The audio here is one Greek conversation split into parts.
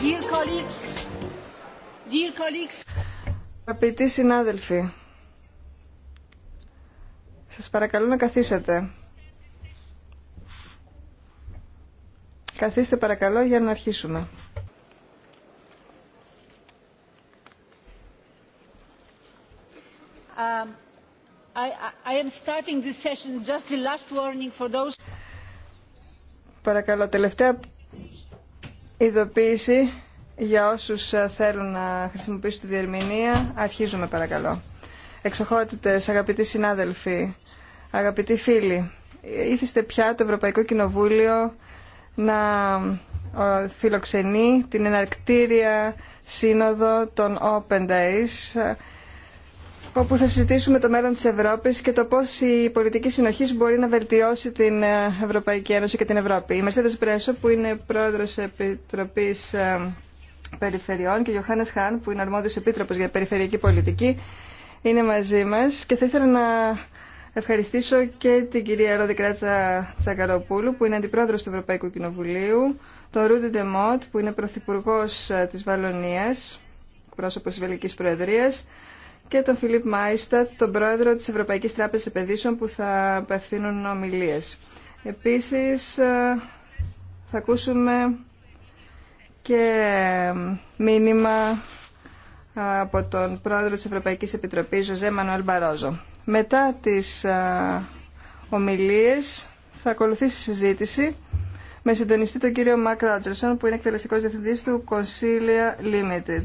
Dear colleagues, dear colleagues. Αγαπητοί συνάδελφοι, σας παρακαλώ να καθίσετε. Καθίστε παρακαλώ για να αρχίσουμε. Um, I, I am starting this session. Just the last warning for those. Παρακαλώ, τελευταία Ειδοποίηση για όσους ε, θέλουν να χρησιμοποιήσουν τη διερμηνία. Αρχίζουμε παρακαλώ. Εξοχότητες, αγαπητοί συνάδελφοι, αγαπητοί φίλοι, ήθιστε πια το Ευρωπαϊκό Κοινοβούλιο να φιλοξενεί την εναρκτήρια σύνοδο των Open Days όπου θα συζητήσουμε το μέλλον της Ευρώπης και το πώς η πολιτική συνοχή μπορεί να βελτιώσει την ε, Ευρωπαϊκή Ένωση και την Ευρώπη. Η Μερσέντες Πρέσο που είναι πρόεδρος Επιτροπής ε, Περιφερειών και ο Γιωχάνες Χάν που είναι αρμόδιος επίτροπος για περιφερειακή πολιτική είναι μαζί μας και θα ήθελα να ευχαριστήσω και την κυρία Ρόδη Κράτσα Τσακαροπούλου που είναι αντιπρόεδρος του Ευρωπαϊκού Κοινοβουλίου, Το Ρούντι Ντεμότ που είναι πρωθυπουργός ε, της Βαλονίας, πρόσωπος της Βελικής Προεδρίας, και τον Φιλίπ Μάιστατ, τον πρόεδρο της Ευρωπαϊκής Τράπεζας Επενδύσεων που θα απευθύνουν ομιλίες. Επίσης ε, θα ακούσουμε και ε, μήνυμα ε, από τον πρόεδρο της Ευρωπαϊκής Επιτροπής, Ζωζέ Μανουέλ Μπαρόζο. Μετά τις ομιλίες θα ακολουθήσει συζήτηση με συντονιστή τον κύριο Μακ Ρότζερσον που είναι εκτελεστικός διευθυντής του Consilia Limited.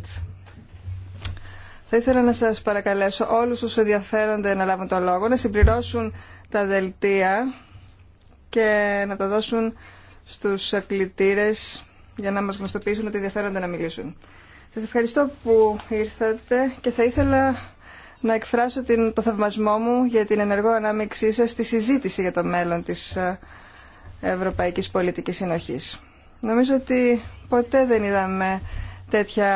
Θα ήθελα να σας παρακαλέσω όλους όσους ενδιαφέρονται να λάβουν το λόγο, να συμπληρώσουν τα δελτία και να τα δώσουν στους κλητήρες για να μας γνωστοποιήσουν ότι ενδιαφέρονται να μιλήσουν. Σας ευχαριστώ που ήρθατε και θα ήθελα να εκφράσω την, το θαυμασμό μου για την ενεργό ανάμειξή σας στη συζήτηση για το μέλλον της ε, Ευρωπαϊκής Πολιτικής Συνοχής. Νομίζω ότι ποτέ δεν είδαμε τέτοια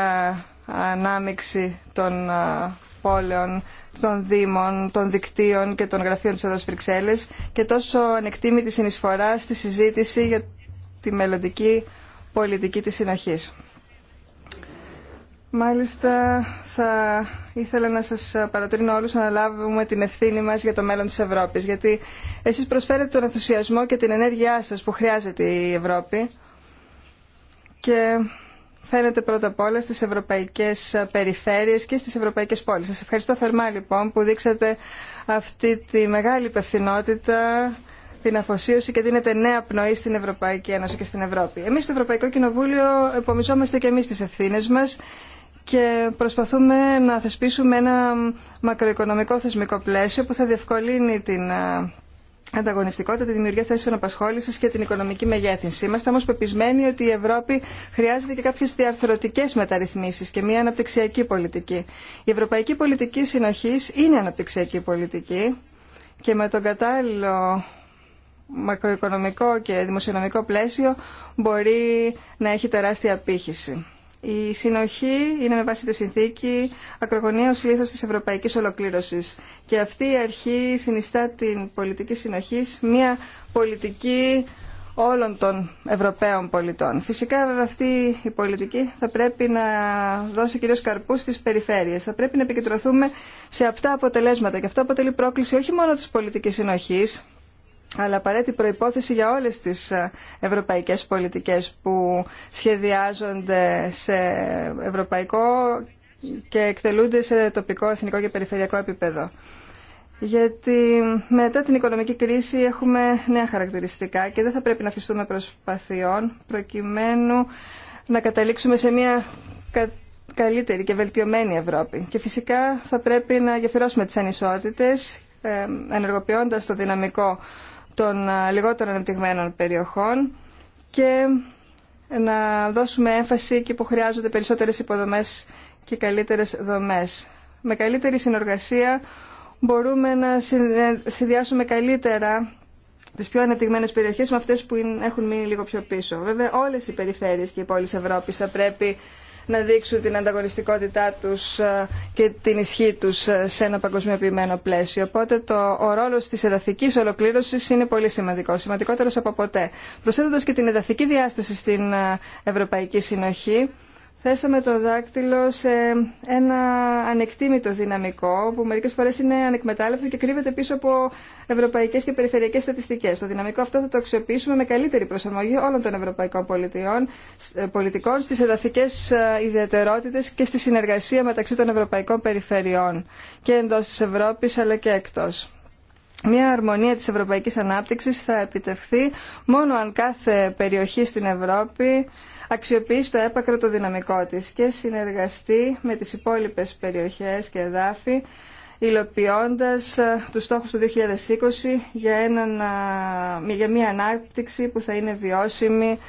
ανάμειξη των ε, πόλεων, των δήμων, των δικτύων και των γραφείων της Οδός Βρυξέλλες και τόσο ανεκτήμητη συνεισφορά στη συζήτηση για τη μελλοντική πολιτική της συνοχής. Μάλιστα θα ήθελα να σας παρατρύνω όλους να λάβουμε την ευθύνη μας για το μέλλον της Ευρώπης γιατί εσείς προσφέρετε τον ενθουσιασμό και την ενέργειά σας που χρειάζεται η Ευρώπη και φαίνεται πρώτα απ' όλα στις ευρωπαϊκές περιφέρειες και στις ευρωπαϊκές πόλεις. Σας ευχαριστώ θερμά λοιπόν που δείξατε αυτή τη μεγάλη υπευθυνότητα την αφοσίωση και δίνεται νέα πνοή στην Ευρωπαϊκή Ένωση και στην Ευρώπη. Εμείς στο Ευρωπαϊκό Κοινοβούλιο επομιζόμαστε και εμείς τις ευθύνες μας και προσπαθούμε να θεσπίσουμε ένα μακροοικονομικό θεσμικό πλαίσιο που θα διευκολύνει την ανταγωνιστικότητα, τη δημιουργία θέσεων απασχόληση και την οικονομική μεγέθυνση. Είμαστε όμω πεπισμένοι ότι η Ευρώπη χρειάζεται και κάποιε διαρθρωτικέ μεταρρυθμίσει και μια αναπτυξιακή πολιτική. Η Ευρωπαϊκή Πολιτική Συνοχή είναι αναπτυξιακή πολιτική και με τον κατάλληλο μακροοικονομικό και δημοσιονομικό πλαίσιο μπορεί να έχει τεράστια απήχηση. Η συνοχή είναι με βάση τη συνθήκη ακρογωνίως λίθο τη ευρωπαϊκής ολοκλήρωσης και αυτή η αρχή συνιστά την πολιτική συνοχή μια πολιτική όλων των Ευρωπαίων πολιτών. Φυσικά βέβαια αυτή η πολιτική θα πρέπει να δώσει κυρίως καρπού στι περιφέρειε. Θα πρέπει να επικεντρωθούμε σε αυτά αποτελέσματα και αυτό αποτελεί πρόκληση όχι μόνο τη πολιτική συνοχή αλλά απαραίτητη προϋπόθεση για όλες τις ε, ευρωπαϊκές πολιτικές που σχεδιάζονται σε ευρωπαϊκό και εκτελούνται σε τοπικό, εθνικό και περιφερειακό επίπεδο. Γιατί μετά την οικονομική κρίση έχουμε νέα χαρακτηριστικά και δεν θα πρέπει να αφιστούμε προσπαθειών προκειμένου να καταλήξουμε σε μια καλύτερη και βελτιωμένη Ευρώπη. Και φυσικά θα πρέπει να γεφυρώσουμε τις ανισότητες ε, ενεργοποιώντας το δυναμικό των λιγότερο ανεπτυγμένων περιοχών και να δώσουμε έμφαση και που χρειάζονται περισσότερες υποδομές και καλύτερες δομές. Με καλύτερη συνεργασία μπορούμε να συνδυάσουμε καλύτερα τι πιο ανεπτυγμένε περιοχέ με αυτέ που έχουν μείνει λίγο πιο πίσω. Βέβαια, όλε οι περιφέρειες και οι πόλει Ευρώπη θα πρέπει να δείξουν την ανταγωνιστικότητά τους ε, και την ισχύ τους ε, σε ένα παγκοσμιοποιημένο πλαίσιο. Οπότε το, ο ρόλος της εδαφικής ολοκλήρωσης είναι πολύ σημαντικό, σημαντικότερος από ποτέ. Προσθέτοντας και την εδαφική διάσταση στην ε, Ευρωπαϊκή Συνοχή, θέσαμε το δάκτυλο σε ένα ανεκτήμητο δυναμικό που μερικές φορές είναι ανεκμετάλλευτο και κρύβεται πίσω από ευρωπαϊκές και περιφερειακές στατιστικές. Το δυναμικό αυτό θα το αξιοποιήσουμε με καλύτερη προσαρμογή όλων των ευρωπαϊκών πολιτιών, ε, πολιτικών στις εδαφικές ε, ιδιαιτερότητες και στη συνεργασία μεταξύ των ευρωπαϊκών περιφερειών και εντός της Ευρώπης αλλά και εκτός. Μια αρμονία της ευρωπαϊκής ανάπτυξης θα επιτευχθεί μόνο αν κάθε περιοχή στην Ευρώπη αξιοποιήσει το έπακρο το δυναμικό της και συνεργαστεί με τις υπόλοιπες περιοχές και εδάφη υλοποιώντας ε, τους στόχους του 2020 για, έναν, ε, μια ανάπτυξη που θα είναι βιώσιμη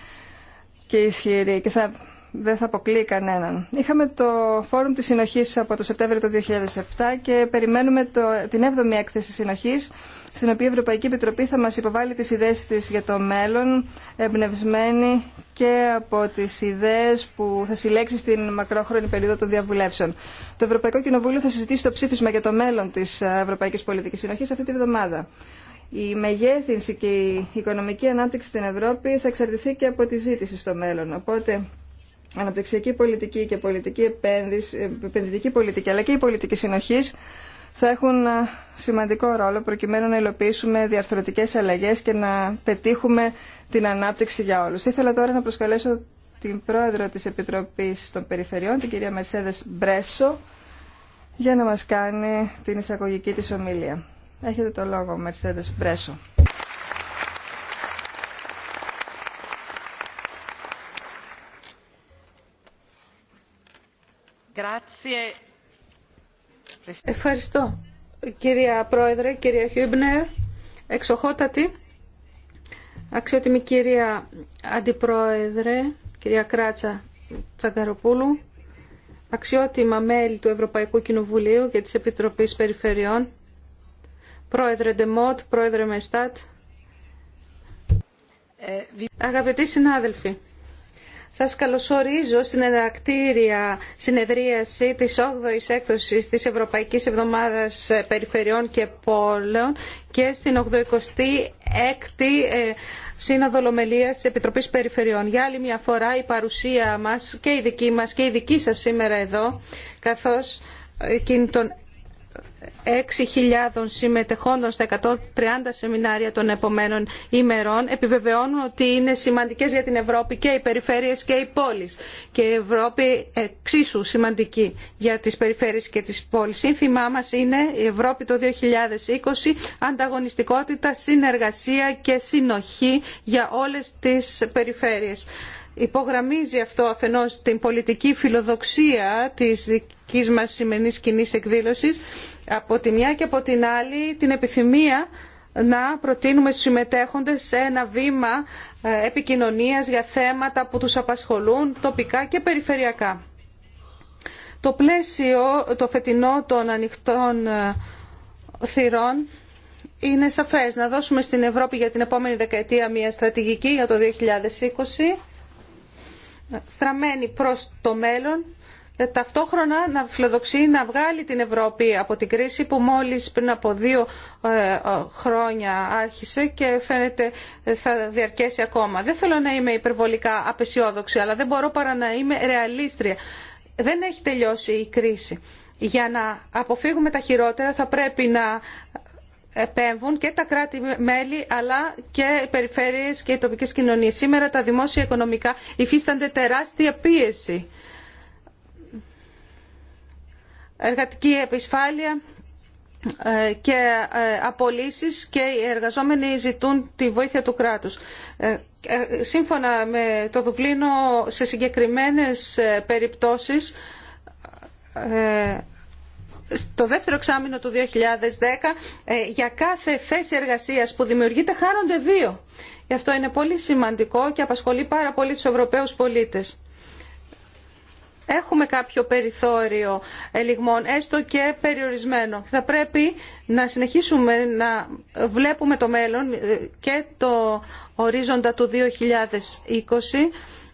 και ισχυρή και θα, δεν θα αποκλείει κανέναν. Είχαμε το Φόρουμ της Συνοχής από το Σεπτέμβριο του 2007 και περιμένουμε το, την 7η έκθεση συνοχής στην οποία η Ευρωπαϊκή Επιτροπή θα μας υποβάλει τις ιδέες της για το μέλλον εμπνευσμένη και από τις ιδέες που θα συλλέξει στην μακρόχρονη περίοδο των διαβουλεύσεων. Το Ευρωπαϊκό Κοινοβούλιο θα συζητήσει το ψήφισμα για το μέλλον της ε, Ευρωπαϊκής Πολιτικής Συνοχής αυτή τη βδομάδα. Η μεγέθυνση και η οικονομική ανάπτυξη στην Ευρώπη θα εξαρτηθεί και από τη ζήτηση στο μέλλον. Οπότε αναπτυξιακή πολιτική και πολιτική επένδυση, ε, επενδυτική πολιτική αλλά και η πολιτική συνοχής θα έχουν ε, σημαντικό ρόλο προκειμένου να υλοποιήσουμε διαρθρωτικές αλλαγές και να πετύχουμε την ανάπτυξη για όλους. Ήθελα τώρα να προσκαλέσω την πρόεδρο της Επιτροπής των Περιφερειών, την κυρία Μερσέδες Μπρέσο, για να μας κάνει την εισαγωγική της ομιλία. Έχετε το λόγο, Μερσέδες Μπρέσο. Ευχαριστώ. Κυρία Πρόεδρε, κυρία Χιούμπνερ, εξοχότατη, αξιότιμη κυρία Αντιπρόεδρε, κυρία Κράτσα Τσαγκαροπούλου, αξιότιμα μέλη του Ευρωπαϊκού Κοινοβουλίου και της Επιτροπής Περιφερειών, Πρόεδρε Ντεμότ, Πρόεδρε Μεστάτ, ε, αγαπητοί συνάδελφοι, σας καλωσορίζω στην ενακτήρια συνεδρίαση της 8ης έκδοσης της Ευρωπαϊκής Εβδομάδας Περιφερειών και Πόλεων και στην 86η ε, Σύνοδο Λομελίας της Επιτροπής Περιφερειών. Για άλλη μια φορά η παρουσία μας και η δική μας και η δική σας σήμερα εδώ, καθώς εκείνη των 6.000 συμμετεχόντων στα 130 σεμινάρια των επομένων ημερών επιβεβαιώνουν ότι είναι σημαντικές για την Ευρώπη και οι περιφέρειες και οι πόλεις και η Ευρώπη εξίσου σημαντική για τις περιφέρειες και τις πόλεις. Σύνθημά μας είναι η Ευρώπη το 2020 ανταγωνιστικότητα, συνεργασία και συνοχή για όλες τις περιφέρειε. υπογραμμίζει αυτό αφενός την πολιτική φιλοδοξία της δικής μας σημερινής κοινή εκδήλωσης από τη μια και από την άλλη την επιθυμία να προτείνουμε στους συμμετέχοντες σε ένα βήμα ε, επικοινωνίας για θέματα που τους απασχολούν τοπικά και περιφερειακά. Το πλαίσιο, το φετινό των ανοιχτών ε, θυρών είναι σαφές. Να δώσουμε στην Ευρώπη για την επόμενη δεκαετία μια στρατηγική για το 2020 στραμμένη προς το μέλλον ε, ταυτόχρονα να φιλοδοξεί να βγάλει την Ευρώπη από την κρίση που μόλις πριν από δύο ε, ε, χρόνια άρχισε και φαίνεται θα διαρκέσει ακόμα. Δεν θέλω να είμαι υπερβολικά απεσιόδοξη, αλλά δεν μπορώ παρά να είμαι ρεαλίστρια. Δεν έχει τελειώσει η κρίση. Για να αποφύγουμε τα χειρότερα θα πρέπει να επέμβουν και τα κράτη-μέλη αλλά και οι περιφέρειες και οι τοπικές κοινωνίες. Σήμερα τα δημόσια οικονομικά υφίστανται τεράστια πίεση εργατική επισφάλεια ε, και ε, απολύσεις και οι εργαζόμενοι ζητούν τη βοήθεια του κράτους. Ε, σύμφωνα με το Δουβλίνο, σε συγκεκριμένες περιπτώσεις, στο δεύτερο εξάμεινο του 2010, για κάθε θέση εργασίας που δημιουργείται χάνονται δύο. Γι' αυτό είναι πολύ σημαντικό και απασχολεί πάρα πολύ τους Ευρωπαίους πολίτες έχουμε κάποιο περιθώριο ελιγμών, έστω και περιορισμένο. Θα πρέπει να συνεχίσουμε να βλέπουμε το μέλλον ε, και το ορίζοντα του 2020,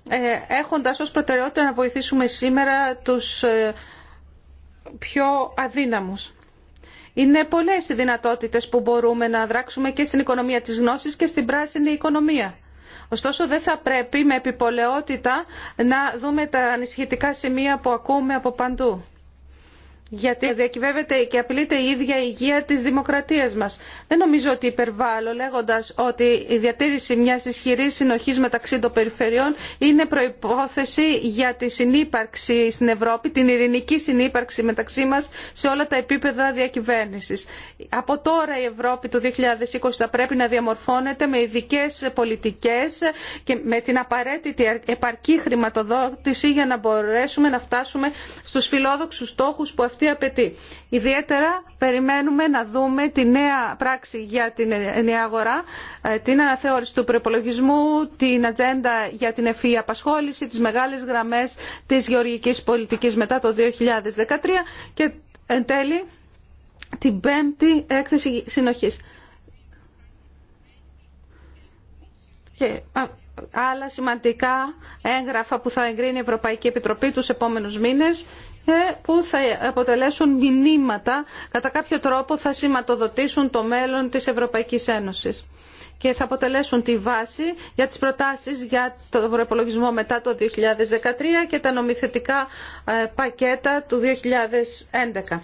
ε, έχοντας ως προτεραιότητα να βοηθήσουμε σήμερα τους ε, πιο αδύναμους. Είναι πολλές οι δυνατότητες που μπορούμε να δράξουμε και στην οικονομία της γνώσης και στην πράσινη οικονομία. Ωστόσο δεν θα πρέπει με επιπολαιότητα να δούμε τα ανησυχητικά σημεία που ακούμε από παντού γιατί ε, διακυβεύεται και απειλείται η ίδια η υγεία της δημοκρατίας μας. Δεν νομίζω ότι υπερβάλλω λέγοντας ότι η διατήρηση μιας ισχυρής συνοχής μεταξύ των περιφερειών είναι προϋπόθεση για τη συνύπαρξη στην Ευρώπη, την ειρηνική συνύπαρξη μεταξύ μας σε όλα τα επίπεδα διακυβέρνησης. Από τώρα η Ευρώπη του 2020 θα πρέπει να διαμορφώνεται με ειδικέ πολιτικές και με την απαραίτητη επαρκή χρηματοδότηση για να μπορέσουμε να φτάσουμε στους φιλόδοξους στόχους που αυτή απαιτεί. Ιδιαίτερα περιμένουμε να δούμε τη νέα πράξη για την νέα αγορά, ε, την αναθεώρηση του προπολογισμού, την ατζέντα για την ευφυή απασχόληση, τις μεγάλες γραμμές της γεωργικής πολιτικής μετά το 2013 και εν τέλει την πέμπτη έκθεση συνοχής. Και άλλα σημαντικά έγγραφα που θα εγκρίνει η Ευρωπαϊκή Επιτροπή τους επόμενους μήνες ε, που θα αποτελέσουν μηνύματα, κατά κάποιο τρόπο θα σηματοδοτήσουν το μέλλον της Ευρωπαϊκής Ένωσης και θα αποτελέσουν τη βάση για τις προτάσεις για το προεπολογισμό μετά το 2013 και τα νομιθετικά ε, πακέτα του 2011.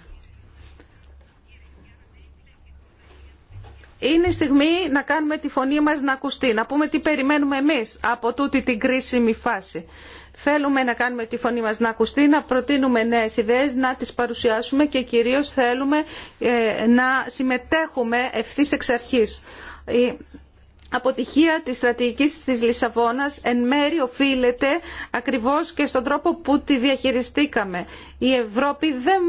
είναι στιγμή να κάνουμε τη φωνή μας να ακουστεί, να πούμε τι περιμένουμε εμείς από τούτη την κρίσιμη φάση. Θέλουμε να κάνουμε τη φωνή μας να ακουστεί, να προτείνουμε νέες ιδέες, να τις παρουσιάσουμε και κυρίως θέλουμε ε, να συμμετέχουμε ευθύς εξ αρχής. Η αποτυχία της στρατηγικής της Λισαβόνας εν μέρη οφείλεται ακριβώς και στον τρόπο που τη διαχειριστήκαμε. Η Ευρώπη δεν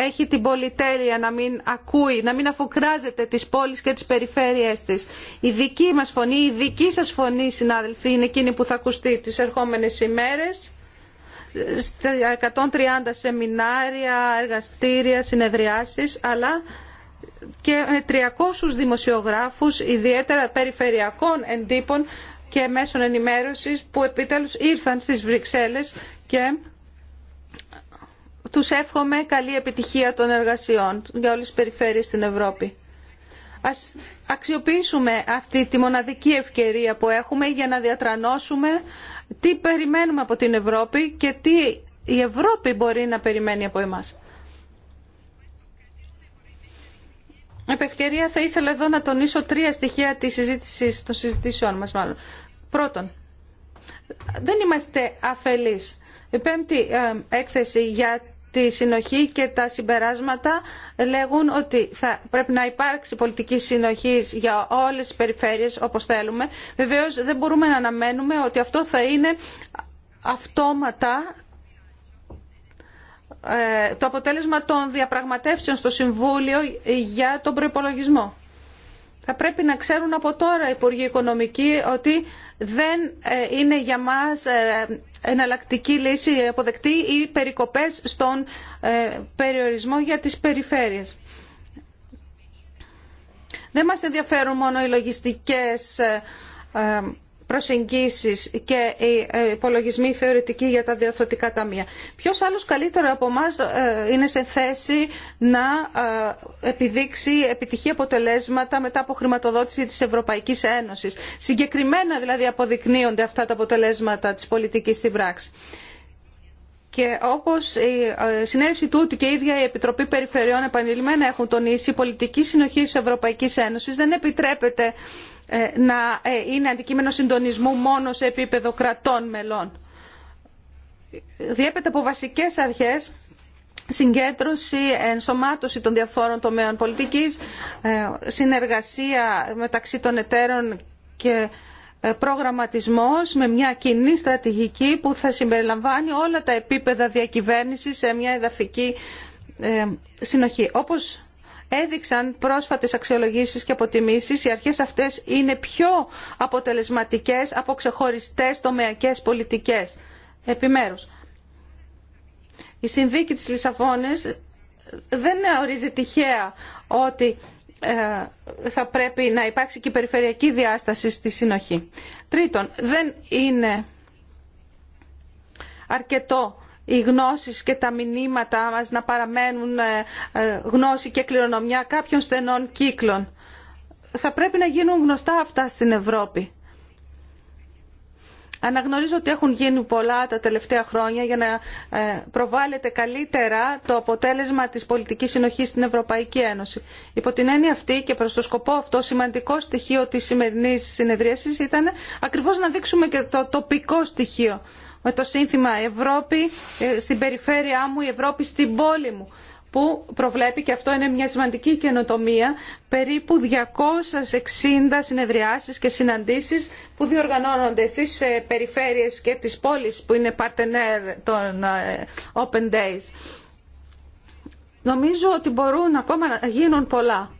έχει την πολυτέλεια να μην ακούει, να μην αφουκράζεται τις πόλεις και τις περιφέρειές της. Η δική μας φωνή, η δική σας φωνή, συνάδελφοι, είναι εκείνη που θα ακουστεί τις ερχόμενες ημέρες στα 130 σεμινάρια, εργαστήρια, συνεδριάσεις, αλλά και με 300 δημοσιογράφους, ιδιαίτερα περιφερειακών εντύπων και μέσων ενημέρωσης που επιτέλους ήρθαν στις Βρυξέλλες και τους εύχομαι καλή επιτυχία των εργασιών για όλες τις περιφέρειες στην Ευρώπη. Ας αξιοποιήσουμε αυτή τη μοναδική ευκαιρία που έχουμε για να διατρανώσουμε τι περιμένουμε από την Ευρώπη και τι η Ευρώπη μπορεί να περιμένει από εμάς. Επ' ευκαιρία θα ήθελα εδώ να τονίσω τρία στοιχεία της συζήτησης, των συζητήσεών μας μάλλον. Πρώτον, δεν είμαστε αφελείς. Η πέμπτη ε, έκθεση για τη συνοχή και τα συμπεράσματα λέγουν ότι θα πρέπει να υπάρξει πολιτική συνοχή για όλες τις περιφέρειες όπως θέλουμε. Βεβαίως δεν μπορούμε να αναμένουμε ότι αυτό θα είναι αυτόματα ε, το αποτέλεσμα των διαπραγματεύσεων στο Συμβούλιο για τον προπολογισμό. Θα πρέπει να ξέρουν από τώρα οι Υπουργοί Οικονομικοί ότι δεν ε, είναι για μας ε, εναλλακτική λύση αποδεκτή ή περικοπές στον ε, περιορισμό για τις περιφέρειες. Δεν μας ενδιαφέρουν μόνο οι λογιστικές προσεγγίσεις και οι ε, υπολογισμοί θεωρητικοί για τα διορθωτικά ταμεία. Ποιος άλλος καλύτερο από εμά ε, είναι σε θέση να ε, επιδείξει επιτυχή αποτελέσματα μετά από χρηματοδότηση της Ευρωπαϊκής Ένωσης. Συγκεκριμένα δηλαδή αποδεικνύονται αυτά τα αποτελέσματα της πολιτικής στην πράξη. Και όπω η συνέλευση τούτη και η ίδια η Επιτροπή Περιφερειών επανειλημμένα έχουν τονίσει, η πολιτική συνοχή τη Ευρωπαϊκή Ένωση δεν επιτρέπεται ε, να ε, είναι αντικείμενο συντονισμού μόνο σε επίπεδο κρατών μελών. Διέπεται από βασικές αρχές συγκέντρωση, ενσωμάτωση των διαφόρων τομέων πολιτικής, ε, συνεργασία μεταξύ των εταίρων και προγραμματισμός με μια κοινή στρατηγική που θα συμπεριλαμβάνει όλα τα επίπεδα διακυβέρνησης σε μια εδαφική συνοχή. Όπως Έδειξαν πρόσφατες αξιολογήσεις και αποτιμήσεις, οι αρχές αυτές είναι πιο αποτελεσματικές από ξεχωριστές τομεακές πολιτικές. Επιμέρους, η συνδίκη της Λισαβόνης δεν ορίζει τυχαία ότι ε, θα πρέπει να υπάρξει και περιφερειακή διάσταση στη συνοχή. Τρίτον, δεν είναι αρκετό οι γνώσεις και τα μηνύματα μας να παραμένουν ε, ε, γνώση και κληρονομιά κάποιων στενών κύκλων. Θα πρέπει να γίνουν γνωστά αυτά στην Ευρώπη. Αναγνωρίζω ότι έχουν γίνει πολλά τα τελευταία χρόνια για να ε, προβάλλεται καλύτερα το αποτέλεσμα της πολιτικής συνοχής στην Ευρωπαϊκή Ένωση. Υπό την έννοια αυτή και προς το σκοπό αυτό σημαντικό στοιχείο της σημερινής συνεδρίασης ήταν ακριβώς να δείξουμε και το τοπικό στοιχείο με το σύνθημα Ευρώπη ε, στην περιφέρειά μου, η Ευρώπη στην πόλη μου που προβλέπει, και αυτό είναι μια σημαντική καινοτομία, περίπου 260 συνεδριάσεις και συναντήσεις που διοργανώνονται στις ε, περιφέρειες και τις πόλεις που είναι partner των ε, Open Days. Νομίζω ότι μπορούν ακόμα να γίνουν πολλά.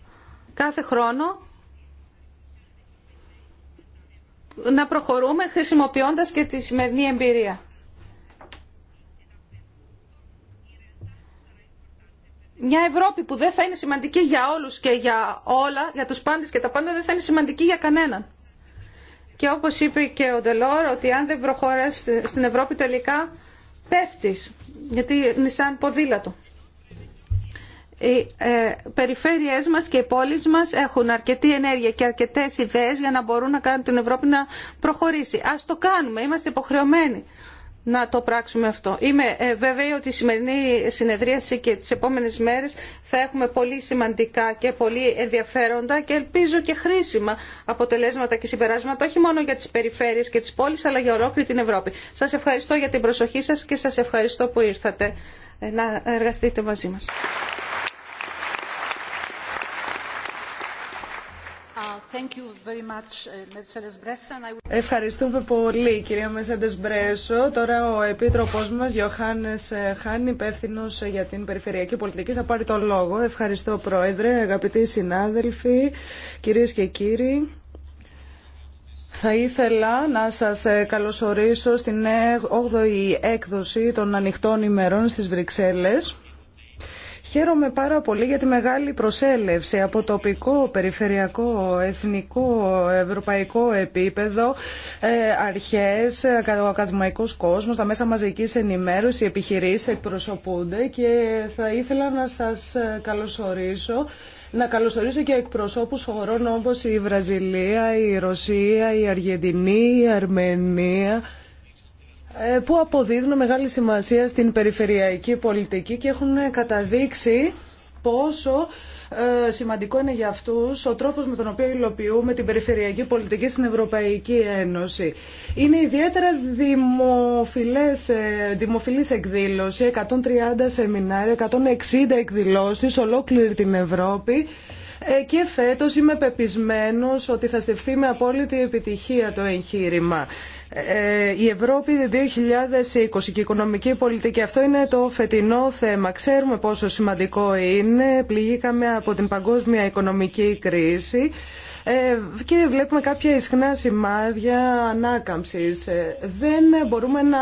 Κάθε χρόνο να προχωρούμε χρησιμοποιώντας και τη σημερινή εμπειρία. Μια Ευρώπη που δεν θα είναι σημαντική για όλους και για όλα, για τους πάντες και τα πάντα, δεν θα είναι σημαντική για κανέναν. Και όπως είπε και ο Ντελόρ, ότι αν δεν προχωράς στην Ευρώπη τελικά, πέφτεις, γιατί είναι σαν ποδήλατο οι ε, περιφέρειές μας και οι πόλεις μας έχουν αρκετή ενέργεια και αρκετές ιδέες για να μπορούν να κάνουν την Ευρώπη να προχωρήσει. Ας το κάνουμε, είμαστε υποχρεωμένοι να το πράξουμε αυτό. Είμαι ε, βέβαιη ότι η σημερινή συνεδρίαση και τις επόμενες μέρες θα έχουμε πολύ σημαντικά και πολύ ενδιαφέροντα και ελπίζω και χρήσιμα αποτελέσματα και συμπεράσματα όχι μόνο για τις περιφέρειες και τις πόλεις αλλά για ολόκληρη την Ευρώπη. Σας ευχαριστώ για την προσοχή σας και σας ευχαριστώ που ήρθατε να εργαστείτε μαζί μας. Uh, Ευχαριστούμε πολύ κυρία Μεσέντες Μπρέσο. Τώρα ο Επίτροπός μας, Γιωχάνες Χάν, υπεύθυνο για την περιφερειακή πολιτική, θα πάρει τον λόγο. Ευχαριστώ Πρόεδρε, αγαπητοί συνάδελφοι, κυρίες και κύριοι. Θα ήθελα να σας ε, καλωσορίσω στην 8η έκδοση των ανοιχτών ημερών στις Βρυξέλλες. Χαίρομαι πάρα πολύ για τη μεγάλη προσέλευση από τοπικό, περιφερειακό, εθνικό, ευρωπαϊκό επίπεδο, ε, αρχές, ο ακαδημαϊκός κόσμος, τα μέσα μαζικής ενημέρωσης, οι επιχειρήσεις εκπροσωπούνται και θα ήθελα να σας καλωσορίσω να καλωσορίσω και εκπροσώπους χωρών όπως η Βραζιλία, η Ρωσία, η Αργεντινή, η Αρμενία, ε, που αποδίδουν μεγάλη σημασία στην περιφερειακή πολιτική και έχουν καταδείξει πόσο ε, σημαντικό είναι για αυτούς ο τρόπος με τον οποίο υλοποιούμε την περιφερειακή πολιτική στην Ευρωπαϊκή Ένωση. Είναι ιδιαίτερα δημοφιλές, ε, δημοφιλής εκδήλωση, 130 σεμινάρια, 160 εκδηλώσεις ολόκληρη την Ευρώπη και φέτος είμαι πεπισμένος ότι θα στεφθεί με απόλυτη επιτυχία το εγχείρημα. Ε, η Ευρώπη 2020 και η οικονομική πολιτική, αυτό είναι το φετινό θέμα. Ξέρουμε πόσο σημαντικό είναι, πληγήκαμε από την παγκόσμια οικονομική κρίση. Ε, και βλέπουμε κάποια ισχνά σημάδια ανάκαμψης. Ε, δεν μπορούμε να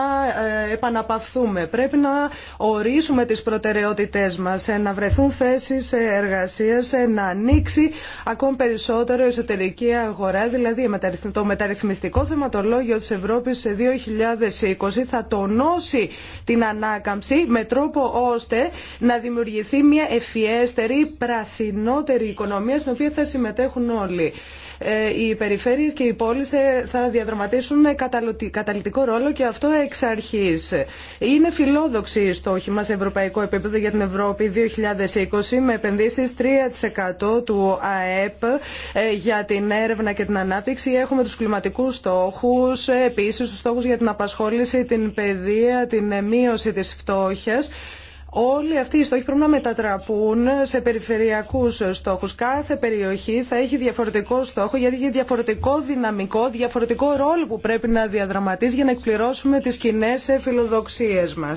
ε, επαναπαυθούμε. Πρέπει να ορίσουμε τις προτεραιότητές μας, να βρεθούν θέσεις εργασίας, να ανοίξει ακόμη περισσότερο η εσωτερική αγορά, δηλαδή το μεταρρυθμιστικό θεματολόγιο της Ευρώπης 2020 θα τονώσει την ανάκαμψη με τρόπο ώστε να δημιουργηθεί μια ευφιέστερη, πρασινότερη οικονομία στην οποία θα συμμετέχουν όλοι. Ε, οι περιφέρειε και οι πόλεις ε, θα διαδραματίσουν καταλητικό ρόλο και αυτό εξ αρχή. Είναι φιλόδοξη η στόχη μας ευρωπαϊκό επίπεδο για την Ευρώπη 2020 με επενδύσει 3% του ΑΕΠ ε, για την έρευνα και την ανάπτυξη. Έχουμε τους κλιματικούς στόχου. επίσης τους στόχου για την απασχόληση, την παιδεία, την μείωση της φτώχεια. Όλοι αυτοί οι στόχοι πρέπει να μετατραπούν σε περιφερειακού στόχου. Κάθε περιοχή θα έχει διαφορετικό στόχο, γιατί έχει διαφορετικό δυναμικό, διαφορετικό ρόλο που πρέπει να διαδραματίσει για να εκπληρώσουμε τι κοινέ φιλοδοξίε μα.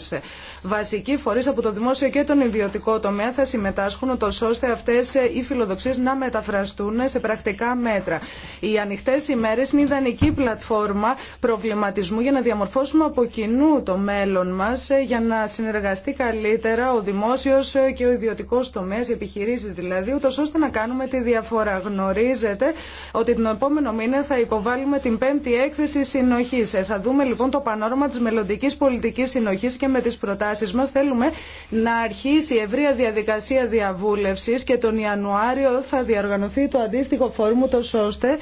Βασικοί φορεί από το δημόσιο και τον ιδιωτικό τομέα θα συμμετάσχουν, ώστε αυτέ οι φιλοδοξίε να μεταφραστούν σε πρακτικά μέτρα. Οι ανοιχτέ ημέρε είναι ιδανική πλατφόρμα προβληματισμού για να διαμορφώσουμε από κοινού το μέλλον μα, για να συνεργαστεί καλύτερα ιδιαίτερα ο δημόσιος και ο ιδιωτικός τομέας, οι επιχειρήσεις δηλαδή, ούτως ώστε να κάνουμε τη διαφορά. Γνωρίζετε ότι τον επόμενο μήνα θα υποβάλουμε την πέμπτη έκθεση συνοχής. Ε, θα δούμε λοιπόν το πανόραμα της μελλοντική πολιτικής συνοχής και με τις προτάσεις μας θέλουμε να αρχίσει η ευρεία διαδικασία διαβούλευση και τον Ιανουάριο θα διοργανωθεί το αντίστοιχο φόρμου, ώστε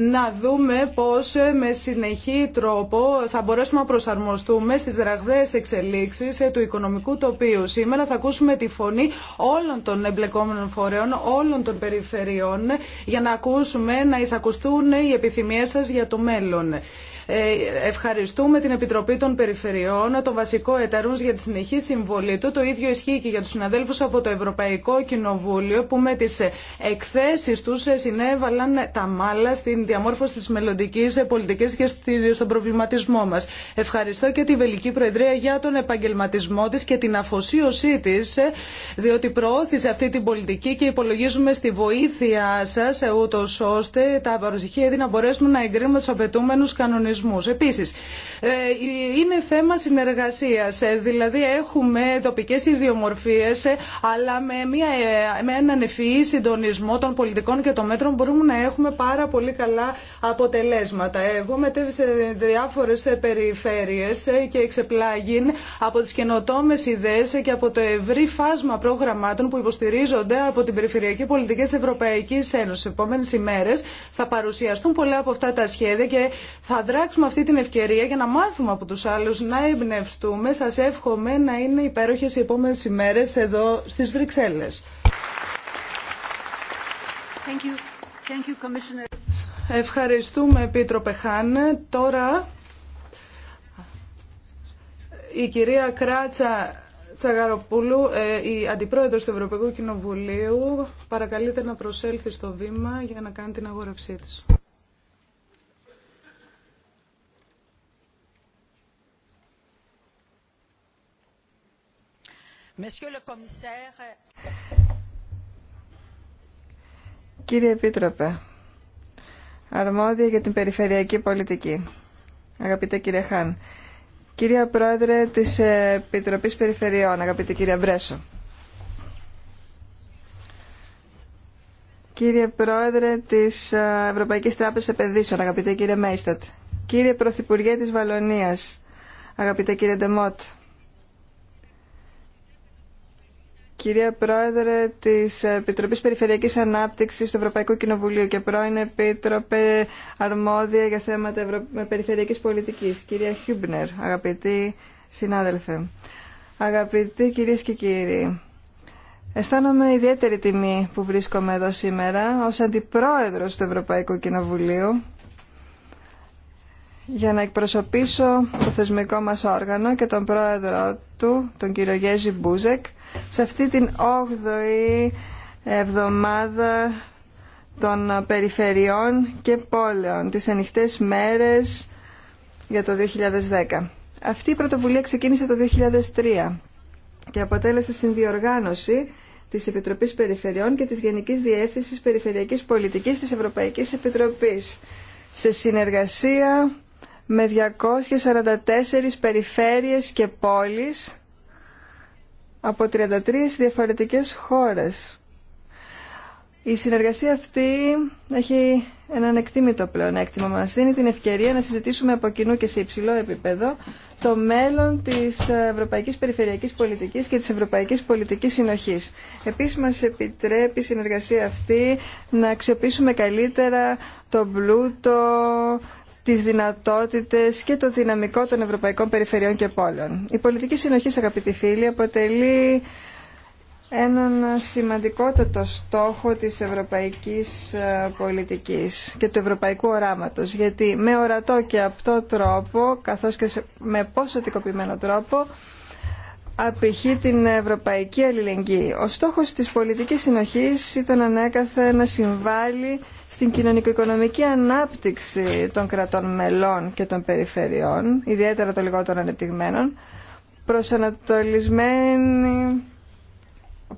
να δούμε πώς ε, με συνεχή τρόπο θα μπορέσουμε να προσαρμοστούμε στις ραγδαίες εξελίξεις ε, του οικονομικού τοπίου. Σήμερα θα ακούσουμε τη φωνή όλων των εμπλεκόμενων φορέων, όλων των περιφερειών ε, για να ακούσουμε, να εισακουστούν οι επιθυμίες σας για το μέλλον. Ε, ευχαριστούμε την Επιτροπή των Περιφερειών, τον βασικό έταρο για τη συνεχή συμβολή του. Το ίδιο ισχύει και για του συναδέλφου από το Ευρωπαϊκό Κοινοβούλιο που με τι εκθέσει του συνέβαλαν τα μάλα στην διαμόρφωση τη μελλοντική πολιτική και στον προβληματισμό μας. Ευχαριστώ και τη Βελική Προεδρία για τον επαγγελματισμό τη και την αφοσίωσή τη, διότι προώθησε αυτή την πολιτική και υπολογίζουμε στη βοήθειά σα ούτω ώστε τα παροσυχία να μπορέσουμε να εγκρίνουμε του απαιτούμενου κανονισμού. Επίση, Επίσης, ε, είναι θέμα συνεργασίας, ε, δηλαδή έχουμε τοπικές ιδιομορφίες, ε, αλλά με, μια, με έναν ευφυή συντονισμό των πολιτικών και των μέτρων μπορούμε να έχουμε πάρα πολύ καλά αποτελέσματα. Εγώ μετέβη σε διάφορες περιφέρειες και εξεπλάγει από τις καινοτόμες ιδέες και από το ευρύ φάσμα προγραμμάτων που υποστηρίζονται από την Περιφερειακή Πολιτική της Ευρωπαϊκής Ένωσης. Επόμενες ημέρες θα παρουσιαστούν πολλά από αυτά τα σχέδια και θα δράξουν κοιτάξουμε αυτή την ευκαιρία για να μάθουμε από τους άλλους, να εμπνευστούμε. Σας εύχομαι να είναι υπέροχες οι επόμενες ημέρες εδώ στις Βρυξέλλες. Thank you. Thank you, Ευχαριστούμε, Επίτροπε Χάν. Τώρα η κυρία Κράτσα Τσαγαροπούλου, ε, η Αντιπρόεδρος του Ευρωπαϊκού Κοινοβουλίου, παρακαλείται να προσέλθει στο βήμα για να κάνει την αγόρευσή της. Κύριε Επίτροπε, αρμόδια για την περιφερειακή πολιτική, αγαπητέ κύριε Χάν, Κύριε Πρόεδρε της Επιτροπής Περιφερειών, αγαπητή κύριε Μπρέσο, κύριε Πρόεδρε της Ευρωπαϊκής Τράπεζας Επενδύσεων, αγαπητέ κύριε Μέιστατ, κύριε Πρωθυπουργέ της Βαλονίας, αγαπητέ κύριε Ντεμότ, κυρία Πρόεδρε της Επιτροπής Περιφερειακής Ανάπτυξης του Ευρωπαϊκού Κοινοβουλίου και πρώην Επίτροπε Αρμόδια για θέματα Ευρω... περιφερειακής πολιτικής. Κυρία Χιούμπνερ, αγαπητοί συνάδελφε, αγαπητοί κυρίες και κύριοι, αισθάνομαι ιδιαίτερη τιμή που βρίσκομαι εδώ σήμερα ως Αντιπρόεδρος του Ευρωπαϊκού Κοινοβουλίου για να εκπροσωπήσω το θεσμικό μας όργανο και τον πρόεδρο του, τον κύριο Γέζη Μπούζεκ, σε αυτή την 8η εβδομάδα των περιφερειών και πόλεων, τις ανοιχτές μέρες για το 2010. Αυτή η πρωτοβουλία ξεκίνησε το 2003 και αποτέλεσε συνδιοργάνωση της Επιτροπής Περιφερειών και της Γενικής Διεύθυνσης Περιφερειακής Πολιτικής της Ευρωπαϊκής Επιτροπής σε συνεργασία με 244 περιφέρειες και πόλεις από 33 διαφορετικές χώρες. Η συνεργασία αυτή έχει έναν εκτίμητο πλεονέκτημα. Μας δίνει την ευκαιρία να συζητήσουμε από κοινού και σε υψηλό επίπεδο το μέλλον της Ευρωπαϊκής Περιφερειακής Πολιτικής και της Ευρωπαϊκής Πολιτικής Συνοχής. Επίσης μας επιτρέπει η συνεργασία αυτή να αξιοποιήσουμε καλύτερα τον πλούτο, τις δυνατότητες και το δυναμικό των ευρωπαϊκών περιφερειών και πόλεων. Η πολιτική συνοχή, αγαπητοί φίλοι, αποτελεί έναν σημαντικότατο στόχο της ευρωπαϊκής ε, πολιτικής και του ευρωπαϊκού οράματος γιατί με ορατό και απτό τρόπο καθώς και με πόσο τικοποιημένο τρόπο απηχεί την ευρωπαϊκή αλληλεγγύη. Ο στόχος της πολιτικής συνοχής ήταν ανέκαθε να συμβάλλει στην κοινωνικο-οικονομική ανάπτυξη των κρατών μελών και των περιφερειών, ιδιαίτερα των λιγότερων ανεπτυγμένων, προσανατολισμένη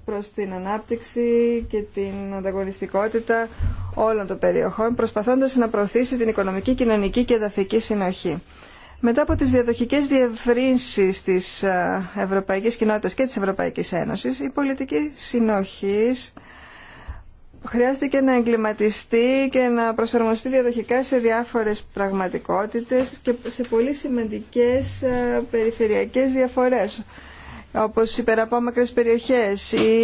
προς την ανάπτυξη και την ανταγωνιστικότητα όλων των περιοχών, προσπαθώντας να προωθήσει την οικονομική, κοινωνική και εδαφική συνοχή. Μετά από τις διαδοχικές διευρύνσεις της ε, Ευρωπαϊκής Κοινότητας και της Ευρωπαϊκής Ένωσης, η πολιτική συνοχής χρειάστηκε να εγκληματιστεί και να προσαρμοστεί διαδοχικά σε διάφορες πραγματικότητες και σε πολύ σημαντικές ε, περιφερειακές διαφορές όπως υπεραπόμακρες περιοχές ή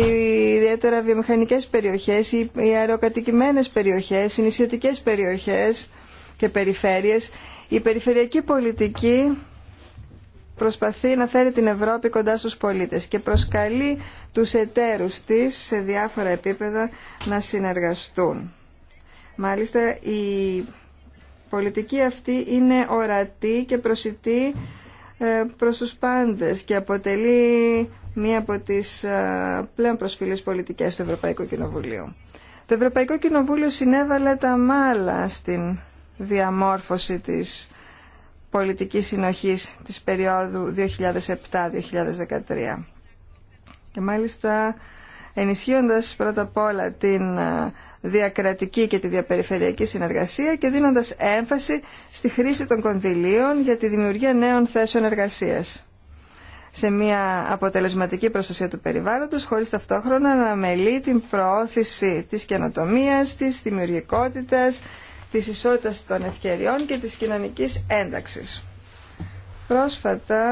ιδιαίτερα βιομηχανικές περιοχές ή αεροκατοικημένες περιοχές, οι νησιωτικές περιοχές και περιφέρειες. Η περιφερειακή πολιτική προσπαθεί να φέρει την Ευρώπη κοντά στους πολίτες και προσκαλεί τους εταίρους της σε διάφορα επίπεδα να συνεργαστούν. Μάλιστα η πολιτική αυτή είναι ορατή και προσιτή ε, προς τους πάντες και αποτελεί μία από τις ε, πλέον προσφυλείς πολιτικές του Ευρωπαϊκού Κοινοβουλίου. Το Ευρωπαϊκό Κοινοβούλιο συνέβαλε τα μάλα στην διαμόρφωση της πολιτικής συνοχής της περίοδου 2007-2013. Και μάλιστα ενισχύοντας πρώτα απ' όλα την ε, διακρατική και τη διαπεριφερειακή συνεργασία και δίνοντας έμφαση στη χρήση των κονδυλίων για τη δημιουργία νέων θέσεων εργασίας σε μια αποτελεσματική προστασία του περιβάλλοντος χωρίς ταυτόχρονα να μελεί την προώθηση της καινοτομίας, της δημιουργικότητας, της ισότητας των ευκαιριών και της κοινωνικής ένταξης. Πρόσφατα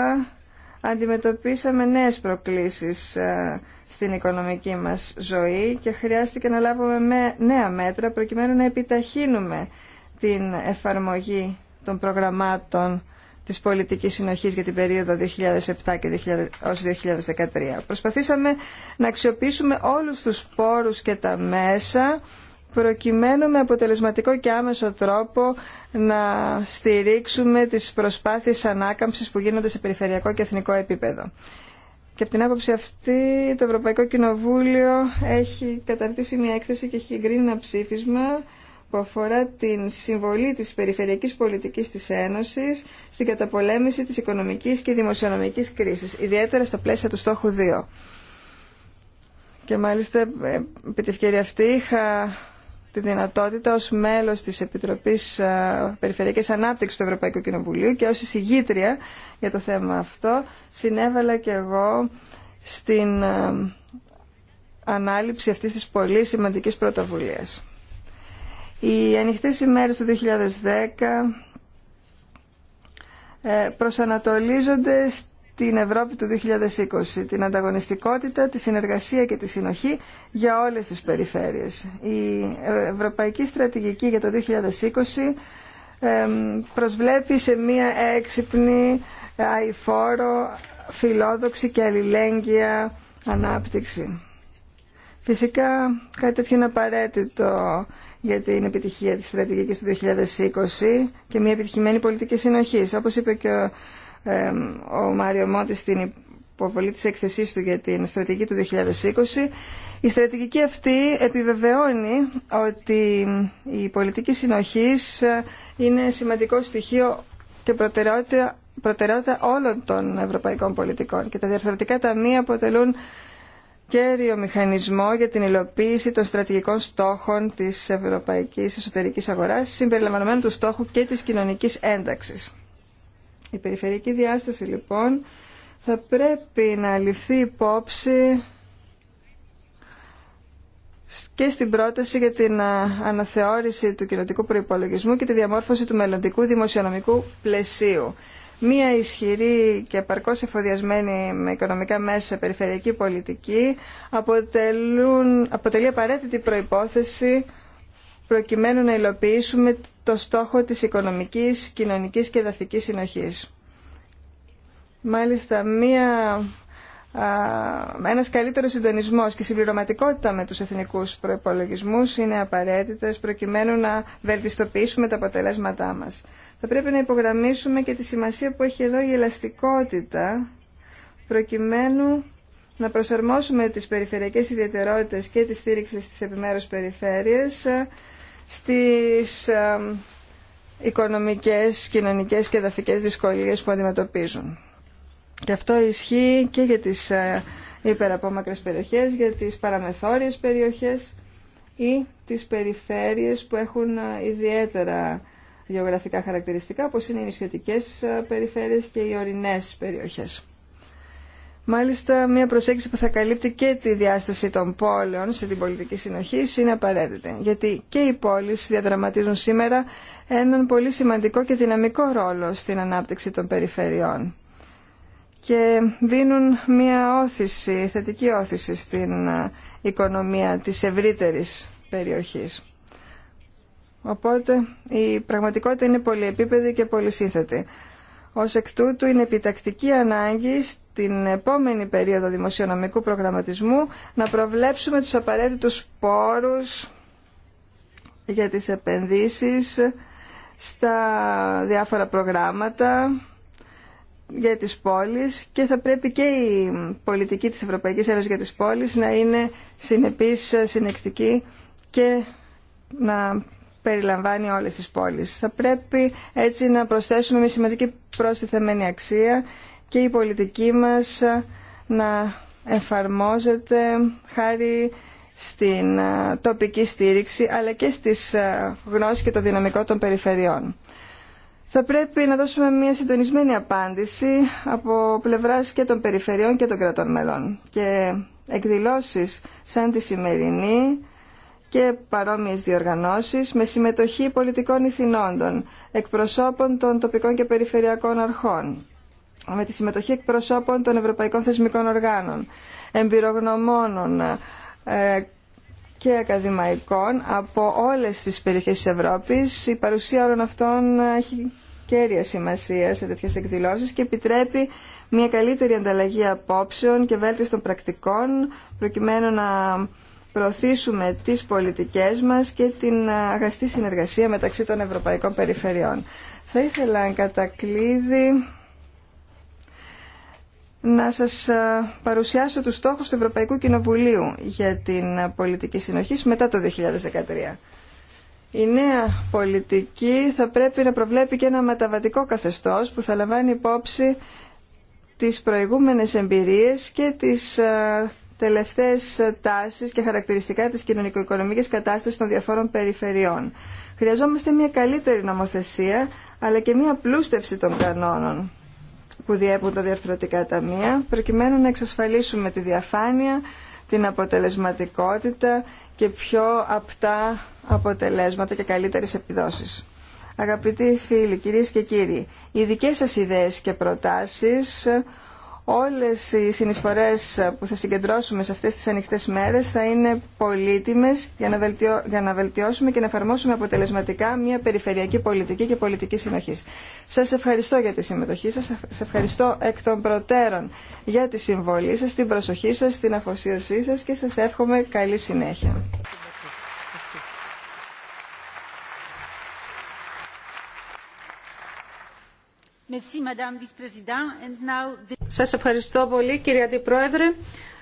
αντιμετωπίσαμε νέες προκλήσεις ε, στην οικονομική μας ζωή και χρειάστηκε να λάβουμε με νέα μέτρα προκειμένου να επιταχύνουμε την εφαρμογή των προγραμμάτων της πολιτικής συνοχής για την περίοδο 2007 και 2013. Προσπαθήσαμε να αξιοποιήσουμε όλους τους πόρους και τα μέσα προκειμένου με αποτελεσματικό και άμεσο τρόπο να στηρίξουμε τις προσπάθειες ανάκαμψης που γίνονται σε περιφερειακό και εθνικό επίπεδο. Και από την άποψη αυτή το Ευρωπαϊκό Κοινοβούλιο έχει καταρτήσει μια έκθεση και έχει γκρίνει ένα ψήφισμα που αφορά την συμβολή της περιφερειακής πολιτικής της Ένωσης στην καταπολέμηση της οικονομικής και δημοσιονομικής κρίσης, ιδιαίτερα στα πλαίσια του στόχου 2. Και μάλιστα ε, επί τη ευκαιρία αυτή είχα τη δυνατότητα ως μέλος της Επιτροπής ε, Περιφερειακής Ανάπτυξης του Ευρωπαϊκού Κοινοβουλίου και ως εισηγήτρια για το θέμα αυτό συνέβαλα και εγώ στην ε, ανάληψη αυτής της πολύ σημαντικής πρωτοβουλίας. Οι ανοιχτέ ημέρες του 2010 ε, προσανατολίζονται την Ευρώπη του 2020, την ανταγωνιστικότητα, τη συνεργασία και τη συνοχή για όλες τις περιφέρειες. Η Ευρωπαϊκή Στρατηγική για το 2020 προσβλέπει σε μία έξυπνη, αηφόρο, φιλόδοξη και αλληλέγγυα ανάπτυξη. Φυσικά κάτι τέτοιο είναι απαραίτητο για την επιτυχία της στρατηγικής του 2020 και μια επιτυχημένη πολιτική συνοχής. Όπως είπε και ο ο Μάριο Μότη στην υποβολή της εκθεσής του για την στρατηγική του 2020. Η στρατηγική αυτή επιβεβαιώνει ότι η πολιτική συνοχής ε, είναι σημαντικό στοιχείο και προτεραιότητα, προτεραιότητα όλων των ευρωπαϊκών πολιτικών και τα διαρθρωτικά ταμεία αποτελούν κέριο μηχανισμό για την υλοποίηση των στρατηγικών στόχων της ευρωπαϊκής εσωτερικής αγοράς συμπεριλαμβανομένου του στόχου και της κοινωνικής ένταξης. Η περιφερειακή διάσταση λοιπόν θα πρέπει να ληφθεί υπόψη και στην πρόταση για την αναθεώρηση του κοινοτικού προϋπολογισμού και τη διαμόρφωση του μελλοντικού δημοσιονομικού πλαισίου. Μία ισχυρή και επαρκώς εφοδιασμένη με οικονομικά μέσα περιφερειακή πολιτική αποτελεί απαραίτητη προϋπόθεση προκειμένου να υλοποιήσουμε το στόχο της οικονομικής, κοινωνικής και εδαφικής συνοχής. Μάλιστα, μία, α, ένας καλύτερος συντονισμός και συμπληρωματικότητα με τους εθνικούς προϋπολογισμούς είναι απαραίτητες προκειμένου να βελτιστοποιήσουμε τα αποτελέσματά μας. Θα πρέπει να υπογραμμίσουμε και τη σημασία που έχει εδώ η ελαστικότητα προκειμένου να προσαρμόσουμε τις περιφερειακές ιδιαιτερότητες και τη στήριξη στις επιμέρους περιφέρειες στις οικονομικές, κοινωνικές και εδαφικές δυσκολίες που αντιμετωπίζουν. Και αυτό ισχύει και για τις ε, υπεραπόμακρες περιοχές, για τις παραμεθόριες περιοχές ή τις περιφέρειες που έχουν ε, ιδιαίτερα γεωγραφικά χαρακτηριστικά, όπως είναι οι νησιωτικές ε, περιφέρειες και οι ορεινές περιοχές. Μάλιστα, μια προσέγγιση που θα καλύπτει και τη διάσταση των πόλεων σε την πολιτική συνοχή είναι απαραίτητη. Γιατί και οι πόλεις διαδραματίζουν σήμερα έναν πολύ σημαντικό και δυναμικό ρόλο στην ανάπτυξη των περιφερειών και δίνουν μια όθηση, θετική όθηση στην ε, οικονομία της ευρύτερης περιοχής. Οπότε η πραγματικότητα είναι πολυεπίπεδη και πολυσύνθετη. Ως εκ τούτου είναι επιτακτική ανάγκη την επόμενη περίοδο δημοσιονομικού προγραμματισμού να προβλέψουμε τους απαραίτητους πόρους για τις επενδύσεις στα διάφορα προγράμματα για τις πόλεις και θα πρέπει και η πολιτική της Ευρωπαϊκής Ένωσης για τις πόλεις να είναι συνεπής, συνεκτική και να περιλαμβάνει όλες τις πόλεις. Θα πρέπει έτσι να προσθέσουμε μια σημαντική προστιθεμένη αξία και η πολιτική μας να εφαρμόζεται χάρη στην ε, τοπική στήριξη αλλά και στις ε, γνώσεις και το δυναμικό των περιφερειών. Θα πρέπει να δώσουμε μια συντονισμένη απάντηση από πλευράς και των περιφερειών και των κρατών μελών. Και εκδηλώσεις σαν τη σημερινή και παρόμοιες διοργανώσεις με συμμετοχή πολιτικών ηθινόντων, εκπροσώπων των τοπικών και περιφερειακών αρχών, με τη συμμετοχή εκπροσώπων των Ευρωπαϊκών Θεσμικών Οργάνων, εμπειρογνωμόνων ε, και ακαδημαϊκών από όλες τις περιοχές της Ευρώπης. Η παρουσία όλων αυτών έχει κέρια σημασία σε τέτοιες εκδηλώσεις και επιτρέπει μια καλύτερη ανταλλαγή απόψεων και βέλτιση των πρακτικών προκειμένου να προωθήσουμε τις πολιτικές μας και την αγαστή συνεργασία μεταξύ των ευρωπαϊκών περιφερειών. Θα ήθελα κατά κλείδι να σας ε, παρουσιάσω τους στόχους του Ευρωπαϊκού Κοινοβουλίου για την ε, πολιτική συνοχή μετά το 2013. Η νέα πολιτική θα πρέπει να προβλέπει και ένα μεταβατικό καθεστώς που θα λαμβάνει υπόψη τις προηγούμενες εμπειρίες και τις ε, τελευταίες τάσεις και χαρακτηριστικά της κοινωνικο-οικονομικής κατάστασης των διαφόρων περιφερειών. Χρειαζόμαστε μια καλύτερη νομοθεσία αλλά και μια πλούστευση των κανόνων που διέπουν τα διαρθρωτικά ταμεία, προκειμένου να εξασφαλίσουμε τη διαφάνεια, την αποτελεσματικότητα και πιο απτά αποτελέσματα και καλύτερες επιδόσεις. Αγαπητοί φίλοι, κυρίες και κύριοι, οι δικές σας ιδέες και προτάσεις Όλες οι συνεισφορές που θα συγκεντρώσουμε σε αυτές τις ανοιχτές μέρες θα είναι πολύτιμες για να, βελτιώσουμε και να εφαρμόσουμε αποτελεσματικά μια περιφερειακή πολιτική και πολιτική συνοχή. Σας ευχαριστώ για τη συμμετοχή σας, σας ευχαριστώ εκ των προτέρων για τη συμβολή σας, την προσοχή σας, την αφοσίωσή σας και σας εύχομαι καλή συνέχεια. Σας ευχαριστώ πολύ κυρία Αντιπρόεδρε.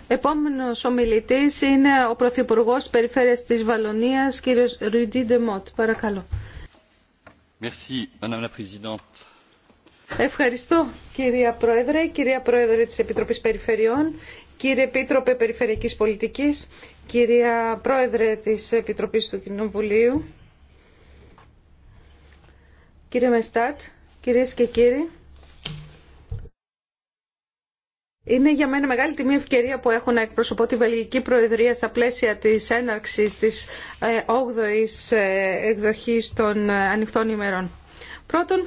Επόμενος ομιλητής είναι ο Πρωθυπουργός Περιφέρειας της Βαλονίας, κύριος Ρουντί Ντεμότ. Παρακαλώ. Ευχαριστώ κυρία Πρόεδρε, κυρία Πρόεδρε της Επιτροπής Περιφερειών, κύριε Επίτροπε Περιφερειακής Πολιτικής, κυρία Πρόεδρε της Επιτροπής του Κοινοβουλίου, κύριε Μεστάτ, Κυρίες και κύριοι, είναι για μένα μεγάλη τιμή ευκαιρία που έχω να εκπροσωπώ τη Βελγική Προεδρία στα πλαίσια της έναρξης της 8ης ε, ε, εκδοχής των ε, ανοιχτών ημερών. Πρώτον,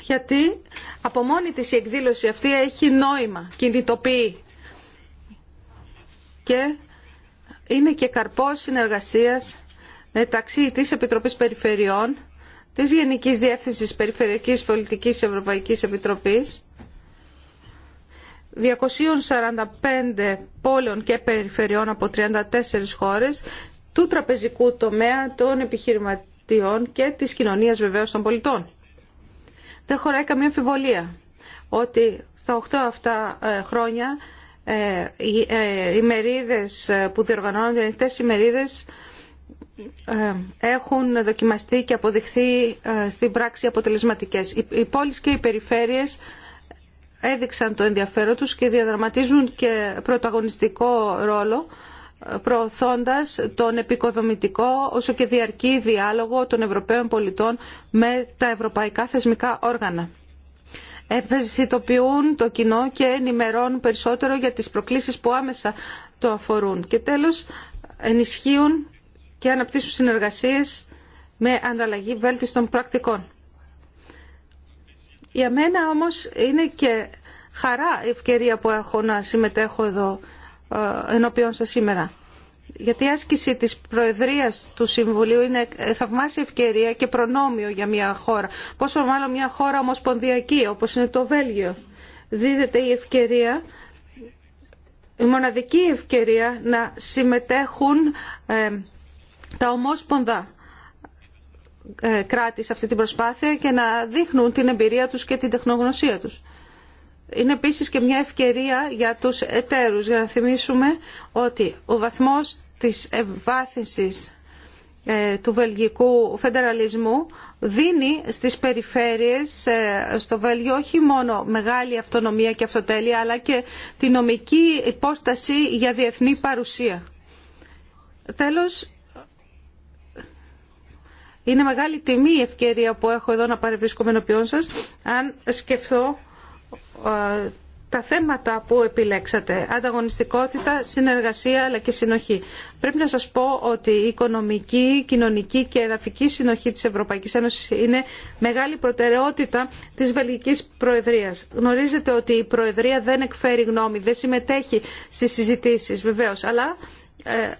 γιατί από μόνη της η εκδήλωση αυτή έχει νόημα, κινητοποιεί και είναι και καρπός συνεργασίας μεταξύ της Επιτροπής Περιφερειών της Γενικής Διεύθυνσης Περιφερειακής Πολιτικής Ευρωπαϊκής Επιτροπής 245 πόλεων και περιφερειών από 34 χώρες του τραπεζικού τομέα των επιχειρηματιών και της κοινωνίας βεβαίως των πολιτών. Δεν χωράει καμία αμφιβολία ότι στα 8 αυτά ε, χρόνια ε, ε, οι μερίδες που διοργανώνονται, οι ανοιχτές ημερίδες ε, έχουν δοκιμαστεί και αποδειχθεί ε, στην πράξη αποτελεσματικές. Οι πόλεις και οι περιφέρειες έδειξαν το ενδιαφέρον τους και διαδραματίζουν και πρωταγωνιστικό ρόλο ε, προωθώντας τον επικοδομητικό όσο και διαρκή διάλογο των Ευρωπαίων πολιτών με τα ευρωπαϊκά θεσμικά όργανα. Ευαισθητοποιούν το κοινό και ενημερώνουν περισσότερο για τις προκλήσεις που άμεσα το αφορούν. Και τέλος, ενισχύουν και αναπτύσσουν συνεργασίες με ανταλλαγή βέλτιστων πρακτικών. Για μένα όμως είναι και χαρά ευκαιρία που έχω να συμμετέχω εδώ ε, ενώπιον σας σήμερα. Γιατί η άσκηση της Προεδρίας του Συμβουλίου είναι θαυμάσια ευκαιρία και προνόμιο για μια χώρα. Πόσο μάλλον μια χώρα ομοσπονδιακή όπως είναι το Βέλγιο. Δίδεται η ευκαιρία, η μοναδική ευκαιρία να συμμετέχουν ε, τα ομόσπονδα ε, κράτη σε αυτή την προσπάθεια και να δείχνουν την εμπειρία τους και την τεχνογνωσία τους. Είναι επίσης και μια ευκαιρία για τους εταίρους για να θυμίσουμε ότι ο βαθμός της ευβάθυνσης ε, του βελγικού φεντεραλισμού δίνει στις περιφέρειες ε, στο Βέλγιο όχι μόνο μεγάλη αυτονομία και αυτοτέλεια αλλά και τη νομική υπόσταση για διεθνή παρουσία. Τέλος, είναι μεγάλη τιμή η ευκαιρία που έχω εδώ να παρευρίσκομαι ενώπιόν σας αν σκεφτώ τα θέματα που επιλέξατε. Ανταγωνιστικότητα, συνεργασία αλλά και συνοχή. Πρέπει να σας πω ότι η οικονομική, κοινωνική και εδαφική συνοχή της Ευρωπαϊκής Ένωσης είναι μεγάλη προτεραιότητα της Βελγικής Προεδρίας. Γνωρίζετε ότι η Προεδρία δεν εκφέρει γνώμη, δεν συμμετέχει στις συζητήσεις βεβαίως, αλλά ε,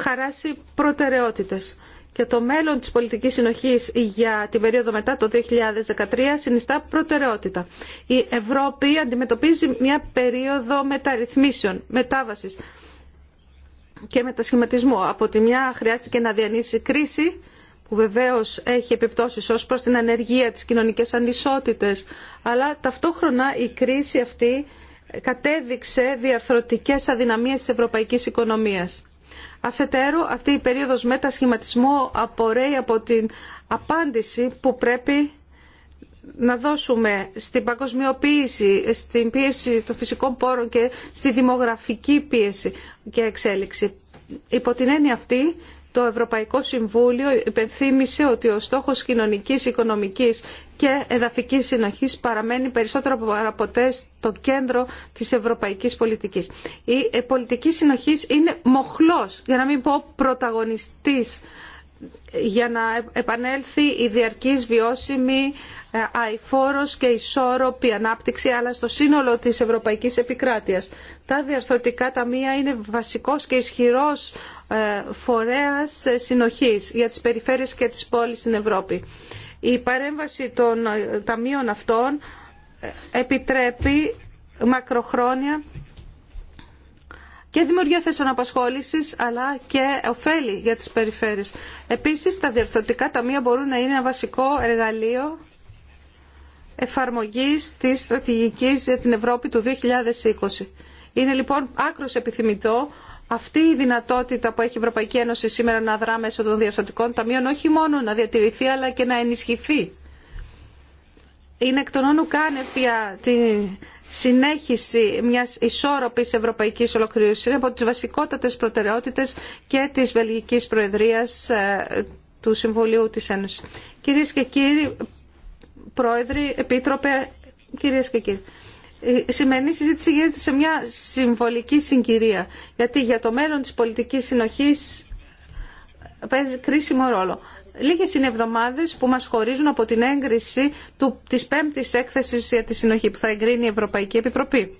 χαράσει προτεραιότητες και το μέλλον της πολιτικής συνοχής για την περίοδο μετά το 2013 συνιστά προτεραιότητα. Η Ευρώπη αντιμετωπίζει μια περίοδο μεταρρυθμίσεων, μετάβασης και μετασχηματισμού. Από τη μια χρειάστηκε να διανύσει κρίση που βεβαίως έχει επιπτώσεις ως προς την ανεργία, τις κοινωνικές ανισότητες, αλλά ταυτόχρονα η κρίση αυτή κατέδειξε διαρθρωτικές αδυναμίες της ευρωπαϊκής οικονομίας. Αφετέρου, αυτή η περίοδος μετασχηματισμού απορρέει από την απάντηση που πρέπει να δώσουμε στην παγκοσμιοποίηση, στην πίεση των φυσικών πόρων και στη δημογραφική πίεση και εξέλιξη. Υπό την έννοια αυτή, το Ευρωπαϊκό Συμβούλιο υπενθύμησε ότι ο στόχος κοινωνικής, οικονομικής και εδαφικής συνοχής παραμένει περισσότερο από ποτέ στο κέντρο της ευρωπαϊκής πολιτικής. Η ε, πολιτική συνοχής είναι μοχλός, για να μην πω πρωταγωνιστής, για να επανέλθει η διαρκής βιώσιμη ε, αηφόρος και ισόρροπη ανάπτυξη αλλά στο σύνολο της ευρωπαϊκής επικράτειας. Τα διαρθρωτικά ταμεία είναι βασικός και ισχυρός φορέας συνοχής για τις περιφέρειες και τις πόλεις στην Ευρώπη. Η παρέμβαση των ταμείων αυτών ε, επιτρέπει μακροχρόνια και δημιουργία θέσεων απασχόλησης αλλά και ωφέλη για τις περιφέρειες. Επίσης τα διορθωτικά ταμεία μπορούν να είναι ένα βασικό εργαλείο εφαρμογής της στρατηγικής για την Ευρώπη του 2020. Είναι λοιπόν άκρος επιθυμητό αυτή η δυνατότητα που έχει η Ευρωπαϊκή Ένωση σήμερα να δρά μέσω των διαστατικών ταμείων όχι μόνο να διατηρηθεί αλλά και να ενισχυθεί. Είναι εκ των όνου κάνευια τη συνέχιση μιας ισόρροπης ευρωπαϊκής ολοκλήρωσης. από τις βασικότατες προτεραιότητες και της Βελγικής Προεδρίας ε, του Συμβουλίου της Ένωσης. Κυρίες και κύριοι, Πρόεδροι, Επίτροπε, κυρίες και κύριοι η ε, σημερινή συζήτηση γίνεται σε μια συμβολική συγκυρία. Γιατί για το μέλλον της πολιτικής συνοχής παίζει κρίσιμο ρόλο. Λίγες είναι εβδομάδες που μας χωρίζουν από την έγκριση του, της πέμπτης έκθεσης για τη συνοχή που θα εγκρίνει η Ευρωπαϊκή Επιτροπή.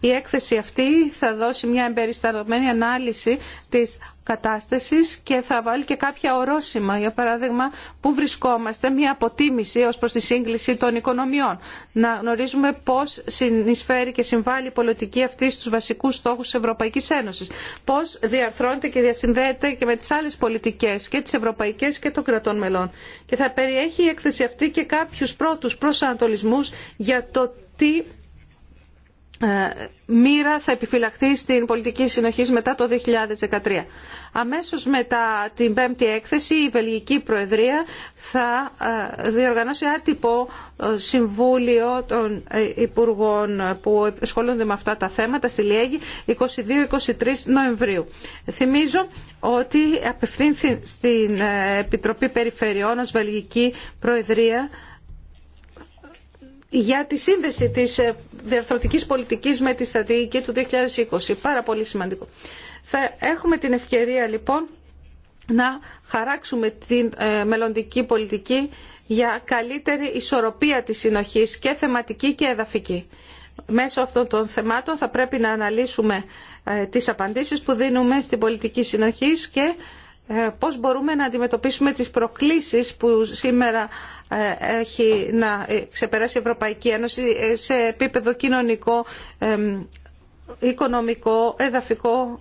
Η έκθεση αυτή θα δώσει μια εμπεριστατωμένη ανάλυση της κατάστασης και θα βάλει και κάποια ορόσημα, για παράδειγμα, που βρισκόμαστε, μια αποτίμηση ως προς τη σύγκληση των οικονομιών. Να γνωρίζουμε πώς συνεισφέρει και συμβάλλει η πολιτική αυτή στους βασικούς στόχους της Ευρωπαϊκής Ένωσης. Πώς διαρθρώνεται και διασυνδέεται και με τις άλλες πολιτικές, και τις ευρωπαϊκές και των κρατών μελών. Και θα περιέχει η έκθεση αυτή και κάποιους πρώτους προσανατολισμούς για το τι ε, μοίρα θα επιφυλαχθεί στην πολιτική συνοχή μετά το 2013. Αμέσως μετά την πέμπτη έκθεση η Βελγική Προεδρία θα ε, διοργανώσει άτυπο ε, συμβούλιο των Υπουργών που ασχολούνται με αυτά τα θέματα στη Λιέγη 22-23 Νοεμβρίου. Θυμίζω ότι απευθύνθη στην Επιτροπή Περιφερειών ως Βελγική Προεδρία για τη σύνδεση της ε, διαρθρωτικής πολιτικής με τη στρατηγική του 2020. Πάρα πολύ σημαντικό. Θα έχουμε την ευκαιρία λοιπόν να χαράξουμε την ε, μελλοντική πολιτική για καλύτερη ισορροπία της συνοχής και θεματική και εδαφική. Μέσω αυτών των θεμάτων θα πρέπει να αναλύσουμε ε, τις απαντήσεις που δίνουμε στην πολιτική συνοχής και ε, πώς μπορούμε να αντιμετωπίσουμε τις προκλήσεις που σήμερα ε, έχει να ε, ξεπεράσει η Ευρωπαϊκή Ένωση σε επίπεδο κοινωνικό, οικονομικό, εδαφικό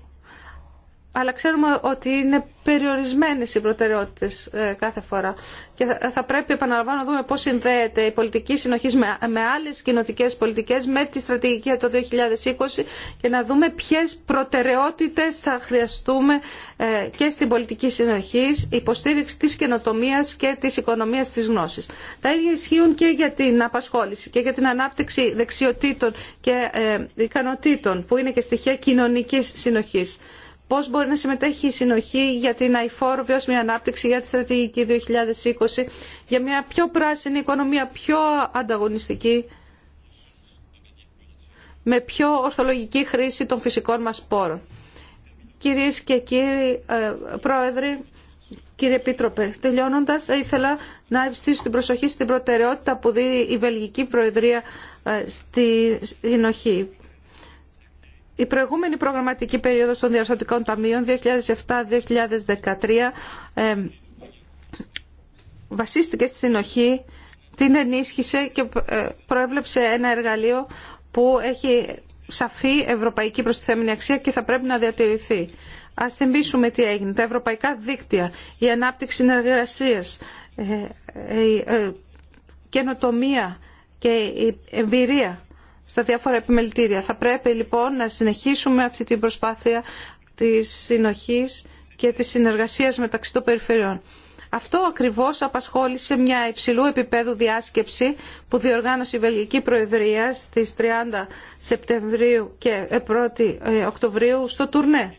αλλά ξέρουμε ότι είναι περιορισμένες οι προτεραιότητες ε, κάθε φορά και θα, πρέπει επαναλαμβάνω να δούμε πώς συνδέεται η πολιτική συνοχή με, με άλλες κοινοτικέ πολιτικές με τη στρατηγική το 2020 και να δούμε ποιες προτεραιότητες θα χρειαστούμε ε, και στην πολιτική συνοχή υποστήριξη της καινοτομία και της οικονομίας της γνώσης. Τα ίδια ισχύουν και για την απασχόληση και για την ανάπτυξη δεξιοτήτων και ε, ικανοτήτων που είναι και στοιχεία κοινωνικής συνοχής πώ μπορεί να συμμετέχει η συνοχή για την αηφόρο βιώσιμη ανάπτυξη, για τη στρατηγική 2020, για μια πιο πράσινη οικονομία, πιο ανταγωνιστική, με πιο ορθολογική χρήση των φυσικών μας πόρων. Κυρίες και κύριοι ε, πρόεδροι, Κύριε Επίτροπε, τελειώνοντα, ήθελα να ευστήσω την προσοχή στην προτεραιότητα που δίνει η Βελγική Προεδρία ε, στη συνοχή η προηγούμενη προγραμματική περίοδος των διαστατικων ταμειων ταμείων 2007-2013 ε, βασίστηκε στη συνοχή, την ενίσχυσε και ε, προέβλεψε ένα εργαλείο που έχει σαφή ευρωπαϊκή προστιθέμενη αξία και θα πρέπει να διατηρηθεί. Ας θυμίσουμε τι έγινε. Τα ευρωπαϊκά δίκτυα, η ανάπτυξη συνεργασία, ε, ε, η καινοτομία και η εμπειρία στα διάφορα επιμελητήρια. Θα πρέπει λοιπόν να συνεχίσουμε αυτή την προσπάθεια της συνοχής και της συνεργασίας μεταξύ των περιφερειών. Αυτό ακριβώς απασχόλησε μια υψηλού επίπεδου διάσκεψη που διοργάνωσε η Βελγική Προεδρία στις 30 Σεπτεμβρίου και 1 ε, Οκτωβρίου στο Τουρνέ.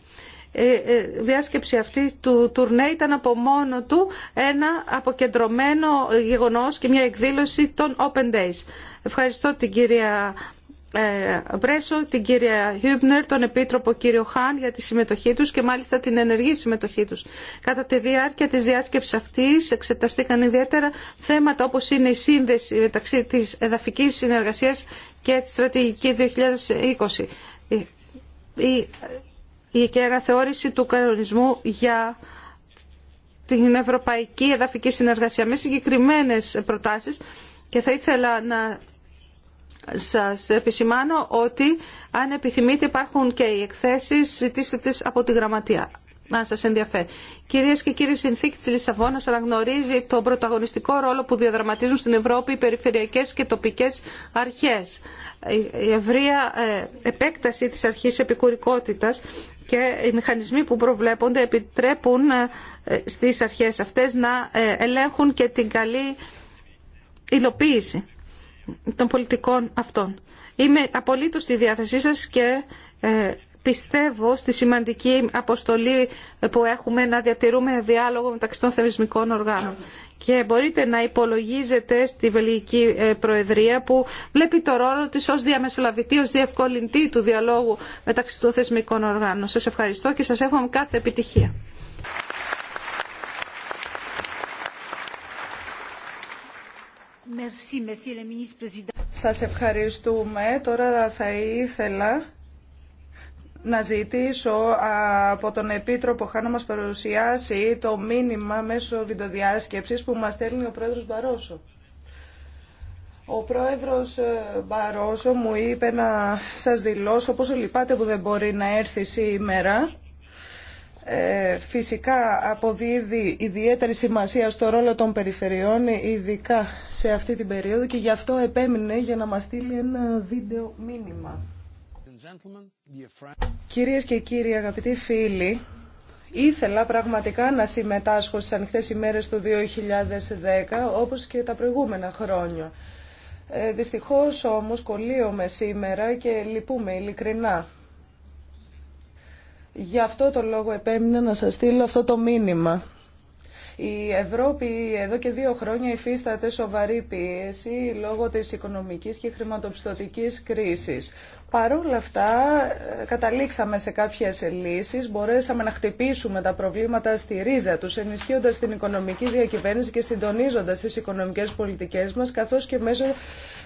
Η ε, ε, διάσκεψη αυτή του τουρνέ ήταν από μόνο του ένα αποκεντρωμένο γεγονός και μια εκδήλωση των Open Days. Ευχαριστώ την κυρία ε, Μπρέσο, την κυρία Χιούμπνερ, τον Επίτροπο κύριο Χάν για τη συμμετοχή τους και μάλιστα την ενεργή συμμετοχή τους. Κατά τη διάρκεια της διάσκεψης αυτής εξεταστήκαν ιδιαίτερα θέματα όπως είναι η σύνδεση μεταξύ της εδαφικής συνεργασίας και της στρατηγικής 2020. Η, η, και αναθεώρηση του κανονισμού για την Ευρωπαϊκή Εδαφική Συνεργασία με συγκεκριμένες προτάσεις και θα ήθελα να σας επισημάνω ότι αν επιθυμείτε υπάρχουν και οι εκθέσεις ζητήστε από τη γραμματεία. Να σας ενδιαφέρει. Κυρίες και κύριοι, η συνθήκη της Λισαβόνας αναγνωρίζει τον πρωταγωνιστικό ρόλο που διαδραματίζουν στην Ευρώπη οι περιφερειακές και τοπικές αρχές. Η ευρεία ε, επέκταση της αρχής επικουρικότητας και οι μηχανισμοί που προβλέπονται επιτρέπουν ε, στις αρχές αυτές να ε, ελέγχουν και την καλή υλοποίηση των πολιτικών αυτών. Είμαι απολύτως στη διάθεσή σας και ε, πιστεύω στη σημαντική αποστολή που έχουμε να διατηρούμε διάλογο μεταξύ των θεσμικών οργάνων. Και μπορείτε να υπολογίζετε στη Βελγική ε, Προεδρία που βλέπει το ρόλο της ως διαμεσολαβητή, ως διευκολυντή του διαλόγου μεταξύ των θεσμικών οργάνων. Σας ευχαριστώ και σας εύχομαι κάθε επιτυχία. Σας ευχαριστούμε. Τώρα θα ήθελα να ζητήσω από τον Επίτροπο χάνο μας παρουσιάσει το μήνυμα μέσω βιντεοδιάσκεψης που μας στέλνει ο Πρόεδρος Μπαρόσο. Ο πρόεδρος ε, Μπαρόσο μου είπε να σας δηλώσω πόσο λυπάται που δεν μπορεί να έρθει σήμερα ε, φυσικά αποδίδει ιδιαίτερη σημασία στο ρόλο των περιφερειών, ειδικά σε αυτή την περίοδο και γι' αυτό επέμεινε για να μας στείλει ένα βίντεο μήνυμα. Κυρίες και κύριοι, αγαπητοί φίλοι, ήθελα πραγματικά να συμμετάσχω στις ανοιχτές ημέρες του 2010, όπως και τα προηγούμενα χρόνια. Ε, δυστυχώς όμως κολλείομαι σήμερα και λυπούμε ειλικρινά. Γι' αυτό το λόγο επέμεινα να σας στείλω αυτό το μήνυμα. Η Ευρώπη εδώ και δύο χρόνια υφίσταται σοβαρή πίεση λόγω της οικονομικής και χρηματοπιστωτικής κρίσης. Παρόλα αυτά, ε, καταλήξαμε σε κάποιες λύσεις, μπορέσαμε να χτυπήσουμε τα προβλήματα στη ρίζα τους, ενισχύοντας την οικονομική διακυβέρνηση και συντονίζοντας τις οικονομικές πολιτικές μας, καθώς και μέσω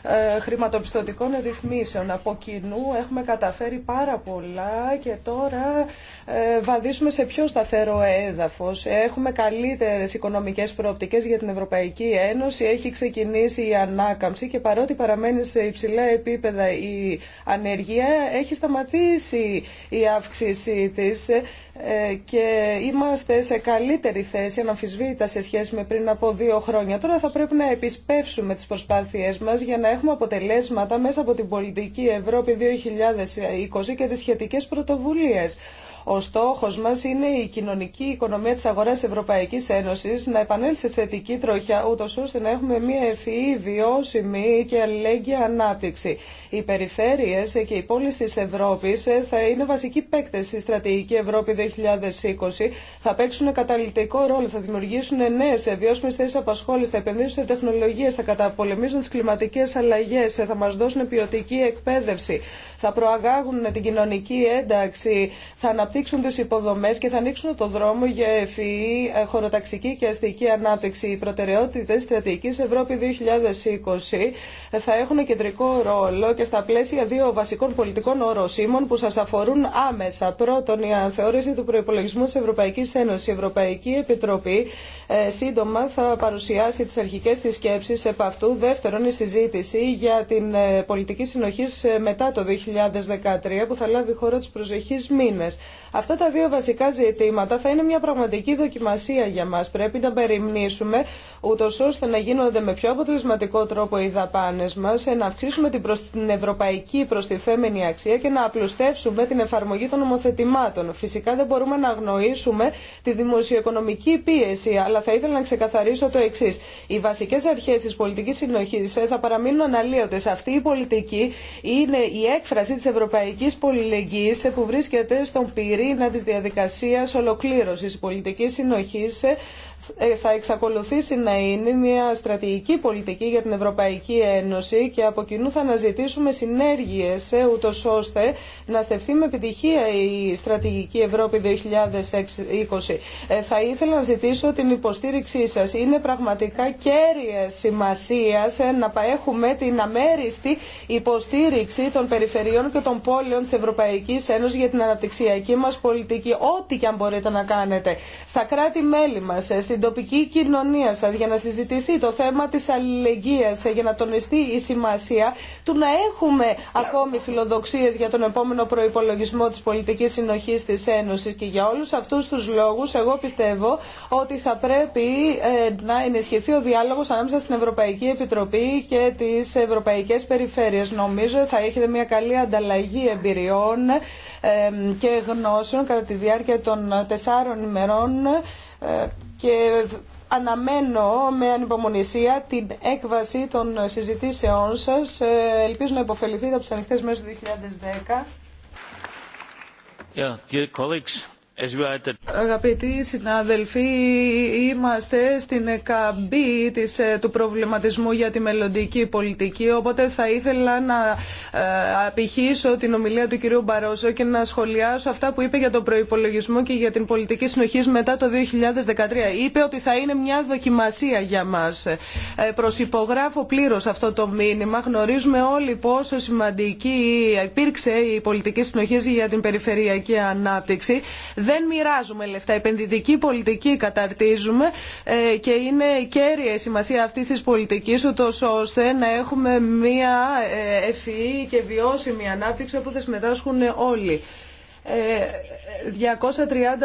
ε, χρηματοπιστωτικών ρυθμίσεων. Από κοινού έχουμε καταφέρει πάρα πολλά και τώρα ε, βαδίσουμε σε πιο σταθερό έδαφος. Έχουμε καλύτερες οικονομικές προοπτικές για την Ευρωπαϊκή Ένωση. Έχει ξεκινήσει η ανάκαμψη και παρότι παραμένει σε υψηλά επίπεδα η ανεργία, ενέργεια έχει σταματήσει η αύξησή της ε, και είμαστε σε καλύτερη θέση αναμφισβήτητα σε σχέση με πριν από δύο χρόνια. Τώρα θα πρέπει να επισπεύσουμε τις προσπάθειές μας για να έχουμε αποτελέσματα μέσα από την πολιτική Ευρώπη 2020 και τις σχετικές πρωτοβουλίες. Ο στόχο μα είναι η κοινωνική οικονομία της αγορά Ευρωπαϊκή Ένωση να επανέλθει σε θετική τροχιά, ούτω ώστε να έχουμε μια ευφυή, βιώσιμη και αλληλέγγυη ανάπτυξη. Οι περιφέρειε και οι πόλεις τη Ευρώπη θα είναι βασικοί παίκτε στη στρατηγική Ευρώπη 2020. Θα παίξουν καταλητικό ρόλο, θα δημιουργήσουν νέε βιώσιμε θέσεις απασχόλησης, θα επενδύσουν σε τεχνολογίε, θα καταπολεμήσουν τι κλιματικέ αλλαγέ, θα μα δώσουν ποιοτική εκπαίδευση θα προαγάγουν την κοινωνική ένταξη, θα αναπτύξουν τις υποδομές και θα ανοίξουν το δρόμο για ευφυή ε, χωροταξική και αστική ανάπτυξη. Οι προτεραιότητες στρατηγικής Ευρώπη 2020 ε, θα έχουν κεντρικό ρόλο και στα πλαίσια δύο βασικών πολιτικών οροσίμων που σας αφορούν άμεσα. Πρώτον, η ανθεώρηση του προϋπολογισμού της Ευρωπαϊκής Ένωσης. Η Ευρωπαϊκή Επιτροπή ε, σύντομα θα παρουσιάσει τις αρχικές της σκέψεις επ' αυτού. Δεύτερον, η συζήτηση για την πολιτική συνοχή μετά το 2020 2013 που θα λάβει η χώρα τους προσεχείς μήνες. Αυτά τα δύο βασικά ζητήματα θα είναι μια πραγματική δοκιμασία για μας. Πρέπει να περιμνήσουμε ούτω ώστε να γίνονται με πιο αποτελεσματικό τρόπο οι δαπάνες μας, να αυξήσουμε την, προσ... την ευρωπαϊκή προστιθέμενη αξία και να απλουστεύσουμε την εφαρμογή των νομοθετημάτων. Φυσικά δεν μπορούμε να αγνοήσουμε τη δημοσιοοικονομική πίεση, αλλά θα ήθελα να ξεκαθαρίσω το εξή. Οι βασικέ αρχέ τη πολιτική συνοχή θα παραμείνουν αναλύωτε. Αυτή η πολιτική είναι η έκφραση Τη της ευρωπαϊκής πολυλεγγύης ε, που βρίσκεται στον πυρήνα της διαδικασίας ολοκλήρωσης πολιτικής συνοχής ε, θα εξακολουθήσει να είναι μια στρατηγική πολιτική για την Ευρωπαϊκή Ένωση και από κοινού θα αναζητήσουμε συνέργειες ε, ούτως ώστε να στεφθεί με επιτυχία η στρατηγική Ευρώπη 2020. Ε, θα ήθελα να ζητήσω την υποστήριξή σας. Είναι πραγματικά κέρια σημασία ε, να έχουμε την αμέριστη υποστήριξη των περιφερειών και των πόλεων της Ευρωπαϊκής Ένωσης για την αναπτυξιακή μας πολιτική. Ό,τι και αν μπορείτε να κάνετε. Στα κράτη-μέλη μα την τοπική κοινωνία σας για να συζητηθεί το θέμα της αλληλεγγύας, για να τονιστεί η σημασία του να έχουμε ακόμη φιλοδοξίες για τον επόμενο προϋπολογισμό της πολιτικής συνοχής της Ένωσης και για όλους αυτούς τους λόγους εγώ πιστεύω ότι θα πρέπει ε, να ενισχυθεί ο διάλογος ανάμεσα στην Ευρωπαϊκή Επιτροπή και τις Ευρωπαϊκές Περιφέρειες. Νομίζω θα έχετε μια καλή ανταλλαγή εμπειριών ε, και γνώσεων κατά τη διάρκεια των τεσσάρων ημερών ε, και αναμένω με ανυπομονησία την έκβαση των συζητήσεών σας. Ε, ελπίζω να υποφεληθείτε από τις ανοιχτές μέρες του 2010. Yeah, Αγαπητοί συνάδελφοι, είμαστε στην καμπή της, ε, του προβληματισμού για τη μελλοντική πολιτική, οπότε θα ήθελα να ε, απηχήσω την ομιλία του κυρίου Μπαρόζο και να σχολιάσω αυτά που είπε για τον προϋπολογισμό και για την πολιτική συνοχής μετά το 2013. Είπε ότι θα είναι μια δοκιμασία για μας. Ε, προσυπογράφω πλήρως αυτό το μήνυμα. Γνωρίζουμε όλοι πόσο σημαντική υπήρξε η πολιτική συνοχή για την περιφερειακή ανάπτυξη δεν μοιράζουμε λεφτά. Επενδυτική πολιτική καταρτίζουμε ε, και είναι κέρια η σημασία αυτή τη πολιτική, ούτω ώστε να έχουμε μια ε, ευφυή και βιώσιμη ανάπτυξη όπου θα συμμετάσχουν όλοι. 230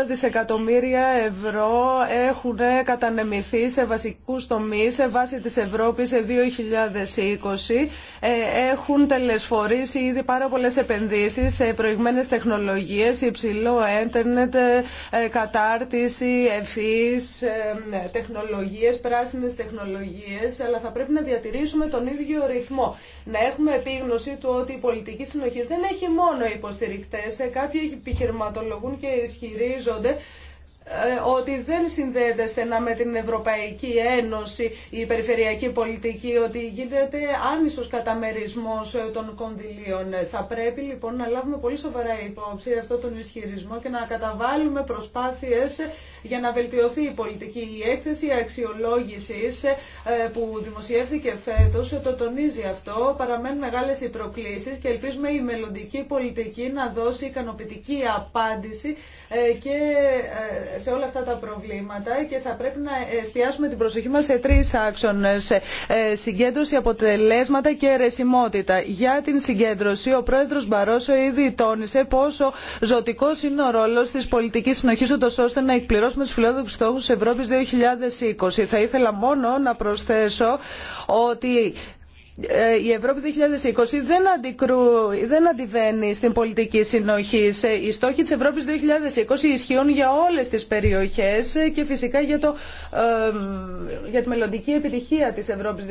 δισεκατομμύρια ευρώ έχουν κατανεμηθεί σε βασικούς τομείς σε βάση της Ευρώπης σε 2020. Ε, έχουν τελεσφορήσει ήδη πάρα πολλές επενδύσεις σε προηγμένες τεχνολογίες, υψηλό έντερνετ ε, κατάρτιση, ευφύς, ε, τεχνολογίες, πράσινες τεχνολογίες, αλλά θα πρέπει να διατηρήσουμε τον ίδιο ρυθμό. Να έχουμε επίγνωση του ότι η πολιτική συνοχή δεν έχει μόνο υποστηρικτές, κάποιοι επιχειρηματολογούν και ισχυρίζονται ε, ότι δεν συνδέεται στενά με την Ευρωπαϊκή Ένωση η περιφερειακή πολιτική, ότι γίνεται άνισος καταμερισμός ε, των κονδυλίων. Ε, θα πρέπει λοιπόν να λάβουμε πολύ σοβαρά υπόψη αυτό τον ισχυρισμό και να καταβάλουμε προσπάθειες για να βελτιωθεί η πολιτική. Η έκθεση αξιολόγησης που δημοσιεύθηκε φέτος το τονίζει αυτό. Παραμένουν μεγάλες οι και ελπίζουμε η μελλοντική πολιτική να δώσει ικανοποιητική απάντηση και σε όλα αυτά τα προβλήματα και θα πρέπει να εστιάσουμε την προσοχή μας σε τρεις άξονες. Ε, συγκέντρωση, αποτελέσματα και ρεσιμότητα. Για την συγκέντρωση, ο πρόεδρος Μπαρόσο ήδη τόνισε πόσο ζωτικός είναι ο ρόλος της πολιτικής συνοχής, ούτως ώστε να εκπληρώσουμε τους φιλόδοξους στόχους Ευρώπης 2020. Θα ήθελα μόνο να προσθέσω ότι ε, η Ευρώπη 2020 δεν, αντικρού, δεν αντιβαίνει στην πολιτική συνοχή. Οι στόχοι της Ευρώπης 2020 ισχύουν για όλες τις περιοχές και φυσικά για, το, για τη μελλοντική επιτυχία της Ευρώπης 2020.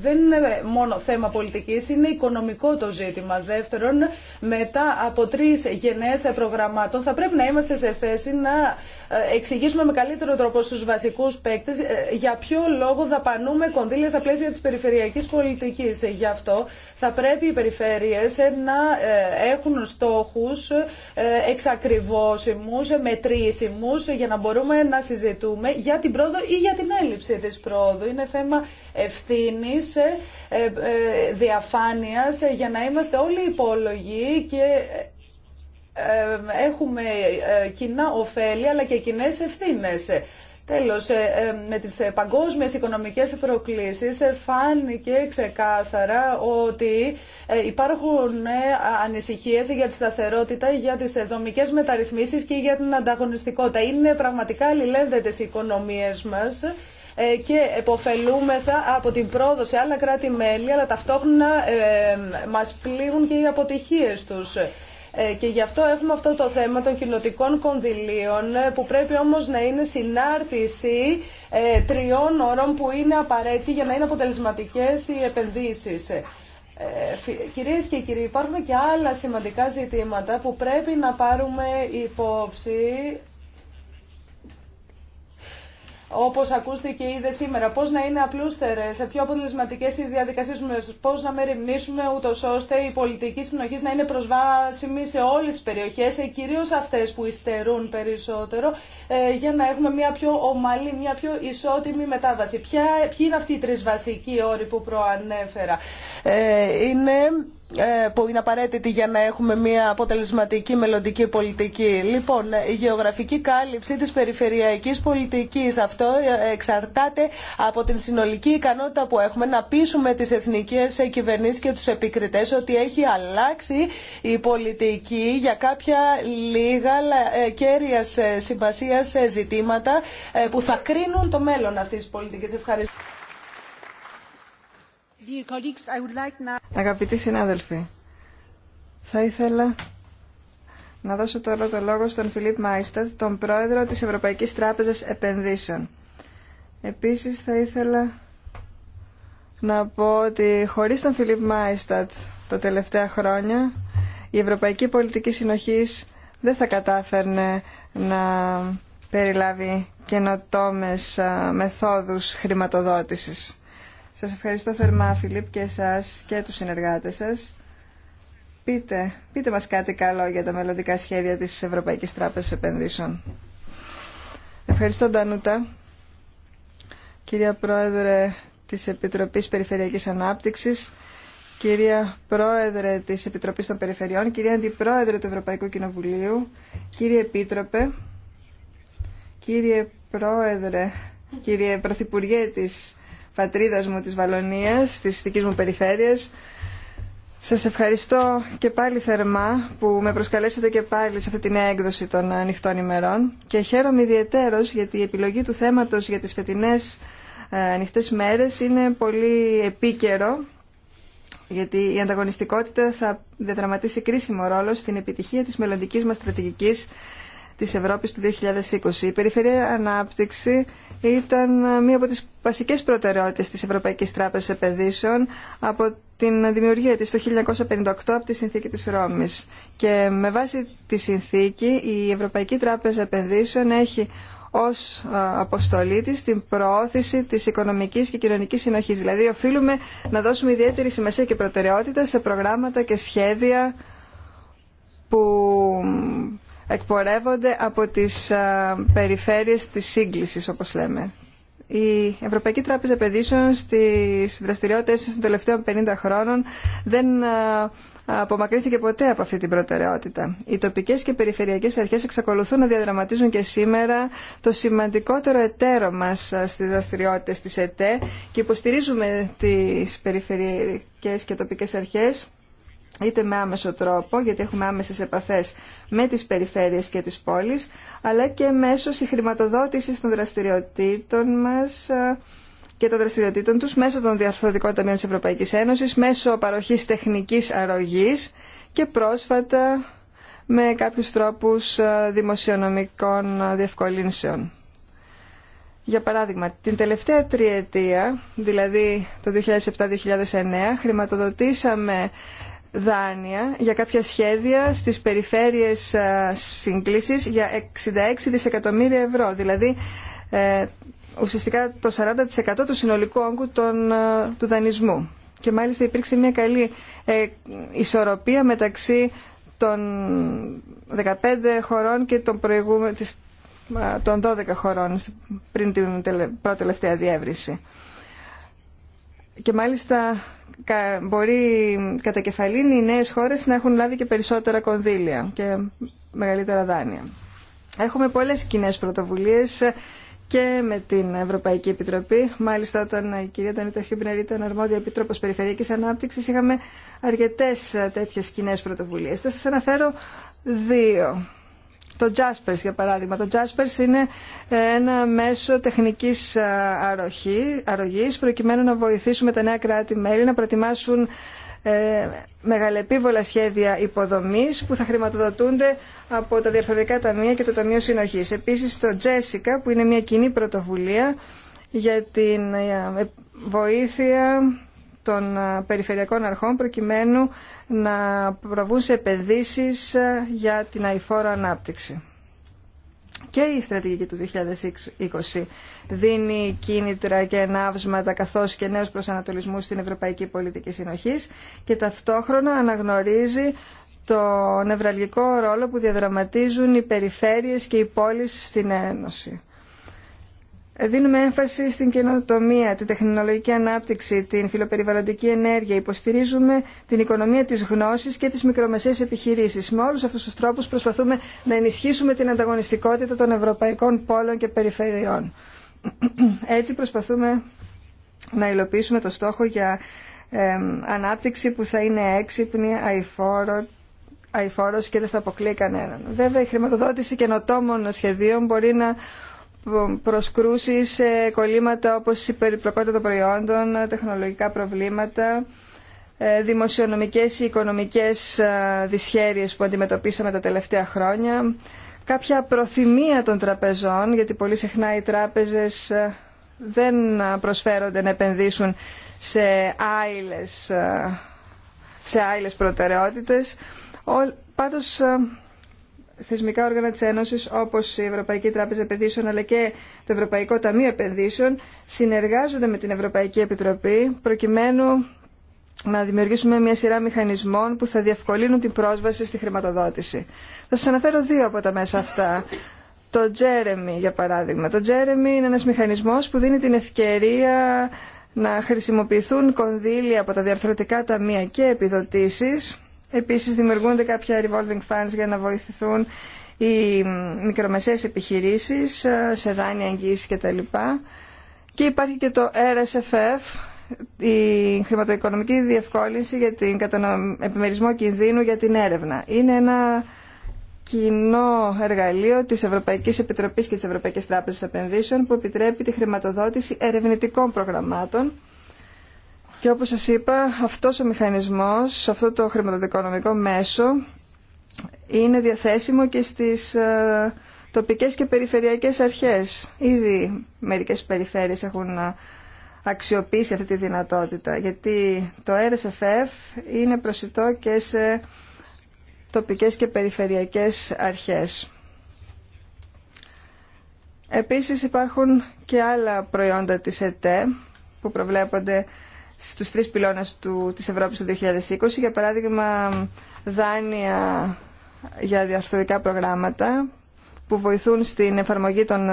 Δεν είναι μόνο θέμα πολιτικής, είναι οικονομικό το ζήτημα. Δεύτερον, μετά από τρεις γενναίες προγραμμάτων θα πρέπει να είμαστε σε θέση να ε, εξηγήσουμε με καλύτερο τρόπο στους βασικούς παίκτες ε, για ποιο λόγο δαπανούμε κονδύλια στα πλαίσια της περιφερειακής περιφερειακής πολιτικής. Γι' αυτό θα πρέπει οι περιφέρειες να ε, έχουν στόχους ε, εξακριβώσιμους, μετρήσιμους, για να μπορούμε να συζητούμε για την πρόοδο ή για την έλλειψη της πρόοδου. Είναι θέμα ευθύνης, ε, διαφάνειας, για να είμαστε όλοι υπόλογοι και έχουμε κοινά ωφέλη αλλά και κοινέ ευθύνε. Τέλος, ε, ε, με τις ε, παγκόσμιες οικονομικές προκλήσεις φάνηκε ξεκάθαρα ότι υπάρχουν ανησυχίες για τη σταθερότητα, για τις δομικές μεταρρυθμίσεις και για την ανταγωνιστικότητα. Είναι πραγματικά αλληλένδετες οι οικονομίες μας και εποφελούμεθα από την πρόοδο σε άλλα κράτη-μέλη, αλλά ταυτόχρονα μας πλήγουν και οι αποτυχίες τους. Ε, και γι' αυτό έχουμε αυτό το θέμα των κοινοτικών κονδυλίων ε, που πρέπει όμως να είναι συνάρτηση ε, τριών ώρων που είναι απαραίτητη για να είναι αποτελεσματικές οι επενδύσεις. Κυρίες και κύριοι, υπάρχουν και άλλα σημαντικά ζητήματα που πρέπει να πάρουμε υπόψη όπως ακούστηκε ήδη σήμερα, πώς να είναι απλούστερες, πιο αποτελεσματικέ οι διαδικασίες μας, πώς να μεριμνήσουμε ούτως ώστε η πολιτική συνοχή να είναι προσβάσιμη σε όλες τις περιοχές, ε, κυρίως αυτές που υστερούν περισσότερο, ε, για να έχουμε μια πιο ομαλή, μια πιο ισότιμη μετάβαση. Ποια, ποιοι είναι αυτοί οι τρεις βασικοί όροι που προανέφερα. Ε, είναι ε, που είναι απαραίτητη για να έχουμε μια αποτελεσματική μελλοντική πολιτική. Λοιπόν, η γεωγραφική κάλυψη της περιφερειακής πολιτικής, αυτό ε, εξαρτάται από την συνολική ικανότητα που έχουμε να πείσουμε τις εθνικές κυβερνήσεις και τους επικριτές ότι έχει αλλάξει η πολιτική για κάποια λίγα ε, κέρια σημασία ζητήματα που θα κρίνουν το μέλλον αυτής της πολιτικής. Ευχαριστώ. Αγαπητοί συνάδελφοι, θα ήθελα να δώσω τώρα το λόγο στον Φιλίπ Μάιστατ, τον πρόεδρο της Ευρωπαϊκής Τράπεζας Επενδύσεων. Επίσης θα ήθελα να πω ότι χωρίς τον Φιλίπ Μάιστατ τα τελευταία χρόνια η Ευρωπαϊκή Πολιτική Συνοχής δεν θα κατάφερνε να περιλάβει καινοτόμες μεθόδους χρηματοδότησης. Σας ευχαριστώ θερμά, Φιλίπ, και εσάς και τους συνεργάτες σας. Πείτε, πείτε μας κάτι καλό για τα μελλοντικά σχέδια της Ευρωπαϊκής Τράπεζας Επενδύσεων. Ευχαριστώ, Ντανούτα. Κυρία Πρόεδρε της Επιτροπής Περιφερειακής Ανάπτυξης, κυρία Πρόεδρε της Επιτροπής των Περιφερειών, κυρία Αντιπρόεδρε του Ευρωπαϊκού Κοινοβουλίου, κύριε Επίτροπε, κύριε Πρόεδρε, κύριε Πρωθυπουργέ της πατρίδας μου της Βαλονίας, της δικής μου περιφέρειας. Σας ευχαριστώ και πάλι θερμά που με προσκαλέσατε και πάλι σε αυτή την έκδοση των ανοιχτών ημερών και χαίρομαι ιδιαίτερος γιατί η επιλογή του θέματος για τις φετινές ε, ανοιχτές μέρες είναι πολύ επίκαιρο γιατί η ανταγωνιστικότητα θα διαδραματίσει κρίσιμο ρόλο στην επιτυχία της μελλοντική μας στρατηγικής της Ευρώπης του 2020. Η περιφερειακή ανάπτυξη ήταν μία από τις βασικές προτεραιότητες της Ευρωπαϊκής Τράπεζας Επενδύσεων από την δημιουργία της το 1958 από τη Συνθήκη της Ρώμης. Και με βάση τη συνθήκη η Ευρωπαϊκή Τράπεζα Επενδύσεων έχει ως αποστολή της την προώθηση της οικονομικής και κοινωνικής συνοχής. Δηλαδή οφείλουμε να δώσουμε ιδιαίτερη σημασία και προτεραιότητα σε προγράμματα και σχέδια που εκπορεύονται από τις ε, περιφέρειες της σύγκλησης, όπως λέμε. Η Ευρωπαϊκή Τράπεζα Επενδύσεων στις δραστηριότητες των τελευταίων 50 χρόνων δεν ε, απομακρύθηκε ποτέ από αυτή την προτεραιότητα. Οι τοπικές και περιφερειακές αρχές εξακολουθούν να διαδραματίζουν και σήμερα το σημαντικότερο εταίρο μας ε, στις δραστηριότητες της ΕΤΕ και υποστηρίζουμε τις περιφερειακές και τοπικές αρχές είτε με άμεσο τρόπο, γιατί έχουμε άμεσες επαφές με τις περιφέρειες και τις πόλεις, αλλά και μέσω συγχρηματοδότησης των δραστηριοτήτων μας ε, και των δραστηριοτήτων τους, μέσω των διαρθρωτικών ταμείων της Ευρωπαϊκής Ένωσης, μέσω παροχής τεχνικής αρρωγής και πρόσφατα με κάποιους τρόπους ε, δημοσιονομικών ε, διευκολύνσεων. Για παράδειγμα, την τελευταία τριετία, δηλαδή το 2007-2009, χρηματοδοτήσαμε δάνεια για κάποια σχέδια στις περιφέρειες ε, σύγκλησης για 66 δισεκατομμύρια ευρώ, δηλαδή ε, ουσιαστικά το 40% του συνολικού όγκου ε, του δανεισμού. Και μάλιστα υπήρξε μια καλή ε, ισορροπία μεταξύ των 15 χωρών και των, των 12 χωρών πριν την πρώτη τελευταία διεύρυνση. Και μάλιστα μπορεί κατά κεφαλήν οι νέες χώρες να έχουν λάβει και περισσότερα κονδύλια και μεγαλύτερα δάνεια. Έχουμε πολλές κοινέ πρωτοβουλίες και με την Ευρωπαϊκή Επιτροπή. Μάλιστα όταν η κυρία Τανίτα Χιούμπνερ ήταν αρμόδια Επίτροπος Περιφερειακής ανάπτυξη. είχαμε αρκετέ τέτοιε κοινέ πρωτοβουλίε. Θα σα αναφέρω δύο το Jaspers, για παράδειγμα. Το Jaspers είναι ε, ένα μέσο τεχνικής ε, αρρωγής προκειμένου να βοηθήσουμε τα νέα κράτη-μέλη να προετοιμάσουν ε, μεγαλεπίβολα σχέδια υποδομής που θα χρηματοδοτούνται από τα Διευθυντικά Ταμεία και το Ταμείο Συνοχής. Επίσης το Jessica που είναι μια κοινή πρωτοβουλία για την βοήθεια των ε, περιφερειακών αρχών προκειμένου να προβούν σε επενδύσεις ε, για την αηφόρο ανάπτυξη. Και η στρατηγική του 2020 δίνει κίνητρα και ενάυσματα καθώς και νέους προσανατολισμούς στην Ευρωπαϊκή Πολιτική Συνοχής και ταυτόχρονα αναγνωρίζει το νευραλγικό ρόλο που διαδραματίζουν οι περιφέρειες και οι πόλεις στην Ένωση. Δίνουμε έμφαση στην καινοτομία, την τεχνολογική ανάπτυξη, την φιλοπεριβαλλοντική ενέργεια. Υποστηρίζουμε την οικονομία της γνώσης και τις μικρομεσαίες επιχειρήσεις. Με όλους αυτούς τους τρόπους προσπαθούμε να ενισχύσουμε την ανταγωνιστικότητα των ευρωπαϊκών πόλων και περιφερειών. Έτσι προσπαθούμε να υλοποιήσουμε το στόχο για ε, ανάπτυξη που θα είναι έξυπνη, αηφόρο, αηφόρος και δεν θα αποκλεί κανέναν. Βέβαια η χρηματοδότηση καινοτόμων σχεδίων μπορεί να προσκρούσεις σε κολλήματα όπως η περιπλοκότητα των προϊόντων, τεχνολογικά προβλήματα, ε, δημοσιονομικές ή οικονομικές ε, δυσχέρειες που αντιμετωπίσαμε τα τελευταία χρόνια, κάποια προθυμία των τραπεζών, γιατί πολύ συχνά οι τράπεζες ε, δεν προσφέρονται να επενδύσουν σε άειλες, σε άειλες προτεραιότητες. Πάντως θεσμικά όργανα της Ένωσης όπως η Ευρωπαϊκή Τράπεζα Επενδύσεων αλλά και το Ευρωπαϊκό Ταμείο Επενδύσεων συνεργάζονται με την Ευρωπαϊκή Επιτροπή προκειμένου να δημιουργήσουμε μια σειρά μηχανισμών που θα διευκολύνουν την πρόσβαση στη χρηματοδότηση. Θα σας αναφέρω δύο από τα μέσα αυτά. Το Jeremy, για παράδειγμα. Το Jeremy είναι ένας μηχανισμός που δίνει την ευκαιρία να χρησιμοποιηθούν κονδύλια από τα διαρθρωτικά ταμεία και επιδοτήσεις Επίσης δημιουργούνται κάποια revolving funds για να βοηθηθούν οι μικρομεσαίες επιχειρήσεις ε, σε δάνεια εγγύηση κτλ. Και υπάρχει και το RSFF, η χρηματοοικονομική διευκόλυνση για την επιμερισμό κινδύνου για την έρευνα. Είναι ένα κοινό εργαλείο της Ευρωπαϊκής Επιτροπής και της Ευρωπαϊκής Τράπεζας Επενδύσεων που επιτρέπει τη χρηματοδότηση ερευνητικών προγραμμάτων και όπως σας είπα, αυτός ο μηχανισμός, αυτό το χρηματοοικονομικό μέσο είναι διαθέσιμο και στις ε, τοπικές και περιφερειακές αρχές. Ήδη μερικές περιφέρειες έχουν ε, αξιοποιήσει αυτή τη δυνατότητα, γιατί το RSFF είναι προσιτό και σε τοπικές και περιφερειακές αρχές. Επίσης υπάρχουν και άλλα προϊόντα της ΕΤΕ που προβλέπονται στους τρεις πυλώνες του, της Ευρώπης το 2020, για παράδειγμα δάνεια για διαρθρωτικά προγράμματα που βοηθούν στην εφαρμογή των ε,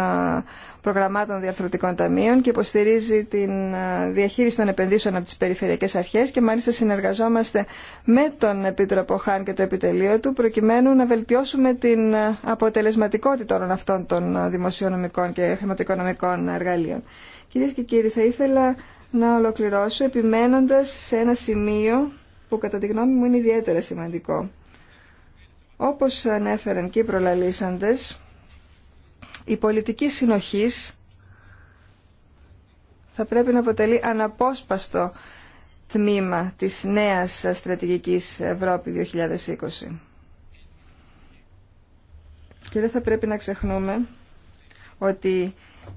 προγραμμάτων διαρθρωτικών ταμείων και υποστηρίζει την ε, διαχείριση των επενδύσεων από τις περιφερειακές αρχές και μάλιστα συνεργαζόμαστε με τον Επίτροπο Χάν και το επιτελείο του προκειμένου να βελτιώσουμε την ε, αποτελεσματικότητα όλων αυτών των δημοσιονομικών και χρηματοοικονομικών εργαλείων. Κυρίες και κύριοι, θα ήθελα να ολοκληρώσω επιμένοντας σε ένα σημείο που κατά τη γνώμη μου είναι ιδιαίτερα σημαντικό. Όπως ανέφεραν και οι προλαλήσαντες, η πολιτική συνοχής θα πρέπει να αποτελεί αναπόσπαστο τμήμα της νέας στρατηγικής Ευρώπη 2020. Και δεν θα πρέπει να ξεχνούμε ότι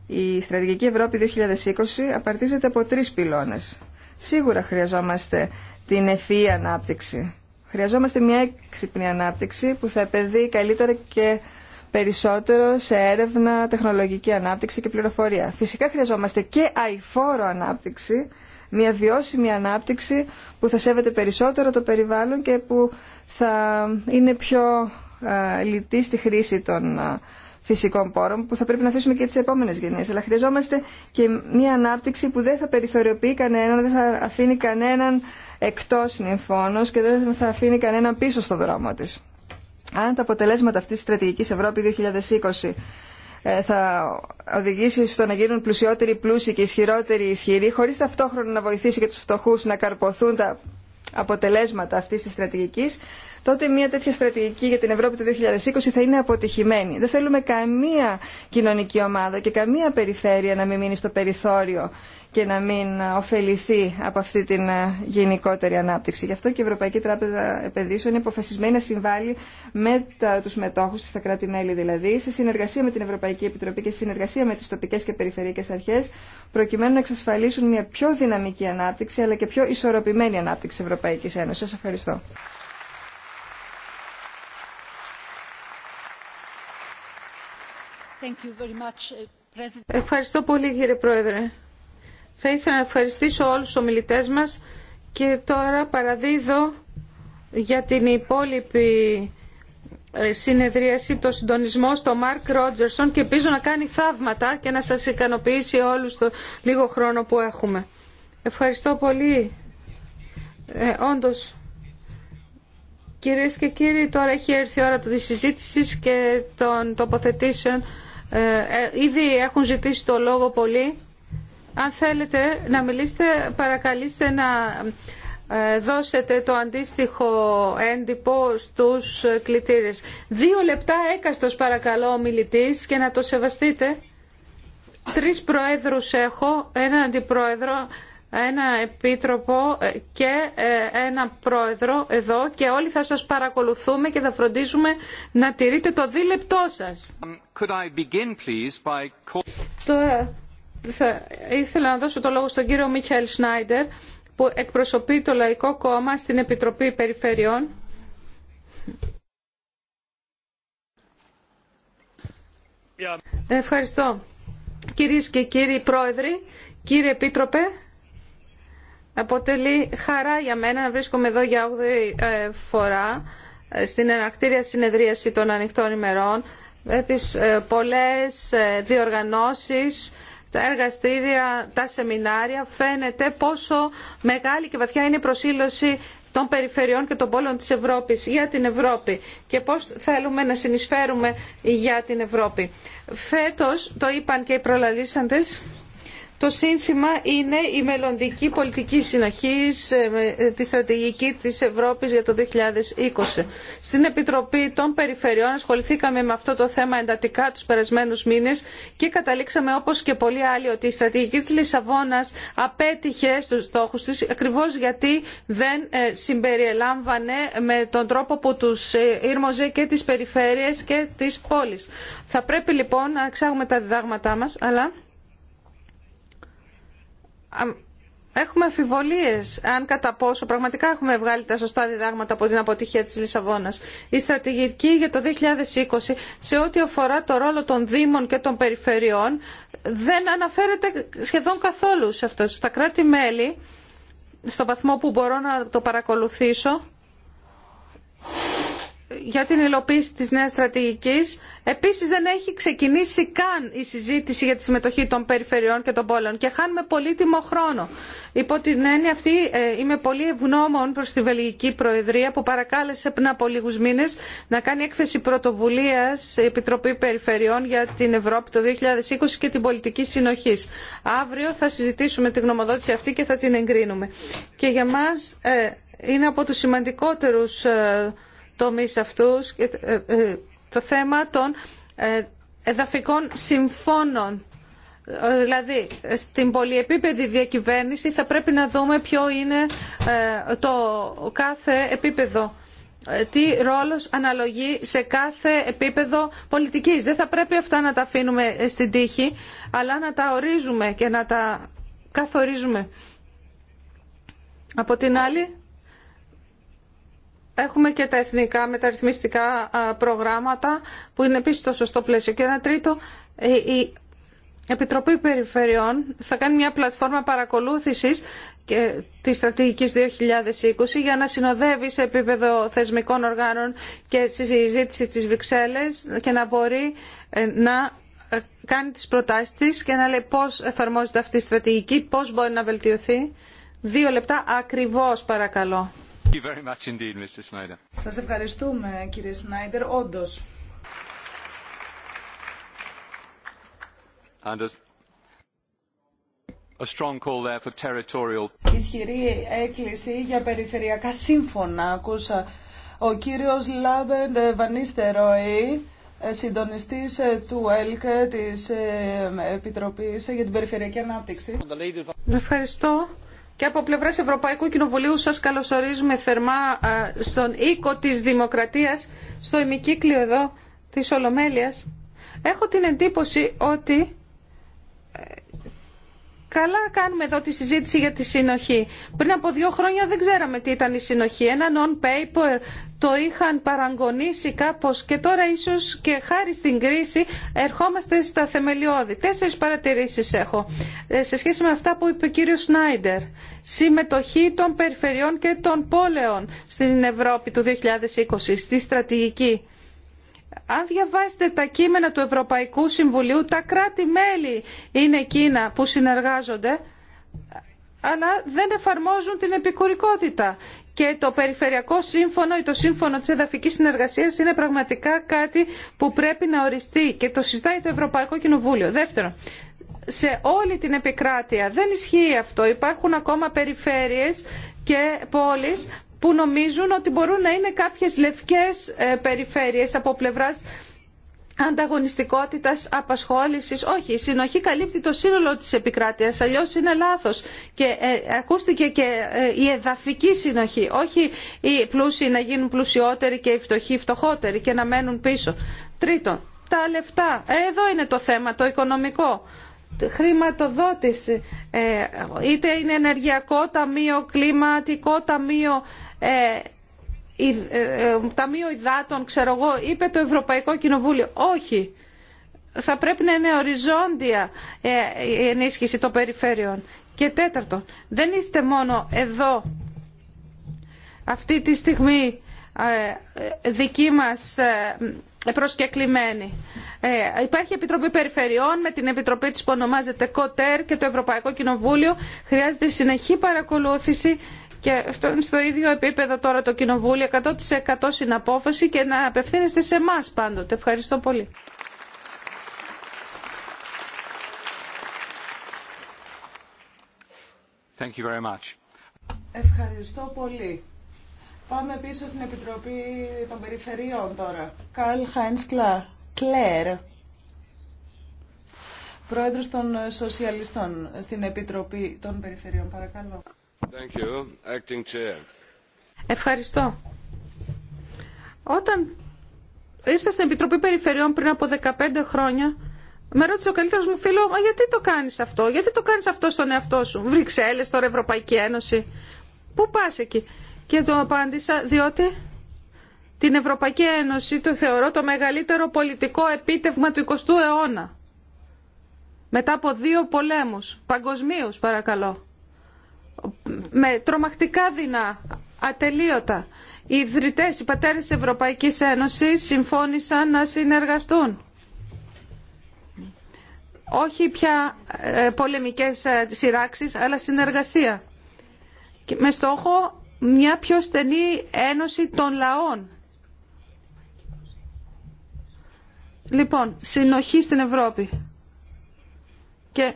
η Στρατηγική Ευρώπη 2020 απαρτίζεται από τρεις πυλώνες. Σίγουρα χρειαζόμαστε την ευφυή ανάπτυξη. Χρειαζόμαστε μια έξυπνη ανάπτυξη που θα επενδύει καλύτερα και περισσότερο σε έρευνα, τεχνολογική ανάπτυξη και πληροφορία. Φυσικά χρειαζόμαστε και αηφόρο ανάπτυξη, μια βιώσιμη ανάπτυξη που θα σέβεται περισσότερο το περιβάλλον και που θα είναι πιο ε, λιτή στη χρήση των ε, φυσικών πόρων που θα πρέπει να αφήσουμε και τι επόμενε γενίε. Αλλά χρειαζόμαστε και μια ανάπτυξη που δεν θα περιθωριοποιεί κανέναν, δεν θα αφήνει κανέναν εκτό νυμφώνο και δεν θα αφήνει κανέναν πίσω στο δρόμο τη. Αν τα αποτελέσματα αυτή τη στρατηγική Ευρώπη 2020 ε, θα οδηγήσει στο να γίνουν πλουσιότεροι πλούσιοι και ισχυρότεροι ισχυροί, χωρίς ταυτόχρονα να βοηθήσει και τους φτωχούς να καρποθούν τα αποτελέσματα αυτής της στρατηγικής, τότε μια τέτοια στρατηγική για την Ευρώπη του 2020 θα είναι αποτυχημένη. Δεν θέλουμε καμία κοινωνική ομάδα και καμία περιφέρεια να μην μείνει στο περιθώριο και να μην ωφεληθεί από αυτή την ε, γενικότερη ανάπτυξη. Γι' αυτό και η Ευρωπαϊκή Τράπεζα Επενδύσεων είναι αποφασισμένη να συμβάλλει με του μετόχου τη, τα κράτη-μέλη δηλαδή, σε συνεργασία με την Ευρωπαϊκή Επιτροπή και σε συνεργασία με τι τοπικέ και περιφερειακές αρχέ, προκειμένου να εξασφαλίσουν μια πιο δυναμική ανάπτυξη αλλά και πιο ισορροπημένη ανάπτυξη Ευρωπαϊκή Ένωση. ευχαριστώ. Uh, Ευχαριστώ πολύ κύριε Πρόεδρε. Θα ήθελα να ευχαριστήσω όλους τους ομιλητές μας και τώρα παραδίδω για την υπόλοιπη ε, συνεδρίαση το συντονισμό στο Μάρκ Ρότζερσον και ελπίζω να κάνει θαύματα και να σας ικανοποιήσει όλους το λίγο χρόνο που έχουμε. Ευχαριστώ πολύ. Ε, όντως, κυρίες και κύριοι, τώρα έχει έρθει η ώρα της συζήτησης και των τοποθετήσεων. Ε, ε, ήδη έχουν ζητήσει το λόγο πολύ. Αν θέλετε να μιλήσετε, παρακαλείστε να ε, δώσετε το αντίστοιχο έντυπο στους κλητήρες. Δύο λεπτά έκαστος παρακαλώ ο μιλητής και να το σεβαστείτε. Τρεις προέδρους έχω, έναν αντιπρόεδρο, ένα επίτροπο ε, και ε, ένα πρόεδρο εδώ και όλοι θα σας παρακολουθούμε και θα φροντίζουμε να τηρείτε το δίλεπτό σας. Um, ε, θα ήθελα να δώσω το λόγο στον κύριο Μίχαελ Σνάιντερ που εκπροσωπεί το Λαϊκό Κόμμα στην Επιτροπή Περιφερειών. Ευχαριστώ. Κυρίες και κύριοι πρόεδροι, κύριε επίτροπε, Αποτελεί χαρά για μένα να βρίσκομαι εδώ για 8 ε, φορά ε, στην εναρκτήρια συνεδρίαση των ανοιχτών ημερών με τις ε, πολλές διοργανώσεις, τα εργαστήρια, τα σεμινάρια. Φαίνεται πόσο μεγάλη και βαθιά είναι η προσήλωση των περιφερειών και των πόλεων της Ευρώπης για την Ευρώπη και πώς θέλουμε να συνεισφέρουμε για την Ευρώπη. Φέτος, το είπαν και οι προλαλήσαντες, το σύνθημα είναι η μελλοντική πολιτική συνοχή ε, ε, τη στρατηγική της Ευρώπης για το 2020. Στην Επιτροπή των Περιφερειών ασχοληθήκαμε με αυτό το θέμα εντατικά του περασμένου μήνε και καταλήξαμε όπως και πολλοί άλλοι ότι η στρατηγική της Λισαβόνας απέτυχε στους στόχου της ακριβώς γιατί δεν ε, συμπεριελάμβανε με τον τρόπο που του ήρμοζε και τι περιφέρειες και τι πόλει. Θα πρέπει λοιπόν να εξάγουμε τα διδάγματά μα. αλλά έχουμε αμφιβολίες αν κατά πόσο πραγματικά έχουμε βγάλει τα σωστά διδάγματα από την αποτυχία της Λισαβόνας. Η στρατηγική για το 2020 σε ό,τι αφορά το ρόλο των Δήμων και των Περιφερειών δεν αναφέρεται σχεδόν καθόλου σε αυτό. Στα κράτη-μέλη, στο βαθμό που μπορώ να το παρακολουθήσω, για την υλοποίηση της νέας στρατηγικής. Επίσης δεν έχει ξεκινήσει καν η συζήτηση για τη συμμετοχή των περιφερειών και των πόλεων και χάνουμε πολύτιμο χρόνο. Υπό την έννοια αυτή ε, είμαι πολύ ευγνώμων προς τη Βελγική Προεδρία που παρακάλεσε πριν από λίγους μήνες να κάνει έκθεση πρωτοβουλίας η Επιτροπή Περιφερειών για την Ευρώπη το 2020 και την πολιτική συνοχή. Αύριο θα συζητήσουμε την γνωμοδότηση αυτή και θα την εγκρίνουμε. Και για μας ε, είναι από τους σημαντικότερους ε, τομείς αυτούς και ε, ε, το θέμα των ε, εδαφικών συμφώνων. Δηλαδή, στην πολυεπίπεδη διακυβέρνηση θα πρέπει να δούμε ποιο είναι το κάθε επίπεδο. Τι ρόλος αναλογεί σε κάθε επίπεδο πολιτικής. Δεν θα πρέπει αυτά να τα αφήνουμε στην τύχη, αλλά να τα ορίζουμε και να τα καθορίζουμε. Από την άλλη, Έχουμε και τα εθνικά μεταρρυθμιστικά προγράμματα που είναι επίσης το σωστό πλαίσιο. Και ένα τρίτο, ε, η Επιτροπή Περιφερειών θα κάνει μια πλατφόρμα παρακολούθησης της στρατηγικής 2020 για να συνοδεύει σε επίπεδο θεσμικών οργάνων και στη συζήτηση της Βρυξέλλες και να μπορεί ε, να ε, κάνει τις προτάσεις της και να λέει πώς εφαρμόζεται αυτή η στρατηγική, πώς μπορεί να βελτιωθεί. Δύο λεπτά ακριβώς παρακαλώ. Σας ευχαριστούμε κύριε Σνάιντερ, όντως. Ισχυρή έκκληση για περιφερειακά σύμφωνα. Ακούσα ο κύριος Λάμπερντ Βανίστεροι, ε, συντονιστή ε, του ΕΛΚ της ε, Επιτροπής για την Περιφερειακή Ανάπτυξη. Ευχαριστώ. Και από πλευρά Ευρωπαϊκού Κοινοβουλίου σας καλωσορίζουμε θερμά στον οίκο της Δημοκρατίας, στο ημικύκλιο εδώ της Ολομέλειας. Έχω την εντύπωση ότι Καλά κάνουμε εδώ τη συζήτηση για τη συνοχή. Πριν από δύο χρόνια δεν ξέραμε τι ήταν η συνοχή. Ένα non-paper το είχαν παραγωνίσει κάπως και τώρα ίσως και χάρη στην κρίση ερχόμαστε στα θεμελιώδη. Τέσσερις παρατηρήσεις έχω ε, σε σχέση με αυτά που είπε ο κύριος Σνάιντερ. Συμμετοχή των περιφερειών και των πόλεων στην Ευρώπη του 2020, στη στρατηγική αν διαβάσετε τα κείμενα του Ευρωπαϊκού Συμβουλίου, τα κράτη-μέλη είναι εκείνα που συνεργάζονται, αλλά δεν εφαρμόζουν την επικουρικότητα. Και το Περιφερειακό Σύμφωνο ή το Σύμφωνο της Εδαφικής Συνεργασίας είναι πραγματικά κάτι που πρέπει να οριστεί και το συζητάει το Ευρωπαϊκό Κοινοβούλιο. Δεύτερον, σε όλη την επικράτεια δεν ισχύει αυτό. Υπάρχουν ακόμα περιφέρειες και πόλεις που νομίζουν ότι μπορούν να είναι κάποιες λευκές ε, περιφέρειες από πλευράς ανταγωνιστικότητας, απασχόλησης. Όχι, η συνοχή καλύπτει το σύνολο της επικράτειας, αλλιώς είναι λάθος. Και ε, ακούστηκε και ε, η εδαφική συνοχή, όχι οι πλούσιοι να γίνουν πλουσιότεροι και οι φτωχοί φτωχότεροι και να μένουν πίσω. Τρίτον, τα λεφτά. εδώ είναι το θέμα, το οικονομικό χρηματοδότηση. Ε, είτε είναι ενεργειακό ταμείο, κλιματικό ταμείο, ε, ε, ταμείο υδάτων, ξέρω εγώ, είπε το Ευρωπαϊκό Κοινοβούλιο. Όχι. Θα πρέπει να είναι οριζόντια η ενίσχυση των περιφέρειων. Και τέταρτον, δεν είστε μόνο εδώ αυτή τη στιγμή δική μας προσκεκλημένοι. Ε, υπάρχει Επιτροπή Περιφερειών με την Επιτροπή της που ονομάζεται ΚΟΤΕΡ και το Ευρωπαϊκό Κοινοβούλιο. Χρειάζεται συνεχή παρακολούθηση και αυτό είναι στο ίδιο επίπεδο τώρα το Κοινοβούλιο, 100% συναπόφαση και να απευθύνεστε σε εμά πάντοτε. Ευχαριστώ πολύ. Thank you very much. Ευχαριστώ πολύ. Πάμε πίσω στην Επιτροπή των Περιφερειών τώρα. Καρλ Χάιντς Κλέρ, πρόεδρος των Σοσιαλιστών στην Επιτροπή των Περιφερειών. Παρακαλώ. Thank you. Acting chair. Ευχαριστώ. Όταν ήρθα στην Επιτροπή Περιφερειών πριν από 15 χρόνια, με ρώτησε ο καλύτερος μου φίλο, μα γιατί το κάνεις αυτό, γιατί το κάνεις αυτό στον εαυτό σου, Βρυξέλλες, τώρα Ευρωπαϊκή Ένωση, πού πας εκεί. Και το απάντησα διότι την Ευρωπαϊκή Ένωση το θεωρώ το μεγαλύτερο πολιτικό επίτευγμα του 20ου αιώνα. Μετά από δύο πολέμους, παγκοσμίους παρακαλώ, με τρομακτικά δεινά, ατελείωτα, οι ιδρυτές, οι πατέρες της Ευρωπαϊκής Ένωσης συμφώνησαν να συνεργαστούν. Όχι πια ε, πολεμικές ε, σειράξεις, αλλά συνεργασία. Με στόχο μια πιο στενή ένωση των λαών. Λοιπόν, συνοχή στην Ευρώπη. Και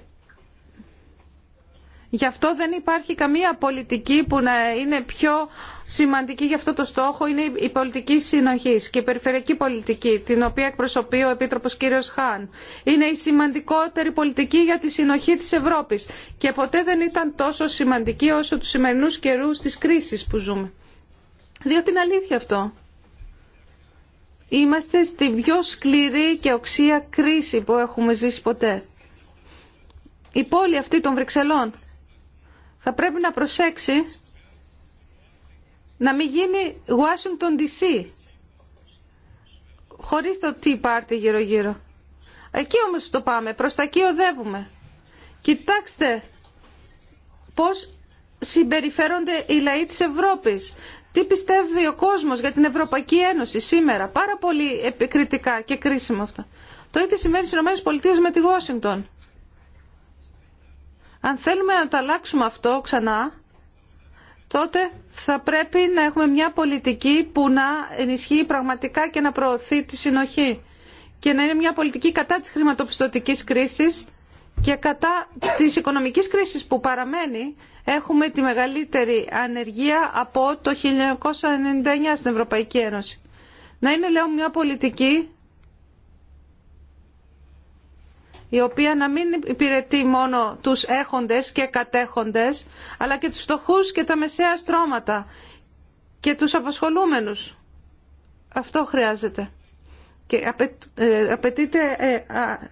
Γι' αυτό δεν υπάρχει καμία πολιτική που να είναι πιο σημαντική για αυτό το στόχο. Είναι η πολιτική συνοχή και η περιφερειακή πολιτική, την οποία εκπροσωπεί ο Επίτροπο κ. Χάν. Είναι η σημαντικότερη πολιτική για τη συνοχή τη Ευρώπη. Και ποτέ δεν ήταν τόσο σημαντική όσο του σημερινού καιρού τη κρίση που ζούμε. Διότι είναι αλήθεια αυτό. Είμαστε στην πιο σκληρή και οξία κρίση που έχουμε ζήσει ποτέ. Η πόλη αυτή των Βρυξελών θα πρέπει να προσέξει να μην γίνει Washington DC χωρίς το Tea Party γύρω γύρω. Εκεί όμως το πάμε, προς τα εκεί οδεύουμε. Κοιτάξτε πώς συμπεριφέρονται οι λαοί της Ευρώπης. Τι πιστεύει ο κόσμος για την Ευρωπαϊκή Ένωση σήμερα. Πάρα πολύ επικριτικά και κρίσιμο αυτό. Το ίδιο συμβαίνει στις ΗΠΑ με τη Washington. Αν θέλουμε να τα αλλάξουμε αυτό ξανά, τότε θα πρέπει να έχουμε μια πολιτική που να ενισχύει πραγματικά και να προωθεί τη συνοχή και να είναι μια πολιτική κατά της χρηματοπιστωτικής κρίσης και κατά της οικονομικής κρίσης που παραμένει έχουμε τη μεγαλύτερη ανεργία από το 1999 στην Ευρωπαϊκή Ένωση. Να είναι λέω μια πολιτική η οποία να μην υπηρετεί μόνο τους έχοντες και κατέχοντες, αλλά και τους φτωχούς και τα μεσαία στρώματα και τους απασχολούμενους. Αυτό χρειάζεται. Και ε, απαιτείται ε,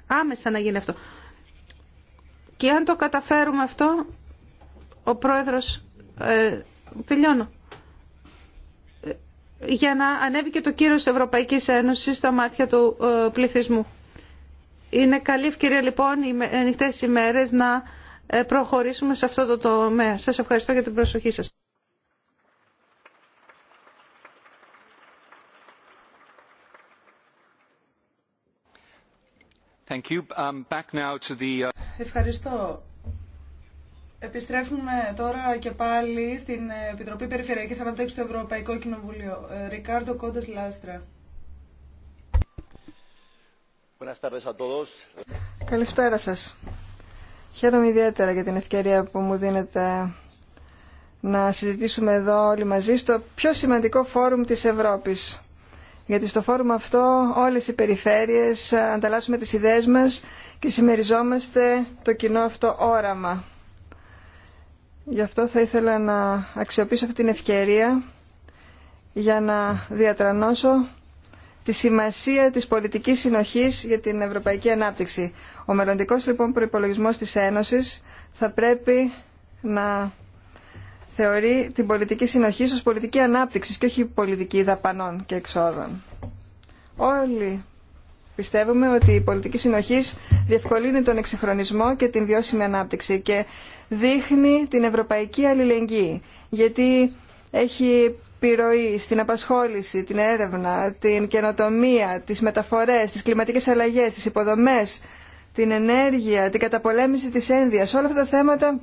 άμεσα να γίνει αυτό. Και αν το καταφέρουμε αυτό, ο πρόεδρος... Ε, τελειώνω. Ε, για να ανέβει και το κύρος της Ευρωπαϊκής Ένωσης στα μάτια του πληθυσμού. Είναι καλή ευκαιρία λοιπόν οι νυχτέ ημέρε να ε, προχωρήσουμε σε αυτό το τομέα. Σας ευχαριστώ για την προσοχή σας. Um, uh, ευχαριστώ. Επιστρέφουμε τώρα και πάλι στην ε, Επιτροπή Περιφερειακής Αναπτύξης του Ευρωπαϊκού Κοινοβουλίου. Ε, Ρικάρντο Κόντες Λάστρα. Καλησπέρα σας. Χαίρομαι ιδιαίτερα για την ευκαιρία που μου δίνετε να συζητήσουμε εδώ όλοι μαζί στο πιο σημαντικό φόρουμ της Ευρώπης. Γιατί στο φόρουμ αυτό όλες οι περιφέρειες ανταλλάσσουμε τις ιδέες μας και συμμεριζόμαστε το κοινό αυτό όραμα. Γι' αυτό θα ήθελα να αξιοποιήσω αυτή την ευκαιρία για να διατρανώσω τη σημασία της πολιτικής συνοχής για την ευρωπαϊκή ανάπτυξη. Ο μελλοντικός λοιπόν προϋπολογισμός της Ένωσης θα πρέπει να θεωρεί την πολιτική συνοχή ως πολιτική ανάπτυξης και όχι πολιτική δαπανών και εξόδων. Όλοι πιστεύουμε ότι η πολιτική συνοχή διευκολύνει τον εξυγχρονισμό και την βιώσιμη ανάπτυξη και δείχνει την ευρωπαϊκή αλληλεγγύη γιατί έχει επιρροή στην απασχόληση, την έρευνα, την καινοτομία, τις μεταφορές, τις κλιματικές αλλαγές, τις υποδομές, την ενέργεια, την καταπολέμηση της ένδυας. Όλα αυτά τα θέματα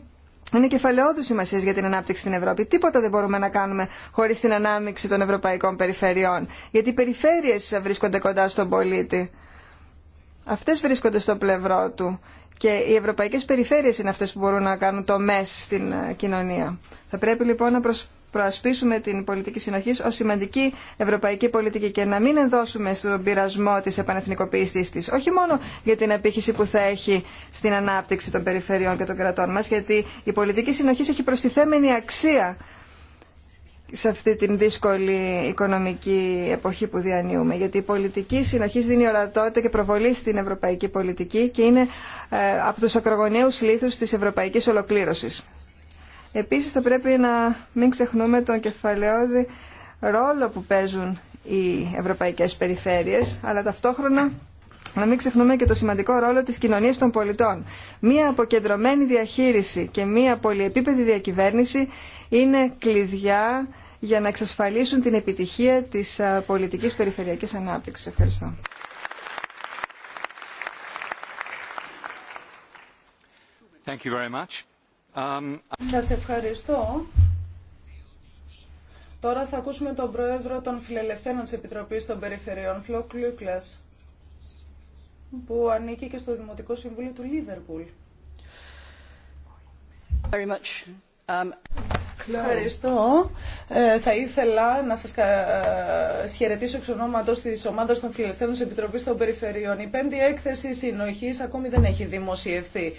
είναι κεφαλαιόδου σημασία για την ανάπτυξη στην Ευρώπη. Τίποτα δεν μπορούμε να κάνουμε χωρί την ανάμειξη των ευρωπαϊκών περιφερειών. Γιατί οι περιφέρειε βρίσκονται κοντά στον πολίτη. Αυτέ βρίσκονται στο πλευρό του. Και οι ευρωπαϊκέ περιφέρειε είναι αυτέ που μπορούν να κάνουν το μέσο στην ε, κοινωνία. Θα πρέπει λοιπόν να προσπαθήσουμε προασπίσουμε την πολιτική συνοχή ω σημαντική ευρωπαϊκή πολιτική και να μην ενδώσουμε στον πειρασμό τη επανεθνικοποίησής τη, Όχι μόνο για την απήχηση που θα έχει στην ανάπτυξη των περιφερειών και των κρατών μα, γιατί η πολιτική συνοχή έχει προστιθέμενη αξία σε αυτή την δύσκολη οικονομική εποχή που διανύουμε. Γιατί η πολιτική συνοχή δίνει ορατότητα και προβολή στην ευρωπαϊκή πολιτική και είναι ε, από του ακρογωνιού λίθους τη ευρωπαϊκή ολοκλήρωση. Επίσης θα πρέπει να μην ξεχνούμε τον κεφαλαιόδη ρόλο που παίζουν οι ευρωπαϊκές περιφέρειες, αλλά ταυτόχρονα να μην ξεχνούμε και το σημαντικό ρόλο της κοινωνίας των πολιτών. Μία αποκεντρωμένη διαχείριση και μία πολυεπίπεδη διακυβέρνηση είναι κλειδιά για να εξασφαλίσουν την επιτυχία της πολιτικής περιφερειακής ανάπτυξης. Ευχαριστώ. Thank you Um, σας ευχαριστώ. Τώρα θα ακούσουμε τον Πρόεδρο των Φιλελευθένων της Επιτροπής των Περιφερειών, Φλό Κλούκλας, που ανήκει και στο Δημοτικό Συμβούλιο του Λίβερπουλ. Um, ευχαριστώ. Ε, θα ήθελα να σας ε, χαιρετήσω εξ ονόματος της Ομάδας των Φιλελευθένων της Επιτροπής των Περιφερειών. Η πέμπτη έκθεση συνοχής ακόμη δεν έχει δημοσιευθεί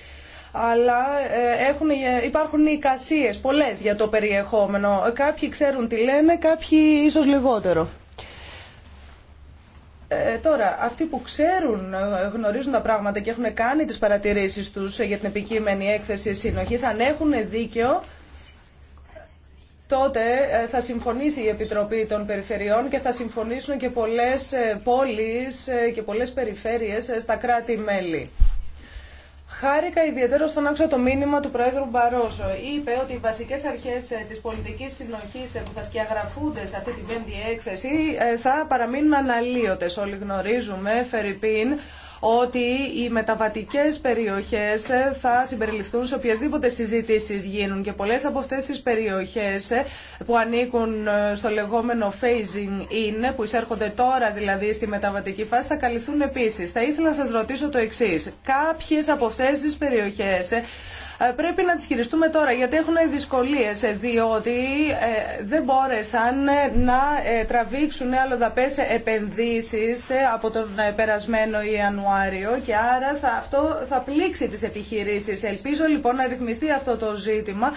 αλλά ε, έχουν, ε, υπάρχουν εικασίε πολλέ για το περιεχόμενο. Κάποιοι ξέρουν τι λένε, κάποιοι ίσως λιγότερο. Ε, τώρα, αυτοί που ξέρουν, γνωρίζουν τα πράγματα και έχουν κάνει τις παρατηρήσεις τους για την επικείμενη έκθεση συνοχής, αν έχουν δίκιο, τότε θα συμφωνήσει η Επιτροπή των Περιφερειών και θα συμφωνήσουν και πολλές πόλεις και πολλές περιφέρειες στα κράτη-μέλη. Χάρηκα ιδιαίτερα στον άκουσα το μήνυμα του Πρόεδρου Μπαρόσο. Είπε ότι οι βασικέ αρχέ ε, τη πολιτική συνοχή ε, που θα σκιαγραφούνται σε αυτή την πέμπτη έκθεση ε, θα παραμείνουν αναλύωτε. Όλοι γνωρίζουμε, Φερρυπίν, ότι οι μεταβατικές περιοχές θα συμπεριληφθούν σε οποιασδήποτε συζητήσεις γίνουν και πολλές από αυτές τις περιοχές που ανήκουν στο λεγόμενο phasing in, που εισέρχονται τώρα δηλαδή στη μεταβατική φάση, θα καλυφθούν επίσης. Θα ήθελα να σας ρωτήσω το εξής. Κάποιες από αυτές τις περιοχές ε, πρέπει να τις χειριστούμε τώρα γιατί έχουν δυσκολίες ε, διότι ε, δεν μπόρεσαν να τραβήξουν άλλο δαπές επενδύσεις από τον περασμένο Ιανουάριο και άρα θα, αυτό θα πλήξει τις επιχειρήσεις. Ελπίζω λοιπόν να ρυθμιστεί αυτό το ζήτημα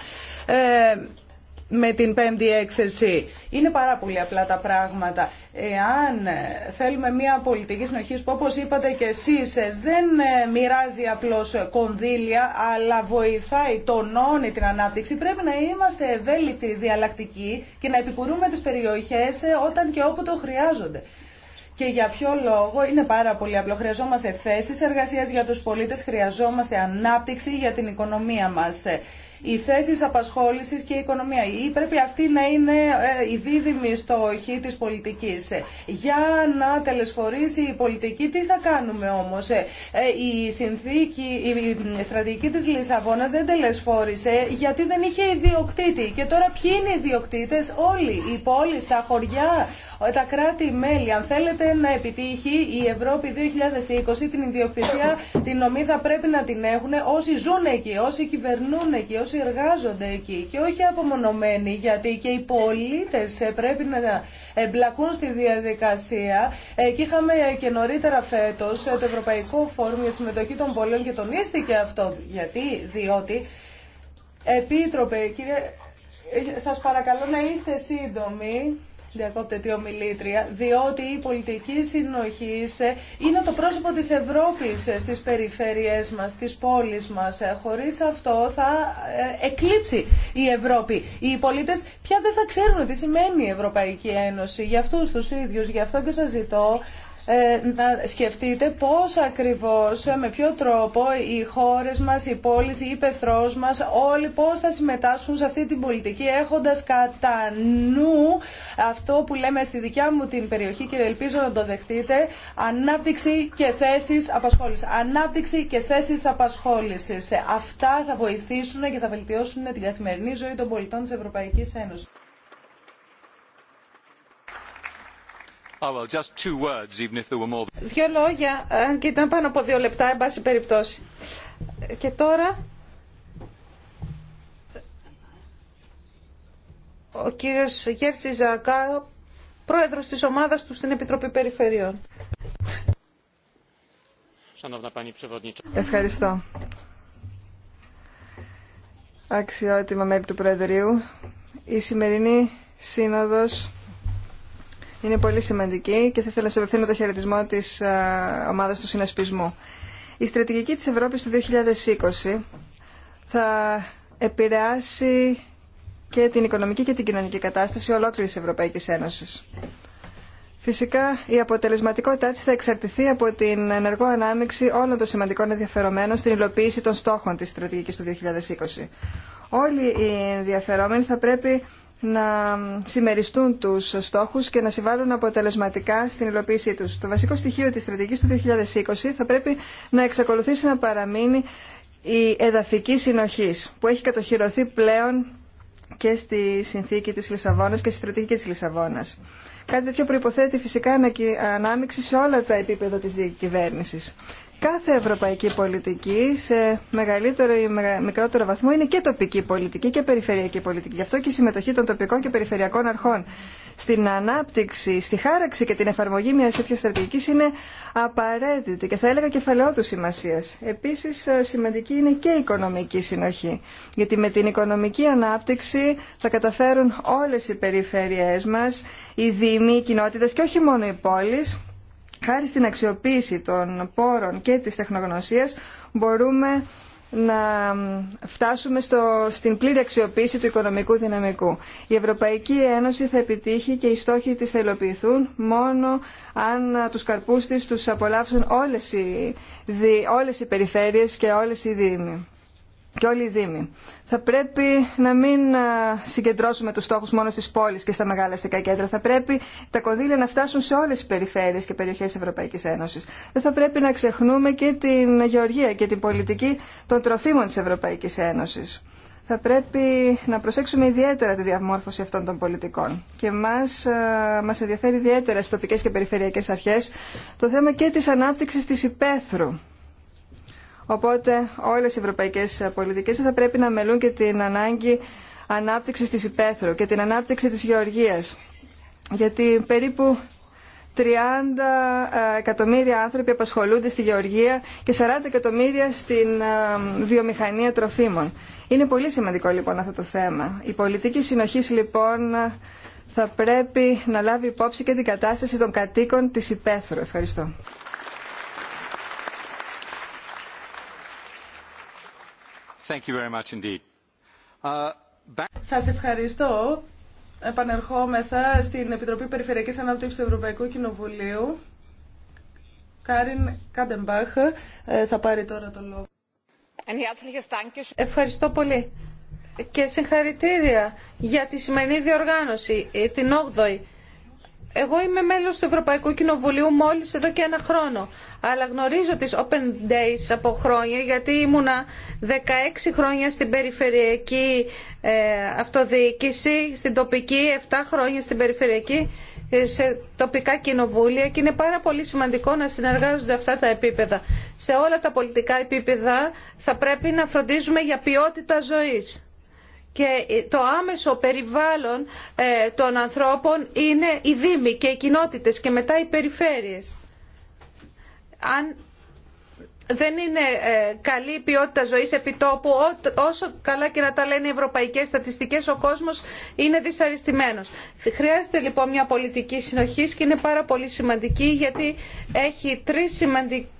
με την πέμπτη έκθεση. Είναι πάρα πολύ απλά τα πράγματα. Εάν θέλουμε μια πολιτική συνοχή που όπως είπατε και εσείς δεν μοιράζει απλώς κονδύλια αλλά βοηθάει, τονώνει την ανάπτυξη πρέπει να είμαστε ευέλικτοι, διαλλακτικοί και να επικουρούμε τις περιοχές όταν και όπου το χρειάζονται. Και για ποιο λόγο είναι πάρα πολύ απλό. Χρειαζόμαστε θέσεις εργασίας για τους πολίτες, χρειαζόμαστε ανάπτυξη για την οικονομία μα οι θέσει απασχόλησης και η οικονομία. Ή πρέπει αυτή να είναι ε, η δίδυμη στόχη της πολιτικής. Για να τελεσφορήσει η πολιτική, τι θα κάνουμε όμως. Ε? Ε, η συνθήκη, η στρατηγική της Λισαβόνας δεν τελεσφόρησε γιατί δεν είχε ιδιοκτήτη. Και τώρα ποιοι είναι οι ιδιοκτήτες όλοι, οι πόλεις, τα χωριά, τα κράτη-μέλη. Αν θέλετε να επιτύχει η Ευρώπη 2020 την ιδιοκτησία, την νομή θα πρέπει να την έχουν όσοι ζουν εκεί, όσοι κυβερνούν εκεί, όσοι εργάζονται εκεί και όχι απομονωμένοι γιατί και οι πολίτες ε, πρέπει να εμπλακούν στη διαδικασία και είχαμε και νωρίτερα φέτος ε, το Ευρωπαϊκό Φόρουμ για τη Συμμετοχή των Πολίων και τονίστηκε αυτό γιατί, διότι Επίτροπε, κύριε, ε, σας παρακαλώ να είστε σύντομοι διακόπτεται η ομιλήτρια, διότι η πολιτική συνοχή είναι το πρόσωπο της Ευρώπης στις περιφέρειές μας, στις πόλεις μας. Ε, χωρίς αυτό θα ε, εκλείψει η Ευρώπη. Οι πολίτες πια δεν θα ξέρουν τι σημαίνει η Ευρωπαϊκή Ένωση. Για αυτούς τους ίδιους, γι' αυτό και σας ζητώ ε, να σκεφτείτε πώς ακριβώς, ε, με ποιο τρόπο οι χώρες μας, οι πόλεις, οι υπεθρός μας, όλοι πώς θα συμμετάσχουν σε αυτή την πολιτική έχοντας κατά νου αυτό που λέμε στη δικιά μου την περιοχή και ελπίζω να το δεχτείτε, ανάπτυξη και θέσεις απασχόλησης. Ανάπτυξη και θέσεις απασχόλησης. Ε, αυτά θα βοηθήσουν και θα βελτιώσουν την καθημερινή ζωή των πολιτών της Ευρωπαϊκής Ένωσης. Δύο λόγια, αν και ήταν πάνω από δύο λεπτά, εν πάση περιπτώσει. Και τώρα... Ο κύριος Γέρση Ζακά, πρόεδρος της ομάδας του στην Επιτροπή Περιφερειών. Ευχαριστώ. Αξιότιμα μέλη του Προεδρείου, η σημερινή σύνοδος είναι πολύ σημαντική και θα ήθελα να σε απευθύνω το χαιρετισμό τη ε, ομάδα του συνασπισμού. Η στρατηγική τη Ευρώπη του 2020 θα επηρεάσει και την οικονομική και την κοινωνική κατάσταση ολόκληρη τη Ευρωπαϊκής Ένωσης. Φυσικά, η αποτελεσματικότητά τη θα εξαρτηθεί από την ενεργό ανάμειξη όλων των σημαντικών ενδιαφερομένων στην υλοποίηση των στόχων τη Στρατηγική του 2020. Όλοι οι ενδιαφερόμενοι θα πρέπει να συμμεριστούν τους στόχους και να συμβάλλουν αποτελεσματικά στην υλοποίησή τους. Το βασικό στοιχείο της στρατηγικής του 2020 θα πρέπει να εξακολουθήσει να παραμείνει η εδαφική συνοχής που έχει κατοχυρωθεί πλέον και στη συνθήκη της Λισαβόνας και στη στρατηγική της Λισαβόνας. Κάτι τέτοιο προποθέτει φυσικά ανάμειξη σε όλα τα επίπεδα της διακυβέρνηση κάθε ευρωπαϊκή πολιτική σε μεγαλύτερο ή μικρότερο βαθμό είναι και τοπική πολιτική και περιφερειακή πολιτική. Γι' αυτό και η συμμετοχή των τοπικών και περιφερειακών αρχών στην ανάπτυξη, στη χάραξη και την εφαρμογή μια τέτοια στρατηγική είναι απαραίτητη και θα έλεγα κεφαλαιότου σημασία. Επίση, ε, σημαντική είναι και η οικονομική συνοχή. Γιατί με την οικονομική ανάπτυξη θα καταφέρουν όλε οι περιφέρειέ μα, οι δήμοι, οι κοινότητε και όχι μόνο οι πόλει χάρη στην αξιοποίηση των πόρων και της τεχνογνωσίας μπορούμε να φτάσουμε στο, στην πλήρη αξιοποίηση του οικονομικού δυναμικού. Η Ευρωπαϊκή Ένωση θα επιτύχει και οι στόχοι της θα υλοποιηθούν μόνο αν τους καρπούς της τους απολαύσουν όλες οι, όλες οι περιφέρειες και όλες οι δήμοι και όλοι οι Δήμοι. Θα πρέπει να μην ε, συγκεντρώσουμε τους στόχους μόνο στις πόλεις και στα μεγάλα αστικά κέντρα. Θα πρέπει τα κονδύλια να φτάσουν σε όλες τις περιφέρειες και περιοχές της Ευρωπαϊκής Ένωσης. Δεν θα πρέπει να ξεχνούμε και την γεωργία και την πολιτική των τροφίμων της Ευρωπαϊκής Ένωσης. Θα πρέπει να προσέξουμε ιδιαίτερα τη διαμόρφωση αυτών των πολιτικών. Και μας, ε, μας ενδιαφέρει ιδιαίτερα στις τοπικές και περιφερειακές αρχές το θέμα και της ανάπτυξη τη υπαίθρου Οπότε όλες οι ευρωπαϊκές πολιτικές θα πρέπει να μελούν και την ανάγκη ανάπτυξης της υπαίθρου και την ανάπτυξη της γεωργίας. Γιατί περίπου 30 ε, εκατομμύρια άνθρωποι απασχολούνται στη γεωργία και 40 εκατομμύρια στην ε, βιομηχανία τροφίμων. Είναι πολύ σημαντικό λοιπόν αυτό το θέμα. Η πολιτική συνοχή λοιπόν θα πρέπει να λάβει υπόψη και την κατάσταση των κατοίκων της υπαίθρου. Ευχαριστώ. Uh, Σας ευχαριστώ. Επανερχόμεθα στην Επιτροπή Περιφερειακής Ανάπτυξης του Ευρωπαϊκού Κοινοβουλίου. Κάριν Κάντεμπαχ ε, θα πάρει τώρα το λόγο. Ευχαριστώ πολύ. Και συγχαρητήρια για τη σημερινή διοργάνωση, ε, την 8η. Εγώ είμαι μέλος του Ευρωπαϊκού Κοινοβουλίου μόλις εδώ και ένα χρόνο αλλά γνωρίζω τις Open Days από χρόνια γιατί ήμουνα 16 χρόνια στην περιφερειακή ε, αυτοδιοίκηση, στην τοπική, 7 χρόνια στην περιφερειακή, ε, σε τοπικά κοινοβούλια και είναι πάρα πολύ σημαντικό να συνεργάζονται αυτά τα επίπεδα. Σε όλα τα πολιτικά επίπεδα θα πρέπει να φροντίζουμε για ποιότητα ζωής και ε, το άμεσο περιβάλλον των ανθρώπων είναι οι δήμοι και οι κοινότητες και μετά οι περιφέρειες αν δεν είναι ε, καλή η ποιότητα ζωής τόπου, όσο καλά και να τα λένε οι ευρωπαϊκές στατιστικές, ο κόσμος είναι δυσαρεστημένος. Χρειάζεται λοιπόν μια πολιτική συνοχής και είναι πάρα πολύ σημαντική γιατί έχει τρεις σημαντικές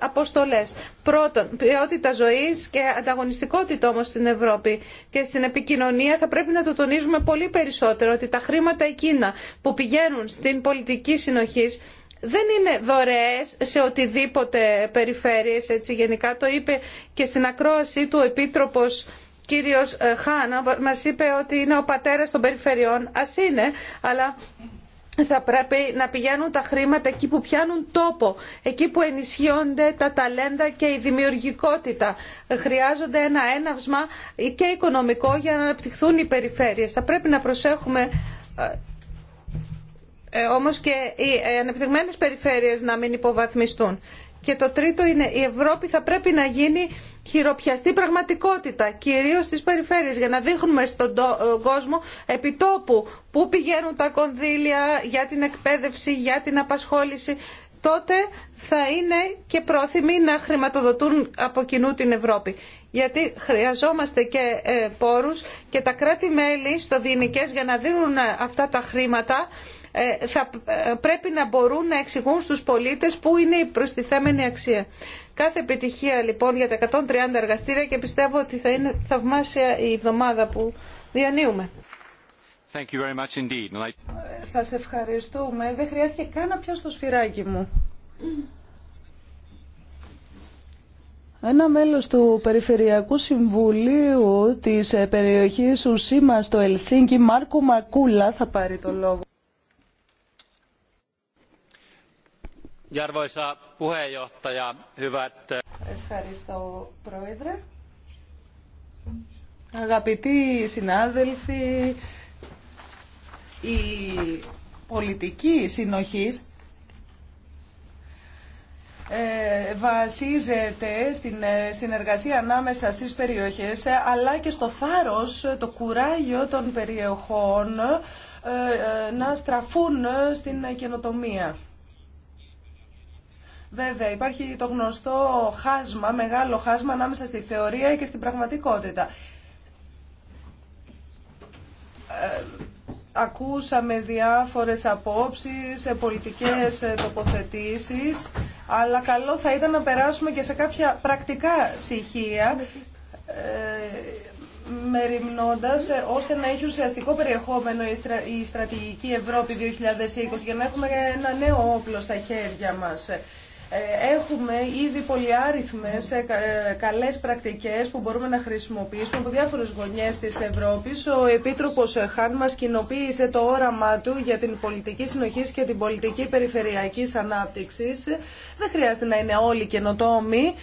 αποστολές. Πρώτον, ποιότητα ζωής και ανταγωνιστικότητα όμως στην Ευρώπη και στην επικοινωνία θα πρέπει να το τονίζουμε πολύ περισσότερο ότι τα χρήματα εκείνα που πηγαίνουν στην πολιτική συνοχής δεν είναι δωρεές σε οτιδήποτε περιφέρειες, έτσι γενικά το είπε και στην ακρόαση του Επίτροπος κύριος ε, Χάνα, μας είπε ότι είναι ο πατέρας των περιφερειών, ας είναι, αλλά θα πρέπει να πηγαίνουν τα χρήματα εκεί που πιάνουν τόπο, εκεί που ενισχύονται τα ταλέντα και η δημιουργικότητα. Χρειάζονται ένα έναυσμα και οικονομικό για να αναπτυχθούν οι περιφέρειες. Θα πρέπει να προσέχουμε ε, ε, όμως και οι ε, ανεπτυγμένες περιφέρειες να μην υποβαθμιστούν. Και το τρίτο είναι η Ευρώπη θα πρέπει να γίνει χειροπιαστή πραγματικότητα, κυρίως στις περιφέρειες, για να δείχνουμε στον ε, κόσμο επιτόπου πού πηγαίνουν τα κονδύλια για την εκπαίδευση, για την απασχόληση. Τότε θα είναι και πρόθυμοι να χρηματοδοτούν από κοινού την Ευρώπη. Γιατί χρειαζόμαστε και ε, πόρους και τα κράτη-μέλη στο Διενικές για να δίνουν αυτά τα χρήματα ε, θα ε, πρέπει να μπορούν να εξηγούν στους πολίτες πού είναι η προστιθέμενη αξία. Κάθε επιτυχία λοιπόν για τα 130 εργαστήρια και πιστεύω ότι θα είναι θαυμάσια η εβδομάδα που διανύουμε. Thank you very much indeed. Σας ευχαριστούμε. Δεν χρειάστηκε καν να πιάσω το σφυράκι μου. Ένα μέλος του Περιφερειακού Συμβουλίου της περιοχής Ουσίμα στο Ελσίνκι, Μάρκο Μακούλα, θα πάρει το λόγο. Arvoisa ε, Ευχαριστώ, Πρόεδρε. Αγαπητοί συνάδελφοι, η πολιτική συνοχής ε, βασίζεται στην ε, συνεργασία ανάμεσα στις περιοχές αλλά και στο θάρρος, το κουράγιο των περιοχών να στραφούν στην καινοτομία. Βέβαια, υπάρχει το γνωστό χάσμα, μεγάλο χάσμα ανάμεσα στη θεωρία και στην πραγματικότητα. Ε, ακούσαμε διάφορες απόψεις, ε, πολιτικές ε, τοποθετήσεις, αλλά καλό θα ήταν να περάσουμε και σε κάποια πρακτικά στοιχεία, ε, μεριμνώντας ώστε να έχει ουσιαστικό περιεχόμενο η, στρατηγική Ευρώπη 2020 για να έχουμε ένα νέο όπλο στα χέρια μας. Ε, έχουμε ήδη πολυάριθμες ε, ε, καλές πρακτικές που μπορούμε να χρησιμοποιήσουμε από διάφορες γωνιές της Ευρώπης. Ο Επίτροπος Χάν μας κοινοποίησε το όραμα του για την πολιτική συνοχή και την πολιτική περιφερειακής ανάπτυξης. Δεν χρειάζεται να είναι όλοι καινοτόμοι,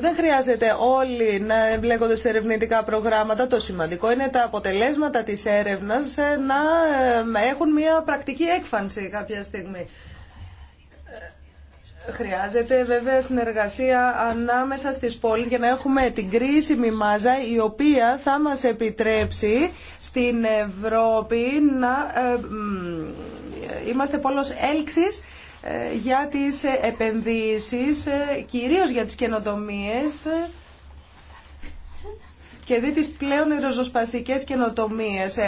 δεν χρειάζεται όλοι να εμπλέκονται σε ερευνητικά προγράμματα. Το σημαντικό είναι τα αποτελέσματα της έρευνας να έχουν μια πρακτική έκφανση κάποια στιγμή. Χρειάζεται βέβαια συνεργασία ανάμεσα στις πόλεις για να έχουμε την κρίσιμη μάζα η οποία θα μας επιτρέψει στην Ευρώπη να ε, είμαστε πόλος έλξης ε, για τις επενδύσεις, ε, κυρίως για τις καινοτομίες και δει τις πλέον ριζοσπαστικές καινοτομίες.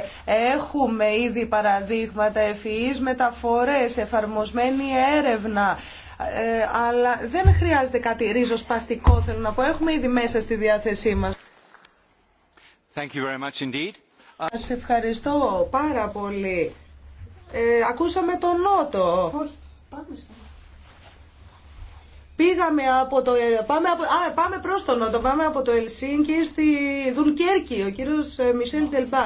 Έχουμε ήδη παραδείγματα ευφυής, μεταφορές, εφαρμοσμένη έρευνα, ε, αλλά δεν χρειάζεται κάτι ριζοσπαστικό, θέλω να πω. Έχουμε ήδη μέσα στη διάθεσή μας. Thank you very much indeed. Σας ευχαριστώ πάρα πολύ. Ε, ακούσαμε τον Νότο. Όχι, πάμε στο... Πήγαμε από το... Πάμε, από, α, πάμε προς τον Νότο, πάμε από το Ελσίνκι στη Δουλκέρκη, ο κύριος ε, Μισελ Τελπά.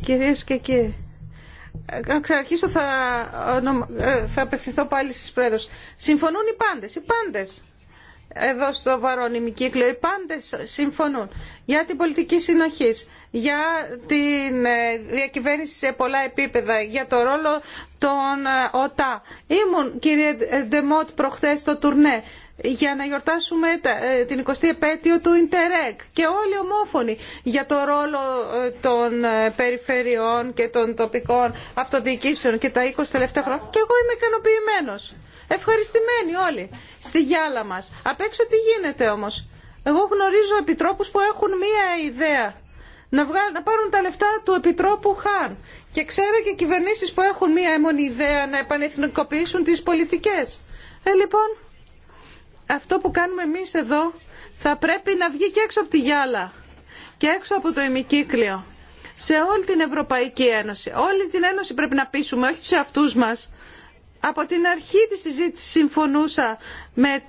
Κυρίες και κύριοι, ε, αν ξαναρχίσω θα, ε, θα απευθυνθώ πάλι στις πρόεδρες. Συμφωνούν οι πάντες, οι πάντες. Εδώ στο παρόνιμη κύκλο οι πάντες συμφωνούν για την πολιτική συνοχή, για την ε, διακυβέρνηση σε πολλά επίπεδα, για το ρόλο των ΟΤΑ. Ήμουν κύριε Ντεμότ προχθές στο τουρνέ για να γιορτάσουμε ε, την 20η επέτειο του Ιντερεκ και όλοι ομόφωνοι για το ρόλο ε, των ε, περιφερειών και των τοπικών αυτοδιοικήσεων και τα 20 τελευταία χρόνια και εγώ είμαι ικανοποιημένο. Ευχαριστημένοι όλοι στη γυάλα μα. Απ' έξω τι γίνεται όμω. Εγώ γνωρίζω επιτρόπους που έχουν μία ιδέα. Να, να πάρουν τα λεφτά του Επιτρόπου Χάν. Και ξέρω και κυβερνήσεις που έχουν μία έμονη ιδέα να επανεθνικοποιήσουν τις πολιτικές. Ε, λοιπόν, αυτό που κάνουμε εμείς εδώ θα πρέπει να βγει και έξω από τη γυάλα και έξω από το ημικύκλιο σε όλη την Ευρωπαϊκή Ένωση. Όλη την Ένωση πρέπει να πείσουμε, όχι τους εαυτούς μας. Από την αρχή της συζήτησης συμφωνούσα με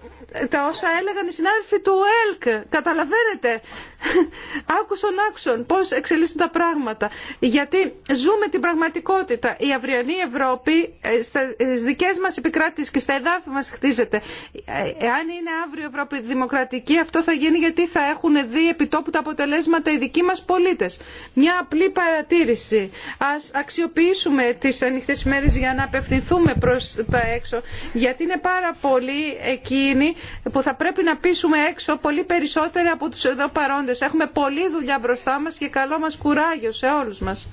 τα όσα έλεγαν οι συνάδελφοι του ΕΛΚ. Καταλαβαίνετε, άκουσον άκουσον πώς εξελίσσονται τα πράγματα. Γιατί ζούμε την πραγματικότητα. Η αυριανή Ευρώπη ε, στις δικές μας επικράτησεις και στα εδάφη μας χτίζεται. Ε, εάν είναι αύριο η Ευρώπη δημοκρατική, αυτό θα γίνει γιατί θα έχουν δει επιτόπου τα αποτελέσματα οι δικοί μας πολίτες. Μια απλή παρατήρηση. Ας αξιοποιήσουμε τις ανοιχτές μέρες για να απευθυνθούμε προς τα έξω, γιατί είναι πάρα πολύ εκείνοι που θα πρέπει να πείσουμε έξω πολύ περισσότερο από τους εδώ παρόντες. Έχουμε πολλή δουλειά μπροστά μας και καλό μας κουράγιο σε όλους μας.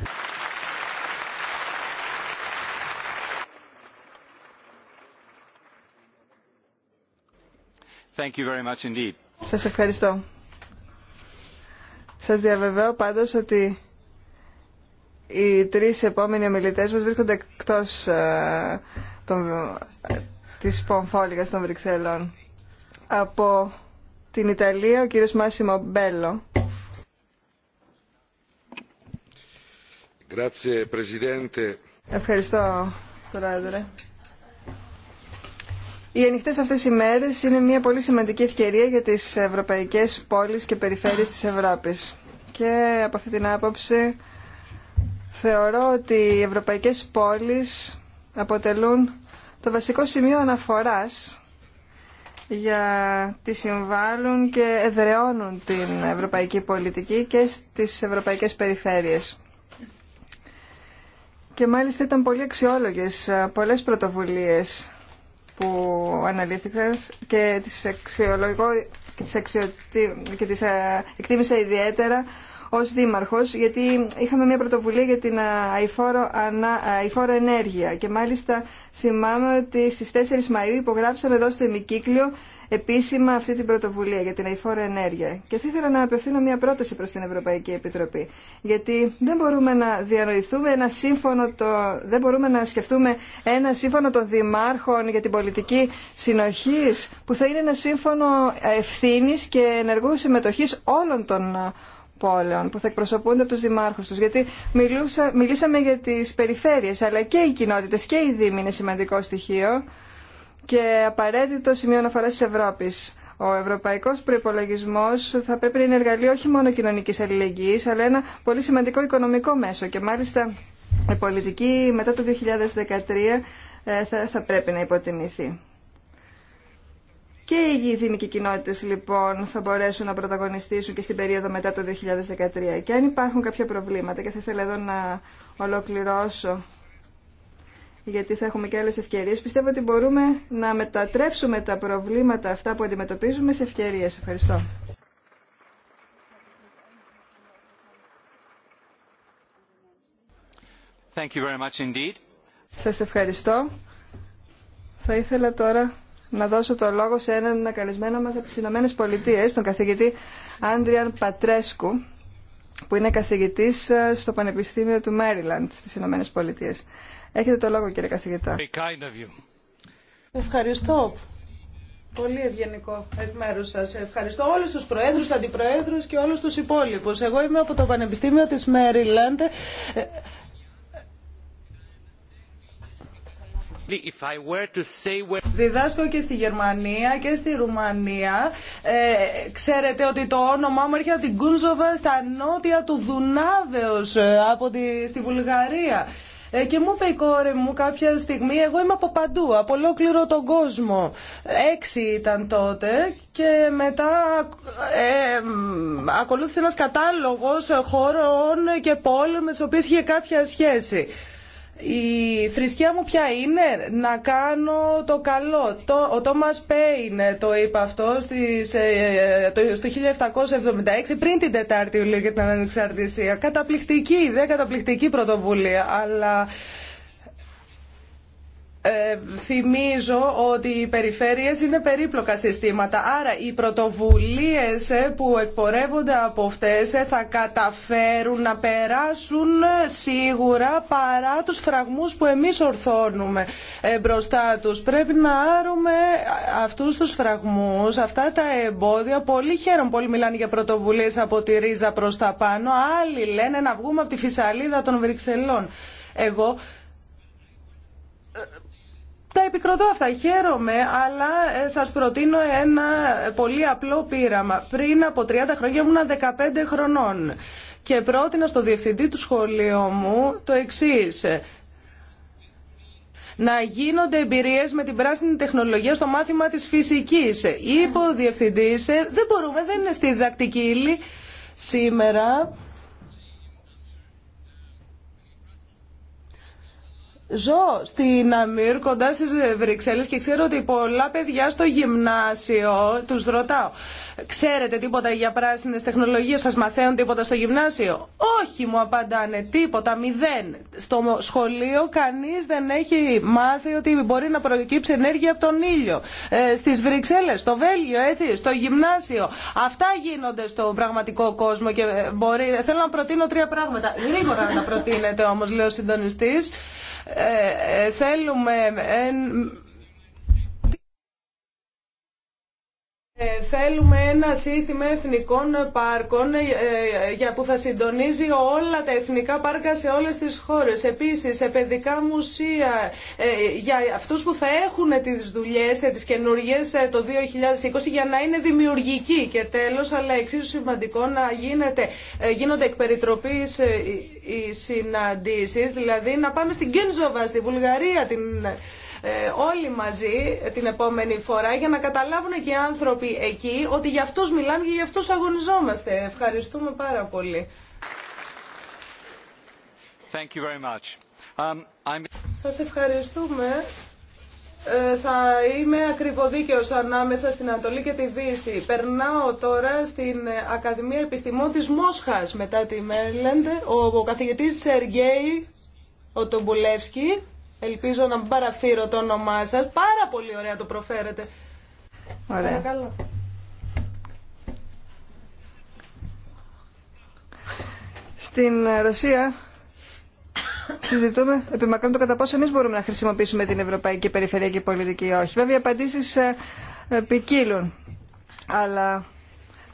Thank you very much indeed. Σας ευχαριστώ. Σας διαβεβαίω πάντως ότι οι τρεις επόμενοι ομιλητές μας βρίσκονται εκτός ε, των της Πομφόλιγας των Βρυξελών. Από την Ιταλία, ο κύριος Μάσιμο Μπέλο. Ευχαριστώ, Πρόεδρε. Οι ανοιχτέ αυτές οι μέρες είναι μια πολύ σημαντική ευκαιρία για τις ευρωπαϊκές πόλεις και περιφέρειες της Ευρώπης. Και από αυτή την άποψη θεωρώ ότι οι ευρωπαϊκές πόλεις αποτελούν το βασικό σημείο αναφοράς για τι συμβάλλουν και εδραιώνουν την ευρωπαϊκή πολιτική και στις ευρωπαϊκές περιφέρειες. Και μάλιστα ήταν πολύ αξιόλογες ε, πολλές πρωτοβουλίες που αναλύθηκαν και τις αξιολογώ και τις, και ε, εκτίμησα ιδιαίτερα ως δήμαρχος, γιατί είχαμε μια πρωτοβουλία για την αηφόρο, ανα, αηφόρο ενέργεια και μάλιστα θυμάμαι ότι στις 4 Μαΐου υπογράψαμε εδώ στο ημικύκλιο επίσημα αυτή την πρωτοβουλία για την αηφόρο ενέργεια. Και θα ήθελα να απευθύνω μια πρόταση προς την Ευρωπαϊκή Επιτροπή, γιατί δεν μπορούμε να διανοηθούμε ένα σύμφωνο, το, δεν μπορούμε να σκεφτούμε ένα σύμφωνο των δημάρχων για την πολιτική συνοχής, που θα είναι ένα σύμφωνο ευθύνη και ενεργού συμμετοχής όλων των πόλεων που θα εκπροσωπούνται από του Δημάρχου του, Γιατί μιλούσα, μιλήσαμε για τις περιφέρειες, αλλά και οι κοινότητε, και οι δήμοι είναι σημαντικό στοιχείο και απαραίτητο σημείο αναφορά τη Ευρώπη. Ο ευρωπαϊκό προπολογισμό θα πρέπει να είναι εργαλείο όχι μόνο κοινωνική αλληλεγγύη, αλλά ένα πολύ σημαντικό οικονομικό μέσο. Και μάλιστα η πολιτική μετά το 2013 ε, θα, θα πρέπει να υποτιμηθεί. Και οι δήμικοι κοινότητε λοιπόν θα μπορέσουν να πρωταγωνιστήσουν και στην περίοδο μετά το 2013. Και αν υπάρχουν κάποια προβλήματα, και θα ήθελα εδώ να ολοκληρώσω, γιατί θα έχουμε και άλλες ευκαιρίες, πιστεύω ότι μπορούμε να μετατρέψουμε τα προβλήματα αυτά που αντιμετωπίζουμε σε ευκαιρίε. Ευχαριστώ. Σα Σας ευχαριστώ. Θα ήθελα τώρα να δώσω το λόγο σε έναν καλεσμένο μας από τις Ηνωμένε Πολιτείε, τον καθηγητή Άντριαν Πατρέσκου, που είναι καθηγητής ε, στο Πανεπιστήμιο του Μέριλαντ στις Ηνωμένε Πολιτείε. Έχετε το λόγο κύριε καθηγητά. Ευχαριστώ. Πολύ ευγενικό εκ μέρου σα. Ευχαριστώ όλου του προέδρου, αντιπροέδρου και όλου του υπόλοιπου. Εγώ είμαι από το Πανεπιστήμιο τη Μέριλαντ. Διδάσκω και στη Γερμανία και στη Ρουμανία. Ε, ξέρετε ότι το όνομά μου έρχεται από την Κούνζοβα στα νότια του Δουνάβεως, ε, από τη, στη Βουλγαρία. Ε, και μου είπε η κόρη μου κάποια στιγμή, εγώ είμαι από παντού, από ολόκληρο τον κόσμο. Έξι ήταν τότε και μετά ακολούθησε ένας κατάλογος χωρών και πόλων με τις οποίες είχε κάποια σχέση. Η θρησκεία μου πια είναι, να κάνω το καλό. Το, ο Τόμας Πέιν το είπε αυτό ε, το, στο 1776, πριν την Τετάρτη Ιουλίου για την Ανεξαρτησία. Καταπληκτική, δεν καταπληκτική πρωτοβουλία, αλλά ε, θυμίζω ότι οι περιφέρειες είναι περίπλοκα συστήματα, άρα οι πρωτοβουλίες ε, που εκπορεύονται από αυτές ε, θα καταφέρουν να περάσουν ε, σίγουρα παρά τους φραγμούς που εμείς ορθώνουμε μπροστά τους. Πρέπει να άρουμε αυτούς τους φραγμούς, αυτά τα εμπόδια. Πολύ χαίρομαι, πολύ μιλάνε για πρωτοβουλίες από τη ρίζα προς τα πάνω. Άλλοι λένε να βγούμε από τη φυσαλίδα των Βρυξελών. Εγώ τα επικροτώ αυτά, χαίρομαι, αλλά ε, σας προτείνω ένα πολύ απλό πείραμα. Πριν από 30 χρόνια ήμουν 15 χρονών και πρότεινα στο διευθυντή του σχολείου μου το εξής να γίνονται εμπειρίες με την πράσινη τεχνολογία στο μάθημα της φυσικής. Είπε ο διευθυντής, ε, δεν μπορούμε, δεν είναι στη διδακτική ύλη σήμερα. Ζω στην Αμύρ κοντά στις Βρυξέλλες και ξέρω ότι πολλά παιδιά στο γυμνάσιο τους ρωτάω Ξέρετε τίποτα για πράσινες τεχνολογίες, σας μαθαίνουν τίποτα στο γυμνάσιο. Όχι μου απαντάνε τίποτα, μηδέν. Στο σχολείο κανείς δεν έχει μάθει ότι μπορεί να προκύψει ενέργεια από τον ήλιο. Ε, στις Βρυξέλλες, στο Βέλγιο, έτσι, στο γυμνάσιο. Αυτά γίνονται στο πραγματικό κόσμο και ε, μπορεί... Θέλω να προτείνω τρία πράγματα. Γρήγορα να τα προτείνετε όμως, λέει ο συντονιστή. Ε, ε, θέλουμε... Ε, Ε, θέλουμε ένα σύστημα εθνικών πάρκων ε, για που θα συντονίζει όλα τα εθνικά πάρκα σε όλες τις χώρες. Επίσης, σε παιδικά μουσεία ε, για αυτούς που θα έχουν τις δουλειές, τις καινούργιες το 2020 για να είναι δημιουργικοί. Και τέλος, αλλά εξίσου σημαντικό να γίνεται, γίνονται εκ περιτροπής οι συναντήσεις, δηλαδή να πάμε στην Κένζοβα, στη Βουλγαρία, την ε, όλοι μαζί την επόμενη φορά για να καταλάβουν και οι άνθρωποι εκεί ότι για αυτούς μιλάμε και για αυτούς αγωνιζόμαστε. Ευχαριστούμε πάρα πολύ. Thank you very much. Um, Σας ευχαριστούμε. Ε, θα είμαι ακριβοδίκαιος ανάμεσα στην Ανατολή και τη Δύση. Περνάω τώρα στην ε, Ακαδημία Επιστημών της Μόσχας μετά τη Μέρλεντ. Ο, ο καθηγητής Σεργέη ο Ελπίζω να παραφθείρω το όνομά σα. Πάρα πολύ ωραία το προφέρετε. Ωραία. Στην ε, Ρωσία συζητούμε επιμακρών το κατά πόσο εμεί μπορούμε να χρησιμοποιήσουμε την ευρωπαϊκή περιφερειακή πολιτική ή όχι. Βέβαια οι απαντήσεις ε, ε, ποικίλουν. Αλλά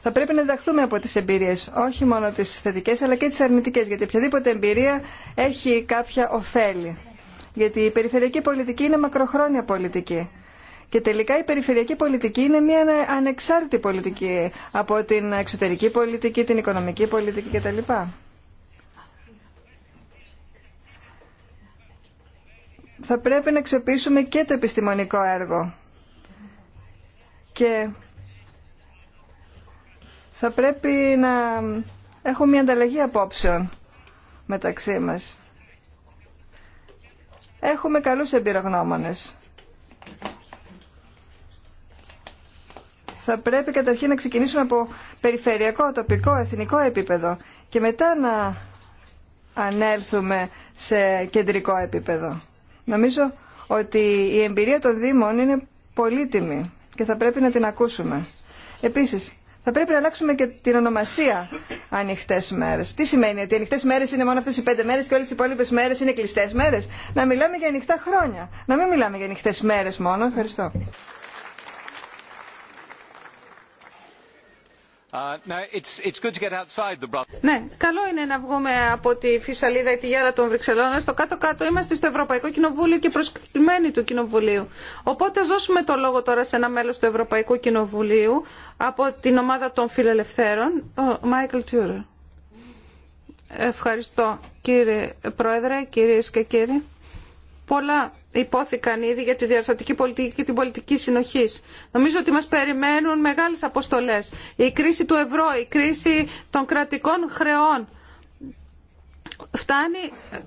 θα πρέπει να διδαχθούμε από τι εμπειρίε, όχι μόνο τι θετικέ, αλλά και τι αρνητικέ. γιατί οποιαδήποτε εμπειρία έχει κάποια ωφέλη γιατί η περιφερειακή πολιτική είναι μακροχρόνια πολιτική. Και τελικά η περιφερειακή πολιτική είναι μια ανεξάρτητη πολιτική από την εξωτερική πολιτική, την οικονομική πολιτική κτλ. Θα πρέπει να αξιοποιήσουμε και το επιστημονικό έργο. Και θα πρέπει να έχουμε μια ανταλλαγή απόψεων μεταξύ μας. Έχουμε καλούς εμπειρογνώμονες. Θα πρέπει καταρχήν να ξεκινήσουμε από περιφερειακό, τοπικό, εθνικό επίπεδο και μετά να ανέλθουμε σε κεντρικό επίπεδο. Νομίζω ότι η εμπειρία των Δήμων είναι πολύτιμη και θα πρέπει να την ακούσουμε. Επίσης, θα πρέπει να αλλάξουμε και την ονομασία ανοιχτέ μέρε. Τι σημαίνει ότι οι ανοιχτέ μέρε είναι μόνο αυτέ οι πέντε μέρε και όλε οι υπόλοιπε μέρε είναι κλειστέ μέρε. Να μιλάμε για ανοιχτά χρόνια. Να μην μιλάμε για ανοιχτέ μέρε μόνο. Ευχαριστώ. Ναι, καλό είναι να βγούμε από τη φυσαλίδα ή τη γέρα των Βρυξελών. Στο κάτω-κάτω είμαστε στο Ευρωπαϊκό Κοινοβούλιο και προσκεκτημένοι του Κοινοβουλίου. Οπότε ζώσουμε δώσουμε το λόγο τώρα σε ένα μέλος του Ευρωπαϊκού Κοινοβουλίου από την ομάδα των φιλελευθέρων, ο Μάικλ Τιούρερ. Ευχαριστώ κύριε Πρόεδρε, κυρίες και κύριοι. Πολλά υπόθηκαν ήδη για τη διαρθρωτική πολιτική και την πολιτική συνοχή. Νομίζω ότι μα περιμένουν μεγάλε αποστολέ. Η κρίση του ευρώ, η κρίση των κρατικών χρεών φτάνει ε,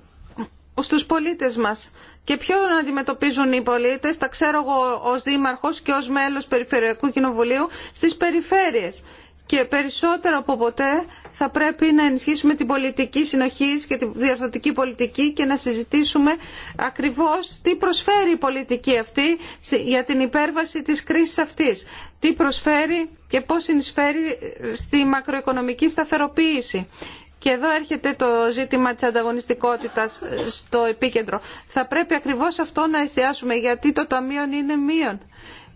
στους πολίτες μας. Και ποιον αντιμετωπίζουν οι πολίτες, τα ξέρω εγώ ως δήμαρχος και ως μέλος Περιφερειακού Κοινοβουλίου, στις περιφέρειες και περισσότερο από ποτέ θα πρέπει να ενισχύσουμε την πολιτική συνοχή και τη διαρθρωτική πολιτική και να συζητήσουμε ακριβώς τι προσφέρει η πολιτική αυτή για την υπέρβαση της κρίσης αυτής. Τι προσφέρει και πώς συνεισφέρει στη μακροοικονομική σταθεροποίηση και εδώ έρχεται το ζήτημα της ανταγωνιστικότητας στο επίκεντρο. Θα πρέπει ακριβώς αυτό να εστιάσουμε γιατί το ταμείο είναι μείον.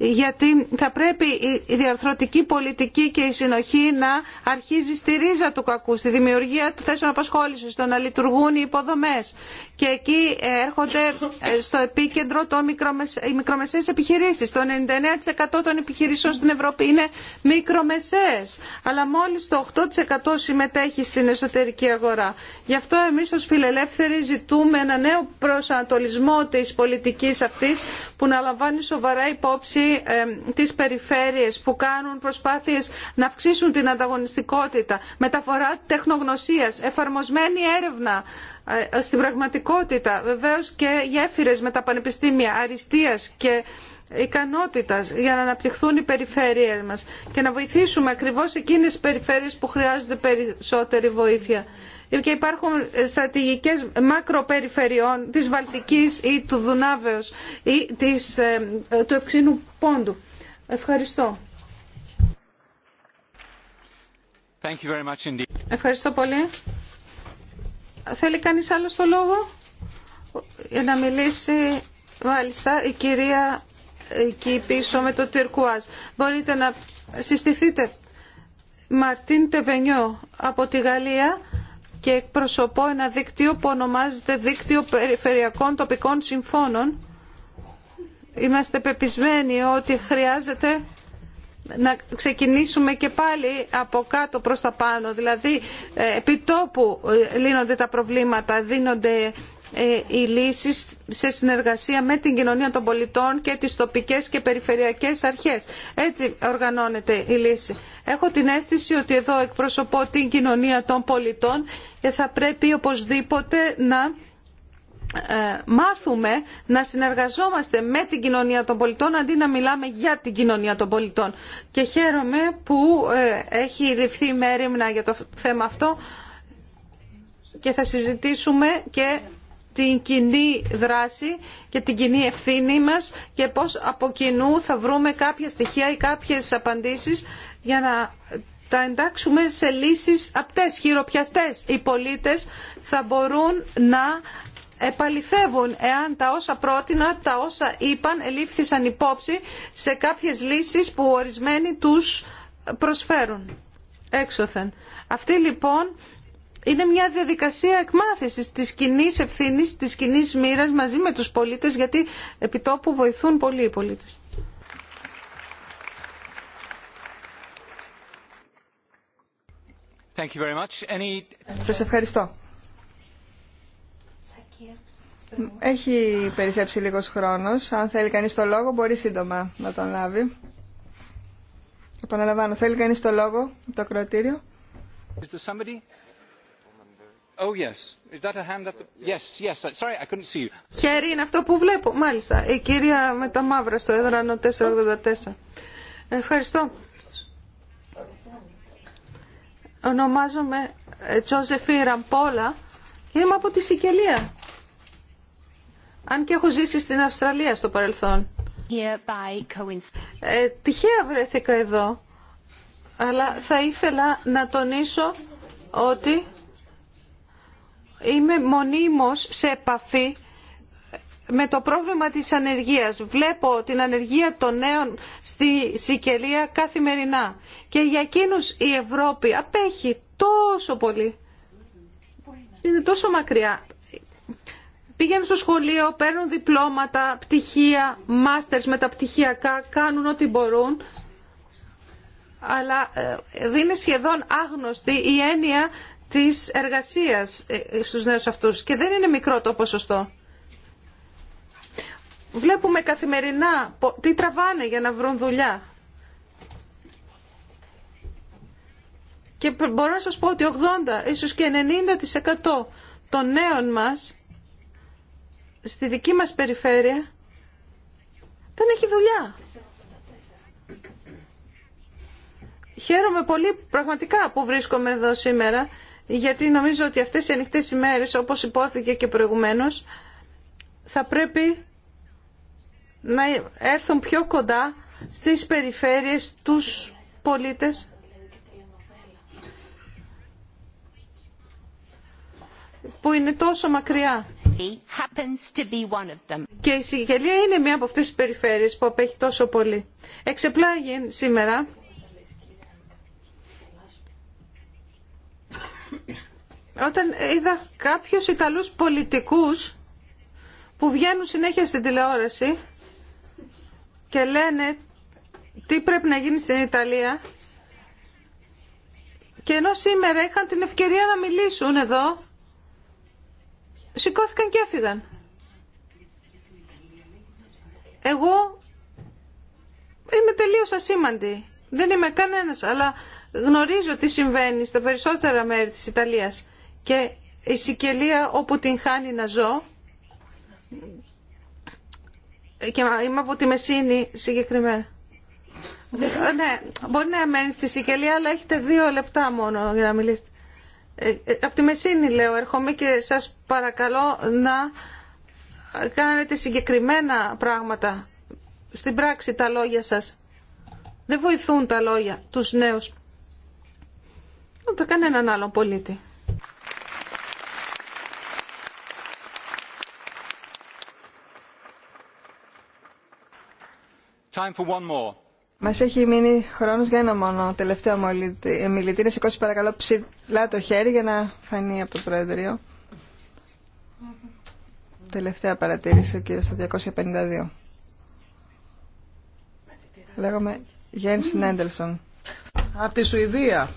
Γιατί θα πρέπει η διαρθρωτική πολιτική και η συνοχή να αρχίζει στη ρίζα του κακού, στη δημιουργία του θέσεων απασχόλησης, στο να λειτουργούν οι υποδομές. Και εκεί έρχονται ε, στο επίκεντρο μικρομεσα... οι μικρομεσαίες επιχειρήσεις. Το 99% των επιχειρήσεων στην Ευρώπη είναι μικρομεσαίες. Αλλά μόλις το 8% συμμετέχει στην εσωτερική αγορά. Γι' αυτό εμείς ως φιλελεύθεροι ζητούμε ένα νέο προσανατολισμό της πολιτικής αυτής που να λαμβάνει σοβαρά υπόψη ε, τις περιφέρειες που κάνουν προσπάθειες να αυξήσουν την ανταγωνιστικότητα, μεταφορά τεχνογνωσίας, εφαρμοσμένη έρευνα ε, στην πραγματικότητα, βεβαίως και γέφυρες με τα πανεπιστήμια αριστείας και ικανότητας για να αναπτυχθούν οι περιφέρειες μας και να βοηθήσουμε ακριβώς εκείνες τις περιφέρειες που χρειάζονται περισσότερη βοήθεια. Και υπάρχουν στρατηγικές μακροπεριφερειών της Βαλτικής ή του Δουνάβεως ή ε, του Ευξήνου Πόντου. Ευχαριστώ. Thank you very much Ευχαριστώ πολύ. Θέλει κανείς άλλο το λόγο για να μιλήσει μάλιστα η κυρία εκεί πίσω με το Τυρκουάζ. Μπορείτε να συστηθείτε. Μαρτίν Τεβενιό από τη Γαλλία και εκπροσωπώ ένα δίκτυο που ονομάζεται Δίκτυο Περιφερειακών Τοπικών Συμφώνων. Είμαστε πεπισμένοι ότι χρειάζεται να ξεκινήσουμε και πάλι από κάτω προς τα πάνω. Δηλαδή, ε, επί τόπου ε, λύνονται τα προβλήματα, δίνονται ε, οι λύσει σε συνεργασία με την κοινωνία των πολιτών και τις τοπικές και περιφερειακές αρχές. Έτσι οργανώνεται η λύση. Έχω την αίσθηση ότι εδώ εκπροσωπώ την κοινωνία των πολιτών και θα πρέπει οπωσδήποτε να ε, μάθουμε να συνεργαζόμαστε με την κοινωνία των πολιτών αντί να μιλάμε για την κοινωνία των πολιτών. Και χαίρομαι που ε, έχει με μέρημνα για το θέμα αυτό και θα συζητήσουμε και την κοινή δράση και την κοινή ευθύνη μας και πώς από κοινού θα βρούμε κάποια στοιχεία ή κάποιες απαντήσεις για να τα εντάξουμε σε λύσεις απτές, χειροπιαστές. Οι πολίτες θα μπορούν να επαληθεύουν εάν τα όσα πρότεινα, τα όσα είπαν, ελήφθησαν υπόψη σε κάποιες λύσεις που ορισμένοι τους προσφέρουν έξωθεν. Αυτή λοιπόν είναι μια διαδικασία εκμάθησης της κοινή ευθύνη, της κοινή μοίρα μαζί με τους πολίτες γιατί τόπου βοηθούν πολύ οι πολίτες. Thank you very much. Any... Σας ευχαριστώ. Έχει περισσέψει λίγος χρόνος. Αν θέλει κανείς το λόγο μπορεί σύντομα να τον λάβει. Επαναλαμβάνω, θέλει κανείς το λόγο, το κρατήριο. Χέρι είναι αυτό που βλέπω. Μάλιστα. Η κυρία με τα μαύρα στο έδρανο 484. Ευχαριστώ. Ονομάζομαι ε, Τζόζεφι Ραμπόλα και είμαι από τη Σικελία. Αν και έχω ζήσει στην Αυστραλία στο παρελθόν. Ε, τυχαία βρέθηκα εδώ, αλλά θα ήθελα να τονίσω ότι είμαι μονίμως σε επαφή με το πρόβλημα της ανεργίας. Βλέπω την ανεργία των νέων στη Σικελία καθημερινά. Και για εκείνους η Ευρώπη απέχει τόσο πολύ. Είναι τόσο μακριά. Πήγαινε στο σχολείο, παίρνουν διπλώματα, πτυχία, μάστερς πτυχιακά, κάνουν ό,τι μπορούν. Αλλά ε, δεν είναι σχεδόν άγνωστη η έννοια της εργασίας ε, ε, στους νέους αυτούς και δεν είναι μικρό το ποσοστό. Βλέπουμε καθημερινά τι τραβάνε για να βρουν δουλειά. Και μπορώ να σας πω ότι 80, ίσως και 90% των νέων μας στη δική μας περιφέρεια δεν έχει δουλειά. Χαίρομαι πολύ πραγματικά που βρίσκομαι εδώ σήμερα γιατί νομίζω ότι αυτές οι ανοιχτές ημέρες, όπως υπόθηκε και προηγουμένως, θα πρέπει να έρθουν πιο κοντά στις περιφέρειες τους πολίτες που είναι τόσο μακριά. Και η Συγγελία είναι μία από αυτές τις περιφέρειες που απέχει τόσο πολύ. Εξεπλάγει σήμερα όταν είδα κάποιους Ιταλούς πολιτικούς που βγαίνουν συνέχεια στην τηλεόραση και λένε τι πρέπει να γίνει στην Ιταλία και ενώ σήμερα είχαν την ευκαιρία να μιλήσουν εδώ σηκώθηκαν και έφυγαν. Εγώ είμαι τελείως ασήμαντη. Δεν είμαι κανένας, αλλά γνωρίζω τι συμβαίνει στα περισσότερα μέρη της Ιταλίας και η Σικελία όπου την χάνει να ζω και είμαι από τη Μεσίνη συγκεκριμένα. ναι, μπορεί να μένει στη Σικελία, αλλά έχετε δύο λεπτά μόνο για να μιλήσετε. Ε, ε, από τη Μεσίνη λέω, έρχομαι και σας παρακαλώ να κάνετε συγκεκριμένα πράγματα στην πράξη τα λόγια σας. Δεν βοηθούν τα λόγια τους νέους ούτε κανέναν άλλον πολίτη. Time for one more. έχει μείνει χρόνο για ένα μόνο τελευταίο μιλητή. Να σηκώσει παρακαλώ ψηλά το χέρι για να φανεί από το Προεδρείο. Τελευταία παρατήρηση ο κύριο 252. Λέγομαι Γιάννη Νέντελσον. Από τη Σουηδία.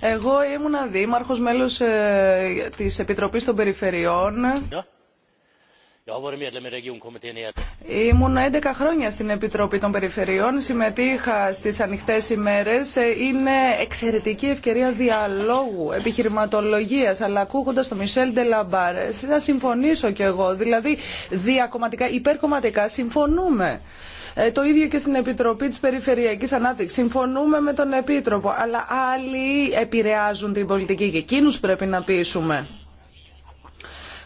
Εγώ ήμουνα δήμαρχο, μέλο ε, της Επιτροπής των Περιφερειών. Er. Ήμουν 11 χρόνια στην Επιτροπή των Περιφερειών, συμμετείχα στις ανοιχτές ημέρες. Ε, είναι εξαιρετική ευκαιρία διαλόγου, επιχειρηματολογίας, αλλά ακούγοντας τον Μισελ Ντελαμπάρ, να συμφωνήσω κι εγώ, δηλαδή διακομματικά, υπερκομματικά συμφωνούμε. Ε, το ίδιο και στην Επιτροπή της περιφερειακή ανάπτυξη. Συμφωνούμε με τον Επίτροπο, αλλά άλλοι επηρεάζουν την πολιτική και εκείνου πρέπει να πείσουμε.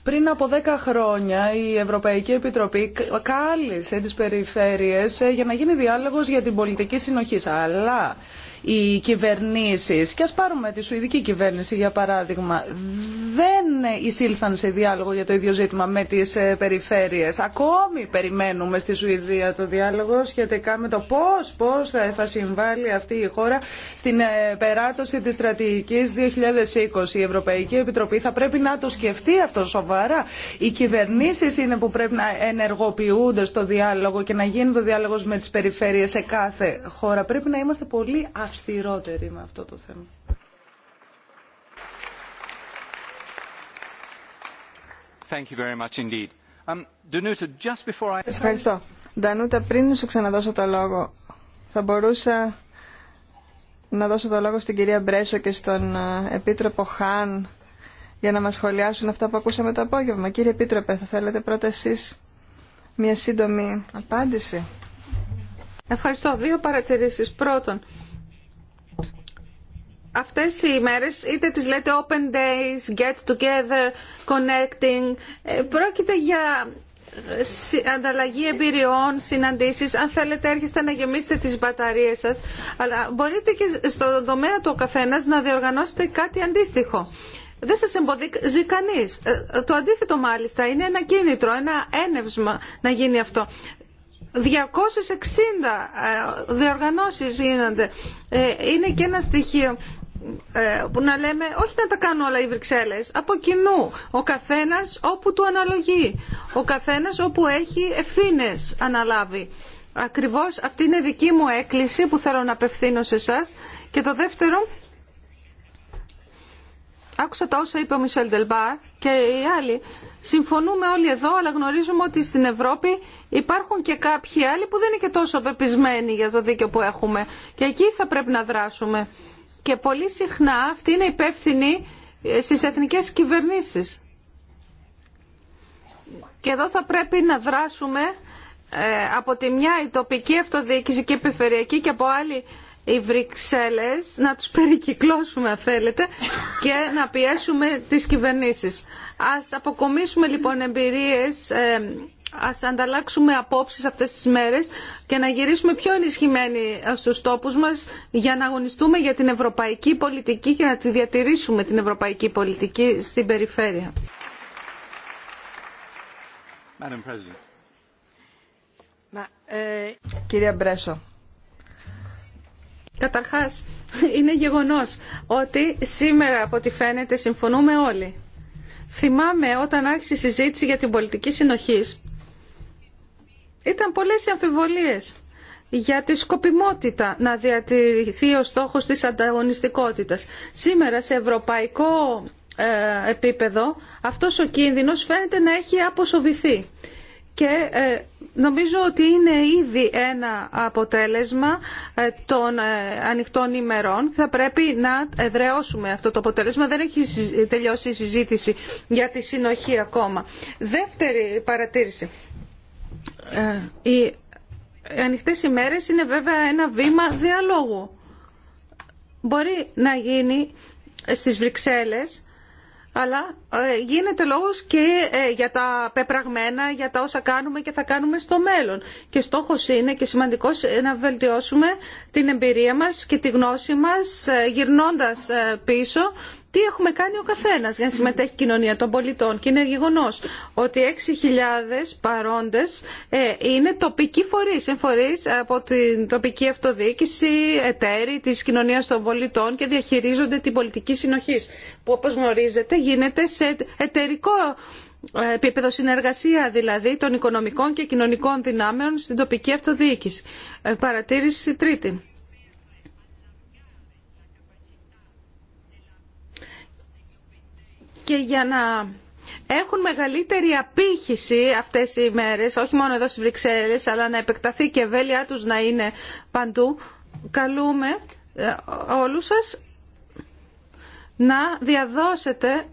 Πριν από 10 χρόνια η Ευρωπαϊκή Επιτροπή κάλεσε τις περιφέρειες ε, για να γίνει διάλογος για την πολιτική συνοχή. Αλλά οι κυβερνήσει Και α πάρουμε τη Σουηδική κυβέρνηση για παράδειγμα. Δεν εισήλθαν σε διάλογο για το ίδιο ζήτημα με τι ε, περιφέρειε. Ακόμη περιμένουμε στη Σουηδία το διάλογο σχετικά με το πώ, πώς θα συμβάλλει αυτή η χώρα στην ε, περάτωση τη στρατηγική 2020. Η Ευρωπαϊκή Επιτροπή θα πρέπει να το σκεφτεί αυτό σοβαρά. Οι κυβερνήσει είναι που πρέπει να ενεργοποιούνται στο διάλογο και να γίνει το διάλογο με τι περιφέρειε σε κάθε χώρα. Πρέπει να είμαστε πολύ αυστηροί αυστηρότεροι με αυτό το θέμα. Ευχαριστώ. Ντανούτα, πριν σου ξαναδώσω το λόγο, θα μπορούσα να δώσω το λόγο στην κυρία Μπρέσο και στον ε, Επίτροπο Χάν για να μας σχολιάσουν αυτά που ακούσαμε το απόγευμα. Κύριε Επίτροπε, θα θέλετε πρώτα εσείς μια σύντομη απάντηση. Ευχαριστώ. Δύο παρατηρήσεις. Πρώτον, αυτές οι μέρες είτε τις λέτε open days, get together, connecting, ε, πρόκειται για ανταλλαγή εμπειριών, συναντήσεις. Αν θέλετε έρχεστε να γεμίσετε τις μπαταρίες σας. Αλλά μπορείτε και στον τομέα του ο καθένας να διοργανώσετε κάτι αντίστοιχο. Δεν σας εμποδίζει κανείς. Ε, το αντίθετο μάλιστα είναι ένα κίνητρο, ένα ένευσμα να γίνει αυτό. 260 ε, διοργανώσεις γίνονται. Είναι και ένα στοιχείο ε, που να λέμε όχι να τα κάνουν όλα οι Βρυξέλλες, από κοινού. Ο καθένας όπου του αναλογεί. Ο καθένας όπου έχει ευθύνες αναλάβει. Ακριβώς αυτή είναι δική μου έκκληση που θέλω να απευθύνω σε εσά. Και το δεύτερο, άκουσα τα όσα είπε ο Μισελ και οι άλλοι. Συμφωνούμε όλοι εδώ, αλλά γνωρίζουμε ότι στην Ευρώπη υπάρχουν και κάποιοι άλλοι που δεν είναι και τόσο πεπισμένοι για το δίκαιο που έχουμε. Και εκεί θα πρέπει να δράσουμε και πολύ συχνά αυτή είναι υπεύθυνη ε, στις εθνικές κυβερνήσεις. Και εδώ θα πρέπει να δράσουμε ε, από τη μια η τοπική αυτοδιοίκηση και περιφερειακή και από άλλη οι Βρυξέλλες, να τους περικυκλώσουμε αν θέλετε και να πιέσουμε τις κυβερνήσεις. Ας αποκομίσουμε λοιπόν εμπειρίες, ε, ας ανταλλάξουμε απόψεις αυτές τις μέρες και να γυρίσουμε πιο ενισχυμένοι ε, στους τόπους μας για να αγωνιστούμε για την ευρωπαϊκή πολιτική και να τη διατηρήσουμε την ευρωπαϊκή πολιτική στην περιφέρεια. Ε, Κυρία Μπρέσο. Καταρχάς, είναι γεγονός ότι σήμερα από ό,τι φαίνεται συμφωνούμε όλοι. Θυμάμαι όταν άρχισε η συζήτηση για την πολιτική συνοχή. Ήταν πολλές οι αμφιβολίες για τη σκοπιμότητα να διατηρηθεί ο στόχος της ανταγωνιστικότητας. Σήμερα σε ευρωπαϊκό ε, επίπεδο αυτός ο κίνδυνος φαίνεται να έχει αποσοβηθεί. Και ε, Νομίζω ότι είναι ήδη ένα αποτέλεσμα ε, των ε, ανοιχτών ημερών. Θα πρέπει να εδραιώσουμε αυτό το αποτέλεσμα. Δεν έχει τελειώσει η συζήτηση για τη συνοχή ακόμα. Δεύτερη παρατήρηση. Ε, οι ανοιχτές ημέρες είναι βέβαια ένα βήμα διαλόγου. Μπορεί να γίνει στις Βρυξέλλες αλλά ε, γίνεται λόγος και ε, για τα πεπραγμένα, για τα όσα κάνουμε και θα κάνουμε στο μέλλον. Και στόχος είναι και σημαντικός ε, να βελτιώσουμε την εμπειρία μας και τη γνώση μας γυρνώντας πίσω τι έχουμε κάνει ο καθένα για να συμμετέχει η κοινωνία των πολιτών. Και είναι γεγονό ότι 6.000 παρόντες ε, είναι τοπικοί φορείς. Είναι φορεί από την τοπική αυτοδιοίκηση, εταίροι τη κοινωνίας των πολιτών και διαχειρίζονται την πολιτική συνοχή που όπως γνωρίζετε γίνεται σε εταιρικό ε, επίπεδο συνεργασία δηλαδή των οικονομικών και κοινωνικών δυνάμεων στην τοπική αυτοδιοίκηση. Ε, παρατήρηση τρίτη και για να έχουν μεγαλύτερη απήχηση αυτές οι μέρες, όχι μόνο εδώ στις Βρυξέλλες, αλλά να επεκταθεί και βέλειά τους να είναι παντού, καλούμε ε, όλους σας να διαδώσετε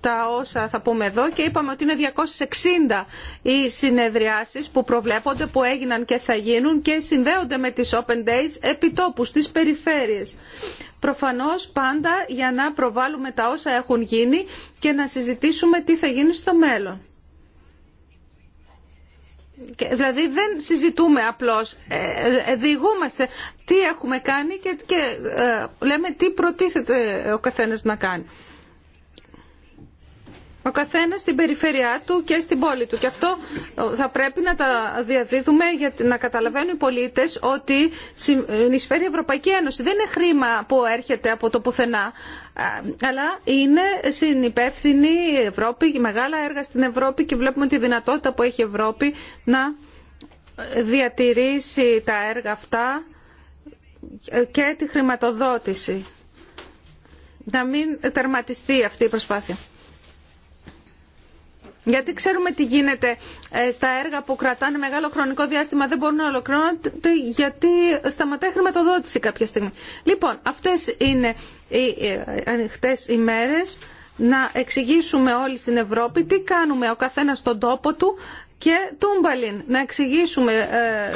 τα όσα θα πούμε εδώ και είπαμε ότι είναι 260 οι συνεδριάσεις που προβλέπονται, που έγιναν και θα γίνουν και συνδέονται με τις Open Days επιτόπου στις περιφέρειες προφανώς πάντα για να προβάλλουμε τα όσα έχουν γίνει και να συζητήσουμε τι θα γίνει στο μέλλον. Δηλαδή δεν συζητούμε απλώς, ε, ε, διηγούμαστε τι έχουμε κάνει και ε, λέμε τι προτίθεται ο καθένας να κάνει. Ο καθένα στην περιφέρειά του και στην πόλη του. Και αυτό θα πρέπει να τα διαδίδουμε για να καταλαβαίνουν οι πολίτε ότι συνεισφέρει η Ευρωπαϊκή Ένωση. Δεν είναι χρήμα που έρχεται από το πουθενά, ε, αλλά είναι συνυπεύθυνη η Ευρώπη, μεγάλα έργα στην Ευρώπη και βλέπουμε τη δυνατότητα που έχει η Ευρώπη να διατηρήσει τα έργα αυτά και τη χρηματοδότηση. Να μην τερματιστεί αυτή η προσπάθεια. Γιατί ξέρουμε τι γίνεται ε, στα έργα που κρατάνε μεγάλο χρονικό διάστημα, δεν μπορούν να ολοκληρώνονται γιατί σταματάει η χρηματοδότηση κάποια στιγμή. Λοιπόν, αυτές είναι οι ε, ανοιχτέ ημέρε να εξηγήσουμε όλοι στην Ευρώπη τι κάνουμε ο καθένας στον τόπο του και Τούμπαλιν να εξηγήσουμε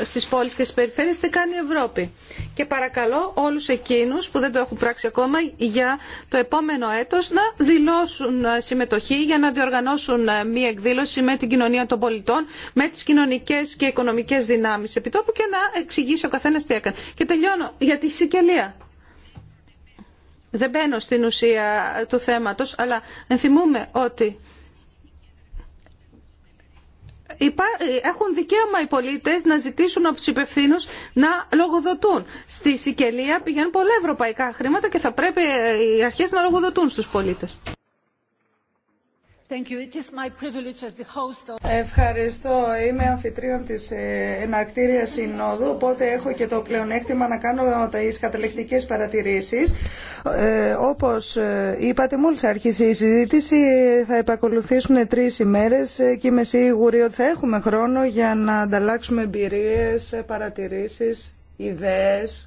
ε, στις πόλεις και στις περιφέρειες τι κάνει η Ευρώπη. Και παρακαλώ όλους εκείνους που δεν το έχουν πράξει ακόμα για το επόμενο έτος να δηλώσουν ε, συμμετοχή για να διοργανώσουν ε, μία εκδήλωση με την κοινωνία των πολιτών, με τις κοινωνικές και οικονομικές δυνάμεις επιτόπου και να εξηγήσει ο καθένας τι έκανε. Και τελειώνω για τη Σικελία. Δεν μπαίνω στην ουσία του θέματος, αλλά ενθυμούμε ότι έχουν δικαίωμα οι πολίτες να ζητήσουν από του υπευθύνου να λογοδοτούν. Στη Σικελία πηγαίνουν πολλά ευρωπαϊκά χρήματα και θα πρέπει οι αρχές να λογοδοτούν στους πολίτες. Ευχαριστώ. Είμαι αμφιτρίων της ε, εναρκτήριας συνόδου, οπότε έχω και το πλεονέκτημα να κάνω τις καταληκτικές παρατηρήσεις. Ε, όπως ε, είπατε, μόλις αρχίσει η συζήτηση, θα επακολουθήσουν τρεις ημέρες ε, και είμαι σίγουρη ότι θα έχουμε χρόνο για να ανταλλάξουμε εμπειρίες, παρατηρήσεις, ιδέες,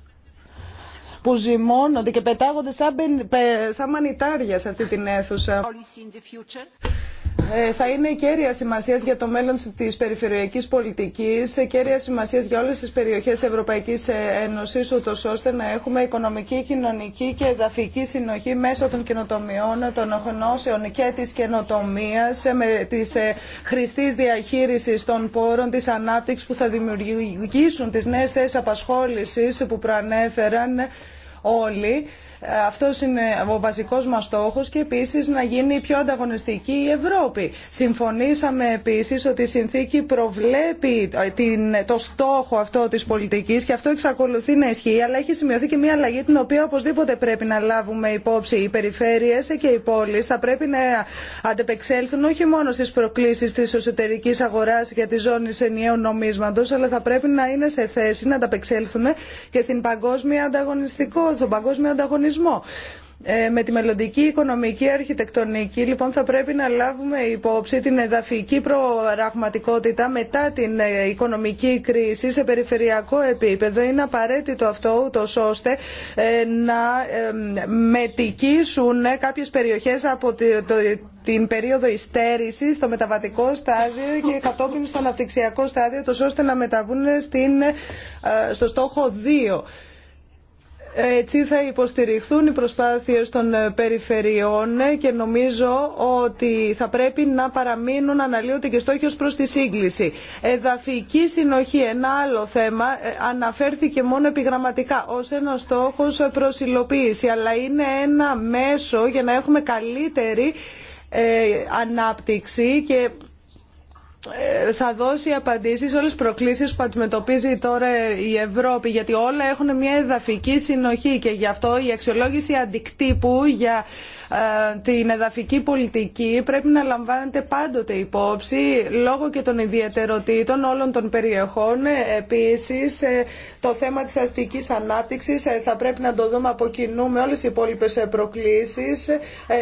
που ζυμώνονται και πετάγονται σαν, σαν μανιτάρια σε αυτή την αίθουσα. Ε, θα είναι κέρια σημασία για το μέλλον τη περιφερειακή πολιτική, κέρια σημασία για όλε τι περιοχέ Ευρωπαϊκή Ένωση, ούτω ώστε να έχουμε οικονομική, κοινωνική και εδαφική συνοχή μέσω των καινοτομιών, των γνώσεων και τη καινοτομία, με τη ε, χρηστή διαχείριση των πόρων, τη ανάπτυξη που θα δημιουργήσουν τι νέε θέσει απασχόληση που προανέφεραν όλοι αυτό είναι ο βασικό μα στόχο και επίση να γίνει πιο ανταγωνιστική η Ευρώπη. Συμφωνήσαμε επίση ότι η συνθήκη προβλέπει ε, το στόχο αυτό τη πολιτική και αυτό εξακολουθεί να ισχύει, αλλά έχει σημειωθεί και μια αλλαγή την οποία οπωσδήποτε πρέπει να λάβουμε υπόψη. Οι περιφέρειες και οι πόλεις θα πρέπει να αντεπεξέλθουν όχι μόνο στι προκλήσει τη εσωτερική αγορά για τη ζώνη ενιαίου νομίσματος, αλλά θα πρέπει να είναι σε θέση να ανταπεξέλθουν και στην παγκόσμια ανταγωνιστικότητα, στον παγκόσμιο ανταγωνισμό ε, με τη μελλοντική οικονομική αρχιτεκτονική λοιπόν θα πρέπει να λάβουμε υπόψη την εδαφική προγραμματικότητα μετά την ε, οικονομική κρίση σε περιφερειακό επίπεδο. Είναι απαραίτητο αυτό ούτως ώστε ε, να ε, μετικήσουν κάποιες περιοχές από την περίοδο υστέρηση στο μεταβατικό στάδιο και κατόπιν στο αναπτυξιακό στάδιο, τόσο ώστε να μεταβούν στο στόχο 2. Έτσι θα υποστηριχθούν οι προσπάθειες των ε, περιφερειών και νομίζω ότι θα πρέπει να παραμείνουν αναλύωτοι και στόχοι ως προς τη σύγκληση. Εδαφική συνοχή, ένα άλλο θέμα, ε, αναφέρθηκε μόνο επιγραμματικά ως ένα στόχος προς υλοποίηση, αλλά είναι ένα μέσο για να έχουμε καλύτερη ε, ανάπτυξη και ε, θα δώσει απαντήσεις σε όλες τις προκλήσεις που αντιμετωπίζει τώρα η Ευρώπη γιατί όλα έχουν μια εδαφική συνοχή και γι' αυτό η αξιολόγηση αντικτύπου για ε, την εδαφική πολιτική πρέπει να λαμβάνεται πάντοτε υπόψη λόγω και των ιδιαιτεροτήτων όλων των περιεχών Επίσης ε, το θέμα της αστικής ανάπτυξης ε, θα πρέπει να το δούμε από κοινού με όλες οι υπόλοιπες προκλήσεις.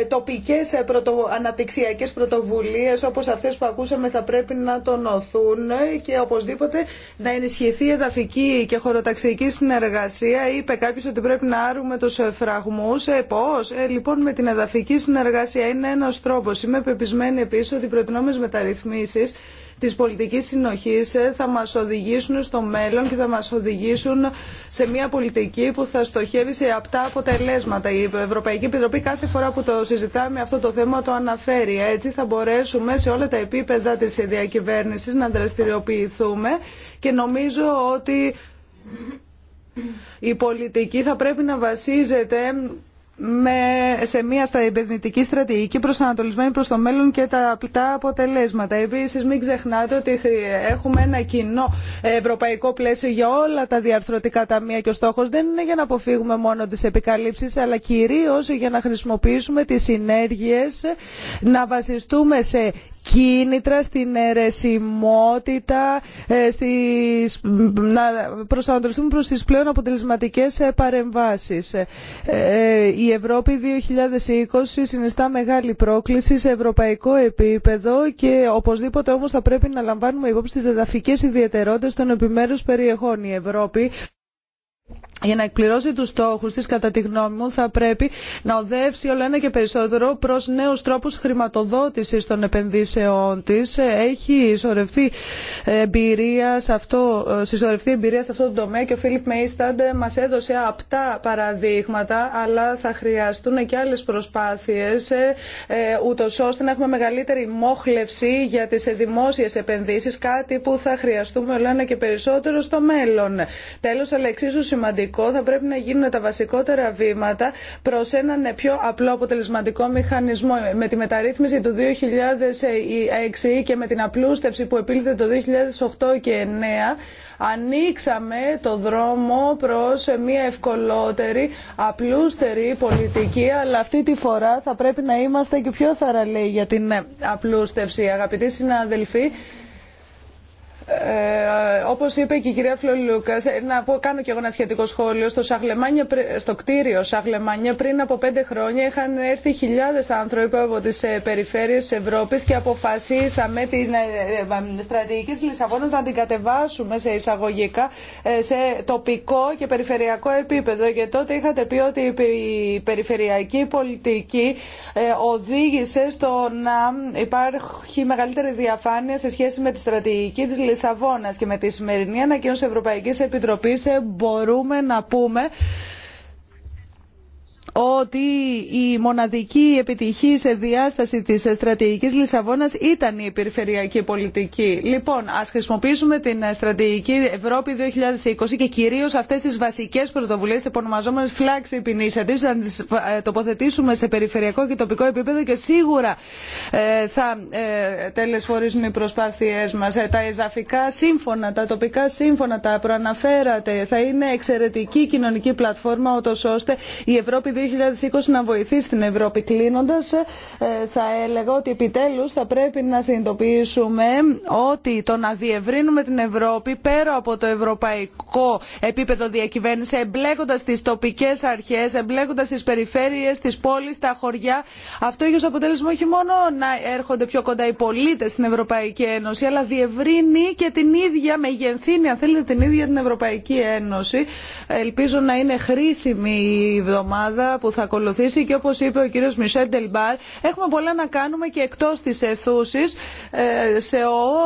Τοπικές πρωτο... αναπτυξιακές πρωτοβουλίες όπως αυτές που ακούσαμε θα πρέπει να τονωθούν και οπωσδήποτε να ενισχυθεί η εδαφική και χωροταξική συνεργασία. Είπε κάποιος ότι πρέπει να άρουμε τους φραγμούς. λοιπόν με την εδαφική συνεργασία είναι ένα τρόπο, Είμαι πεπισμένη επίση ότι οι προτινόμε μεταρρυθμίσει τη πολιτική συνοχή θα μα οδηγήσουν στο μέλλον και θα μα οδηγήσουν σε μια πολιτική που θα στοχεύει σε απτά αποτελέσματα. Η Ευρωπαϊκή Επιτροπή κάθε φορά που το συζητάμε αυτό το θέμα το αναφέρει. Έτσι θα μπορέσουμε σε όλα τα επίπεδα τη διακυβέρνηση να δραστηριοποιηθούμε και νομίζω ότι η πολιτική θα πρέπει να βασίζεται με, σε μια επενδυτική στρατηγική προσανατολισμένη προς το μέλλον και τα απλά αποτελέσματα. Επίσης μην ξεχνάτε ότι έχουμε ένα κοινό ευρωπαϊκό πλαίσιο για όλα τα διαρθρωτικά ταμεία και ο στόχος δεν είναι για να αποφύγουμε μόνο τις επικαλύψεις αλλά κυρίως για να χρησιμοποιήσουμε τις συνέργειες, να βασιστούμε σε κίνητρα στην αιρεσιμότητα, ε, στις, να προσανατολιστούμε προς τις πλέον αποτελεσματικές παρεμβάσεις ε, ε, η Ευρώπη 2020 συνιστά μεγάλη πρόκληση σε ευρωπαϊκό επίπεδο και οπωσδήποτε όμως θα πρέπει να λαμβάνουμε υπόψη τις εδαφικές ιδιαιτερότητες των επιμέρους περιεχών. Η Ευρώπη για να εκπληρώσει τους στόχους της, κατά τη γνώμη μου, θα πρέπει να οδεύσει όλο ένα και περισσότερο προς νέους τρόπους χρηματοδότησης των επενδύσεών της. Έχει συσσωρευτεί εμπειρία αυτό, εμπειρία σε αυτό το τομέα και ο Φίλιπ Μέισταντ μας έδωσε απτά παραδείγματα, αλλά θα χρειαστούν και άλλες προσπάθειες, ε, ούτως ώστε να έχουμε μεγαλύτερη μόχλευση για τις δημόσιες επενδύσεις, κάτι που θα χρειαστούμε όλο ένα και περισσότερο στο μέλλον. Τέλος, αλλά εξίσου σημαντικό. Θα πρέπει να γίνουν τα βασικότερα βήματα προ έναν πιο απλό αποτελεσματικό μηχανισμό. Με τη μεταρρύθμιση του 2006 και με την απλούστευση που επήλθε το 2008 και 2009, ανοίξαμε το δρόμο προς μια ευκολότερη, απλούστερη πολιτική, αλλά αυτή τη φορά θα πρέπει να είμαστε και πιο θαραλέοι για την απλούστευση. Αγαπητοί συναδελφοί, ε, Όπω είπε και η κυρία Φλολούκα, ε, να κάνω και εγώ ένα σχετικό σχόλιο. Στο, στο κτίριο Σαγλεμάνια πριν από πέντε χρόνια είχαν έρθει χιλιάδε άνθρωποι από τι ε, περιφέρειε τη Ευρώπη και αποφασίσαμε την ε, στρατηγική τη Λισαβόνα να την κατεβάσουμε σε εισαγωγικά σε τοπικό και περιφερειακό επίπεδο. Και τότε είχατε πει ότι η περιφερειακή πολιτική οδήγησε στο να υπάρχει μεγαλύτερη διαφάνεια σε σχέση με τη στρατηγική τη Λισαβόνα Λισαβόνας και με τη σημερινή ανακοίνωση Ευρωπαϊκής Επιτροπής ε, μπορούμε να πούμε ότι η μοναδική επιτυχή σε διάσταση της στρατηγικής Λισαβόνας ήταν η περιφερειακή πολιτική. Λοιπόν, ας χρησιμοποιήσουμε την στρατηγική Ευρώπη 2020 και κυρίως αυτές τις βασικές πρωτοβουλίες επωνομαζόμενες flagship initiatives να τις ε, τοποθετήσουμε σε περιφερειακό και τοπικό επίπεδο και σίγουρα ε, θα ε, τελεσφορήσουν οι προσπάθειές μας. Τα εδαφικά σύμφωνα, τα τοπικά σύμφωνα, τα προαναφέρατε, θα είναι εξαιρετική κοινωνική πλατφόρμα ώστε η Ευρώπη 2020 να βοηθήσει την Ευρώπη. Κλείνοντα, ε, θα έλεγα ότι επιτέλου θα πρέπει να συνειδητοποιήσουμε ότι το να διευρύνουμε την Ευρώπη πέρα από το ευρωπαϊκό επίπεδο διακυβέρνηση, εμπλέκοντα τι τοπικέ αρχέ, εμπλέκοντα τι περιφέρειε, τι πόλει, τα χωριά, αυτό έχει ω αποτέλεσμα όχι μόνο να έρχονται πιο κοντά οι πολίτε στην Ευρωπαϊκή Ένωση, αλλά διευρύνει και την ίδια, μεγενθύνει αν θέλετε την ίδια την Ευρωπαϊκή Ένωση. Ελπίζω να είναι χρήσιμη η εβδομάδα που θα ακολουθήσει και όπως είπε ο κύριος Μισελ Ντελμπάρ έχουμε πολλά να κάνουμε και εκτός της αιθούσης ε, σε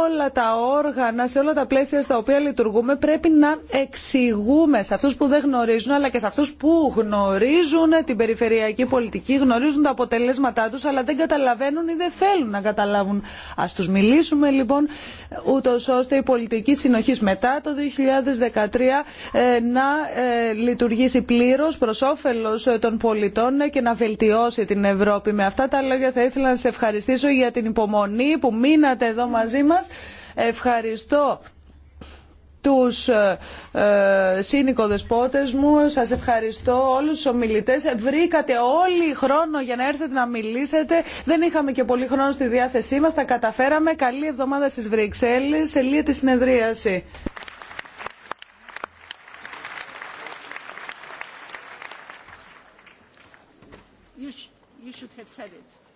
όλα τα όργανα, σε όλα τα πλαίσια στα οποία λειτουργούμε πρέπει να εξηγούμε σε αυτούς που δεν γνωρίζουν αλλά και σε αυτούς που γνωρίζουν την περιφερειακή πολιτική, γνωρίζουν τα αποτελέσματά τους αλλά δεν καταλαβαίνουν ή δεν θέλουν να καταλάβουν. Ας τους μιλήσουμε λοιπόν ούτως ώστε η πολιτική συνοχή μετά το 2013 ε, να ε, λειτουργήσει πλήρως προς όφελος των πολιτών και να βελτιώσει την Ευρώπη. Με αυτά τα λόγια θα ήθελα να σε ευχαριστήσω για την υπομονή που μείνατε εδώ μαζί μας. Ευχαριστώ τους ε, ε σύνοικοδεσπότες μου. Σας ευχαριστώ όλους τους ομιλητές. Βρήκατε όλοι χρόνο για να έρθετε να μιλήσετε. Δεν είχαμε και πολύ χρόνο στη διάθεσή μας. Τα καταφέραμε. Καλή εβδομάδα στις Βρυξέλλες. Ελία τη συνεδρίαση. credit.